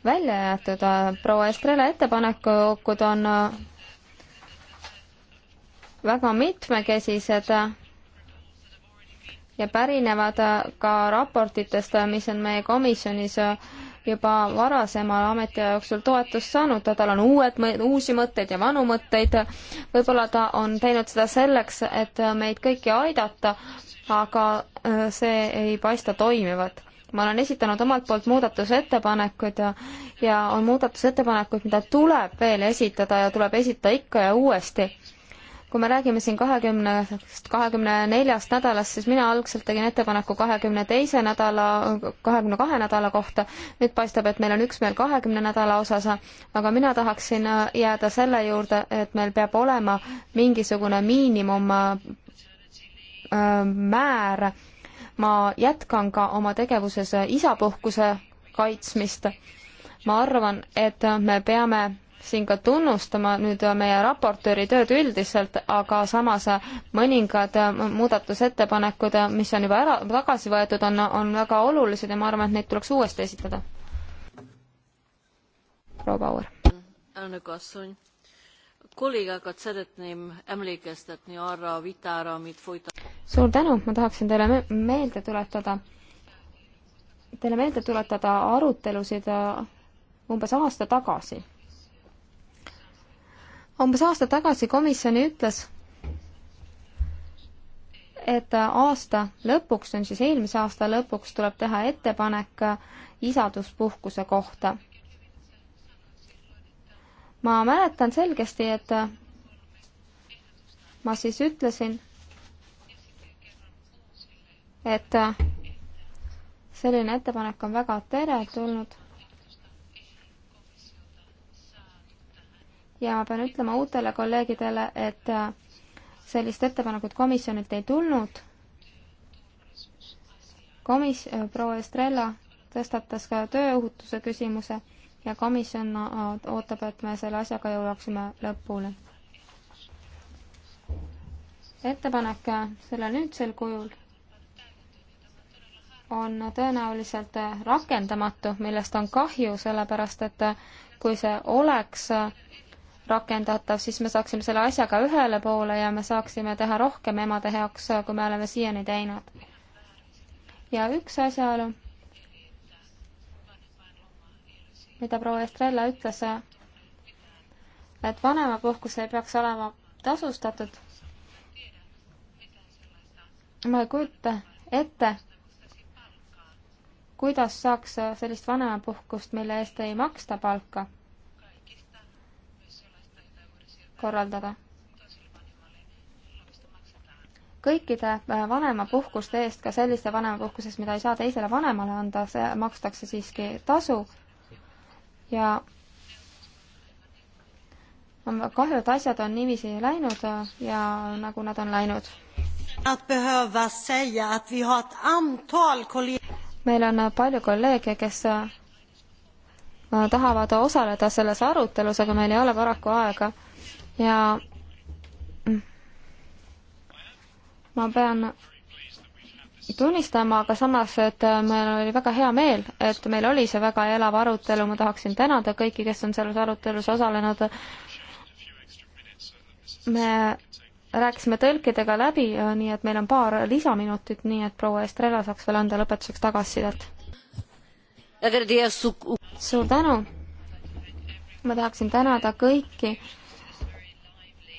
Speaker 2: välja jäetud. proua Estrela ettepanekud on äh, väga mitmekesised ja pärinevad äh, ka raportitest, äh, mis on meie komisjonis juba varasemal ametiaja jooksul toetust saanud, tal on uued, uusi mõtteid ja vanu mõtteid. võib-olla ta on teinud seda selleks, et meid kõiki aidata, aga see ei paista toimivat ma olen esitanud omalt poolt muudatusettepanekuid ja, ja on muudatusettepanekuid, mida tuleb veel esitada ja tuleb esitada ikka ja uuesti. kui me räägime siin kahekümnest, kahekümne neljast nädalast, siis mina algselt tegin ettepaneku kahekümne teise nädala, kahekümne kahe nädala kohta, nüüd paistab, et meil on üksmeel kahekümne nädala osas, aga mina tahaksin jääda selle juurde, et meil peab olema mingisugune miinimum äh, määr äh, ma jätkan ka oma tegevuses isapuhkuse kaitsmist. ma arvan, et me peame siin ka tunnustama nüüd meie raportööri tööd üldiselt, aga samas mõningad muudatusettepanekud, mis on juba ära, tagasi võetud, on, on väga olulised ja ma arvan, et neid tuleks uuesti esitada. proua Paur
Speaker 5: kollégákat szeretném emlékeztetni arra a vitára, amit folytat...
Speaker 2: Suur tänu, ma tahaksin teile meelde tuletada, teile meelde tuletada arutelusid äh, umbes aasta tagasi. umbes aasta tagasi komisjon ütles, et aasta lõpuks, see on siis eelmise aasta lõpuks, tuleb teha ettepanek äh, isaduspuhkuse kohta ma mäletan selgesti, et ma siis ütlesin, et selline ettepanek on väga teretulnud. ja ma pean ütlema uutele kolleegidele, et sellist ettepanekut komisjonilt ei tulnud. komis-, proua Estrella tõstatas ka tööohutuse küsimuse ja komisjon ootab, et me selle asjaga jõuaksime lõpule. ettepanek äh, selle nüüdsel kujul on tõenäoliselt äh, rakendamatu, millest on kahju, sellepärast et äh, kui see oleks rakendatav, siis me saaksime selle asjaga ühele poole ja me saaksime teha rohkem emade heaks, kui me oleme siiani teinud. ja üks asjaolu mida proua Estrella ütles, et vanemapuhkus ei peaks olema tasustatud. ma ei kujuta ette, kuidas saaks sellist vanemapuhkust, mille eest ei maksta palka, korraldada. kõikide vanemapuhkuste eest, ka selliste vanemapuhkusest, mida ei saa teisele vanemale anda, see makstakse siiski tasu ja on väga kahju, et asjad on niiviisi läinud ja nagu nad on läinud. meil on palju kolleege, kes äh, tahavad osaleda selles arutelus, aga meil ei ole paraku aega ja mm, ma pean tunnistama, aga samas, et äh, meil oli väga hea meel, et meil oli see väga elav arutelu, ma tahaksin tänada kõiki, kes on selles arutelus osalenud. me rääkisime tõlkidega läbi, äh, nii et meil on paar lisaminutit, nii et proua Estrela saaks veel anda lõpetuseks tagasisidet.
Speaker 1: suur tänu!
Speaker 2: ma tahaksin tänada kõiki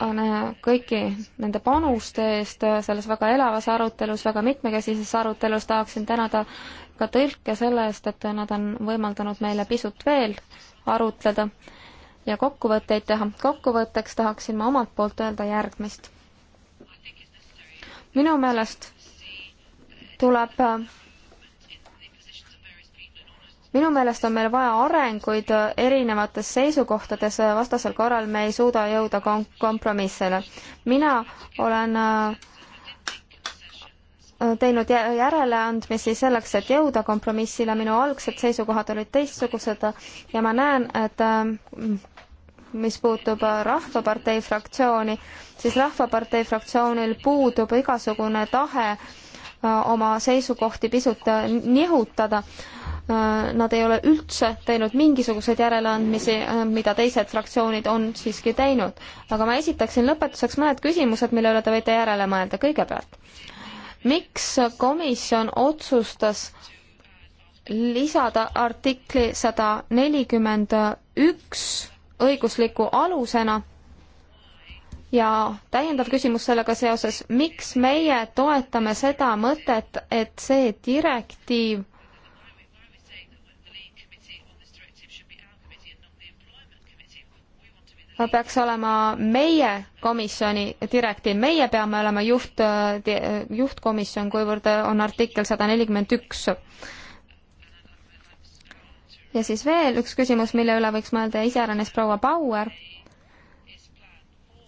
Speaker 2: on äh, kõiki nende panuste eest äh, selles väga elavas arutelus, väga mitmekesises arutelus, tahaksin tänada ka tõlke selle eest, et nad on võimaldanud meile pisut veel arutleda ja kokkuvõtteid teha. kokkuvõtteks tahaksin ma omalt poolt öelda järgmist. minu meelest tuleb äh, minu meelest on meil vaja arenguid erinevates seisukohtades, vastasel korral me ei suuda jõuda kompromissile. mina olen äh, teinud järeleandmisi selleks, et jõuda kompromissile, minu algsed seisukohad olid teistsugused ja ma näen, et äh, mis puutub Rahvapartei fraktsiooni, siis Rahvapartei fraktsioonil puudub igasugune tahe äh, oma seisukohti pisut nihutada Äh, nad ei ole üldse teinud mingisuguseid järeleandmisi, äh, mida teised fraktsioonid on siiski teinud. aga ma esitaksin lõpetuseks mõned küsimused, mille üle te võite järele mõelda kõigepealt. miks komisjon otsustas lisada artikli sada nelikümmend üks õigusliku alusena ja täiendav küsimus sellega seoses, miks meie toetame seda mõtet, et see direktiiv peaks olema meie komisjoni direktiiv, meie peame olema juht, äh, juhtkomisjon, kuivõrd on artikkel sada nelikümmend üks. ja siis veel üks küsimus, mille üle võiks mõelda iseäranis proua Bauer.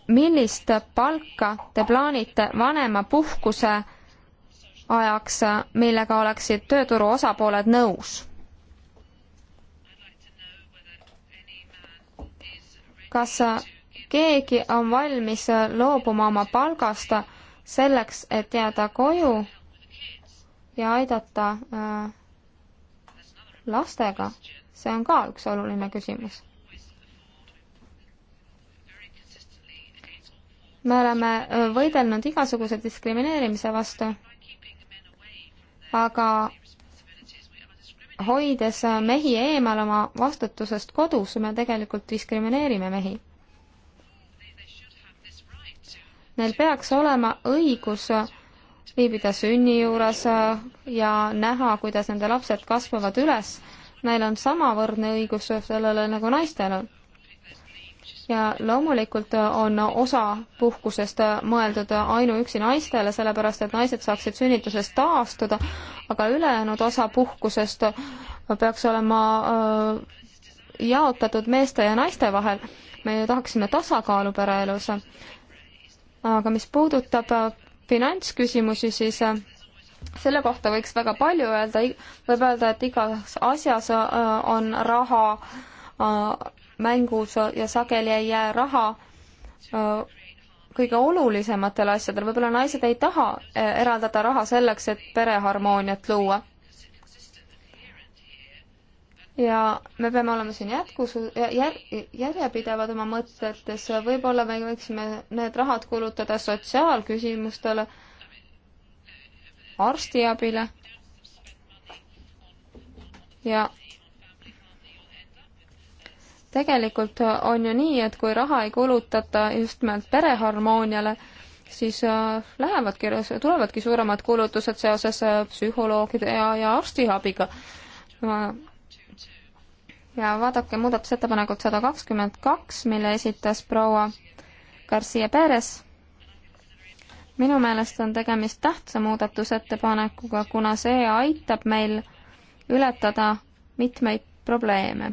Speaker 2: millist palka te plaanite vanemapuhkuse ajaks, millega oleksid tööturu osapooled nõus? kas äh, keegi on valmis äh, loobuma oma palgast äh, selleks, et jääda koju ja aidata lastega, see on ka üks oluline küsimus. me oleme võidelnud igasuguse diskrimineerimise vastu, aga hoides mehi eemal oma vastutusest kodus, me tegelikult diskrimineerime mehi. Neil peaks olema õigus viibida sünni juures ja näha, kuidas nende lapsed kasvavad üles. Neil on samavõrdne õigus sellele, nagu naistel on ja loomulikult on osa puhkusest mõeldud ainuüksi naistele, sellepärast et naised saaksid sünnitusest taastuda, aga ülejäänud osa puhkusest peaks olema äh, jaotatud meeste ja naiste vahel. me ju tahaksime tasakaalu pereelus. aga mis puudutab äh, finantsküsimusi, siis äh, selle kohta võiks väga palju öelda, võib öelda, et igas asjas on raha mängus ja sageli ei jää raha kõige olulisematel asjadel, võib-olla naised ei taha eraldada raha selleks, et pereharmooniat luua. ja me peame olema siin jätkus-, jär-, järjepidevad oma mõtetes, võib-olla me võiksime need rahad kulutada sotsiaalküsimustele, arstiabile ja tegelikult on ju nii, et kui raha ei kulutata just nimelt pereharmooniale, siis äh, lähevadki, tulevadki suuremad kulutused seoses äh, psühholoogide ja, ja arstiabiga. ja vaadake muudatusettepanekut sada kakskümmend kaks, mille esitas proua Garcia Perez. minu meelest on tegemist tähtsa muudatusettepanekuga, kuna see aitab meil ületada mitmeid probleeme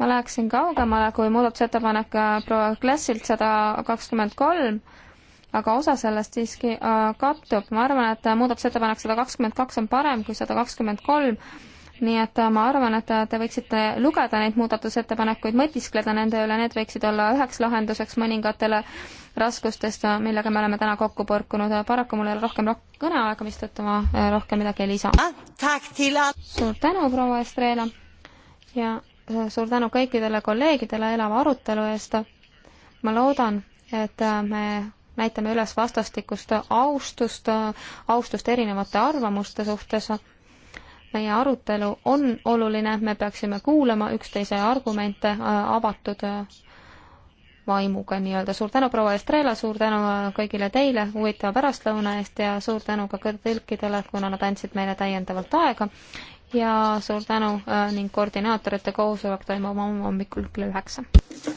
Speaker 2: ma läheksin kaugemale kui muudatusettepanek äh, proua Klessilt sada kakskümmend kolm, aga osa sellest siiski äh, kattub. ma arvan, et äh, muudatusettepanek sada kakskümmend kaks on parem kui sada kakskümmend kolm, nii et ma arvan, et te võiksite lugeda neid muudatusettepanekuid, mõtiskleda nende üle, need võiksid olla üheks lahenduseks mõningatele raskustest, millega me oleme täna kokku põrkunud. paraku mul ei ole rohkem kõneaega, mistõttu ma rohkem midagi ei lisa.
Speaker 1: Ah,
Speaker 2: suur tänu, proua Estrela ja Äh, suur tänu kõikidele kolleegidele elava arutelu eest. ma loodan, et äh, me näitame üles vastastikust austust, äh, austust erinevate arvamuste suhtes. meie arutelu on oluline, me peaksime kuulama üksteise argumente avatud vaimuga nii-öelda. suur tänu, proua Estrela, suur tänu kõigile teile huvitava pärastlõuna eest ja suur tänu ka tõlkidele, kuna nad andsid meile täiendavalt aega ja suur tänu äh, ning koordinaatorite koosolek toimub homme hommikul kell üheksa.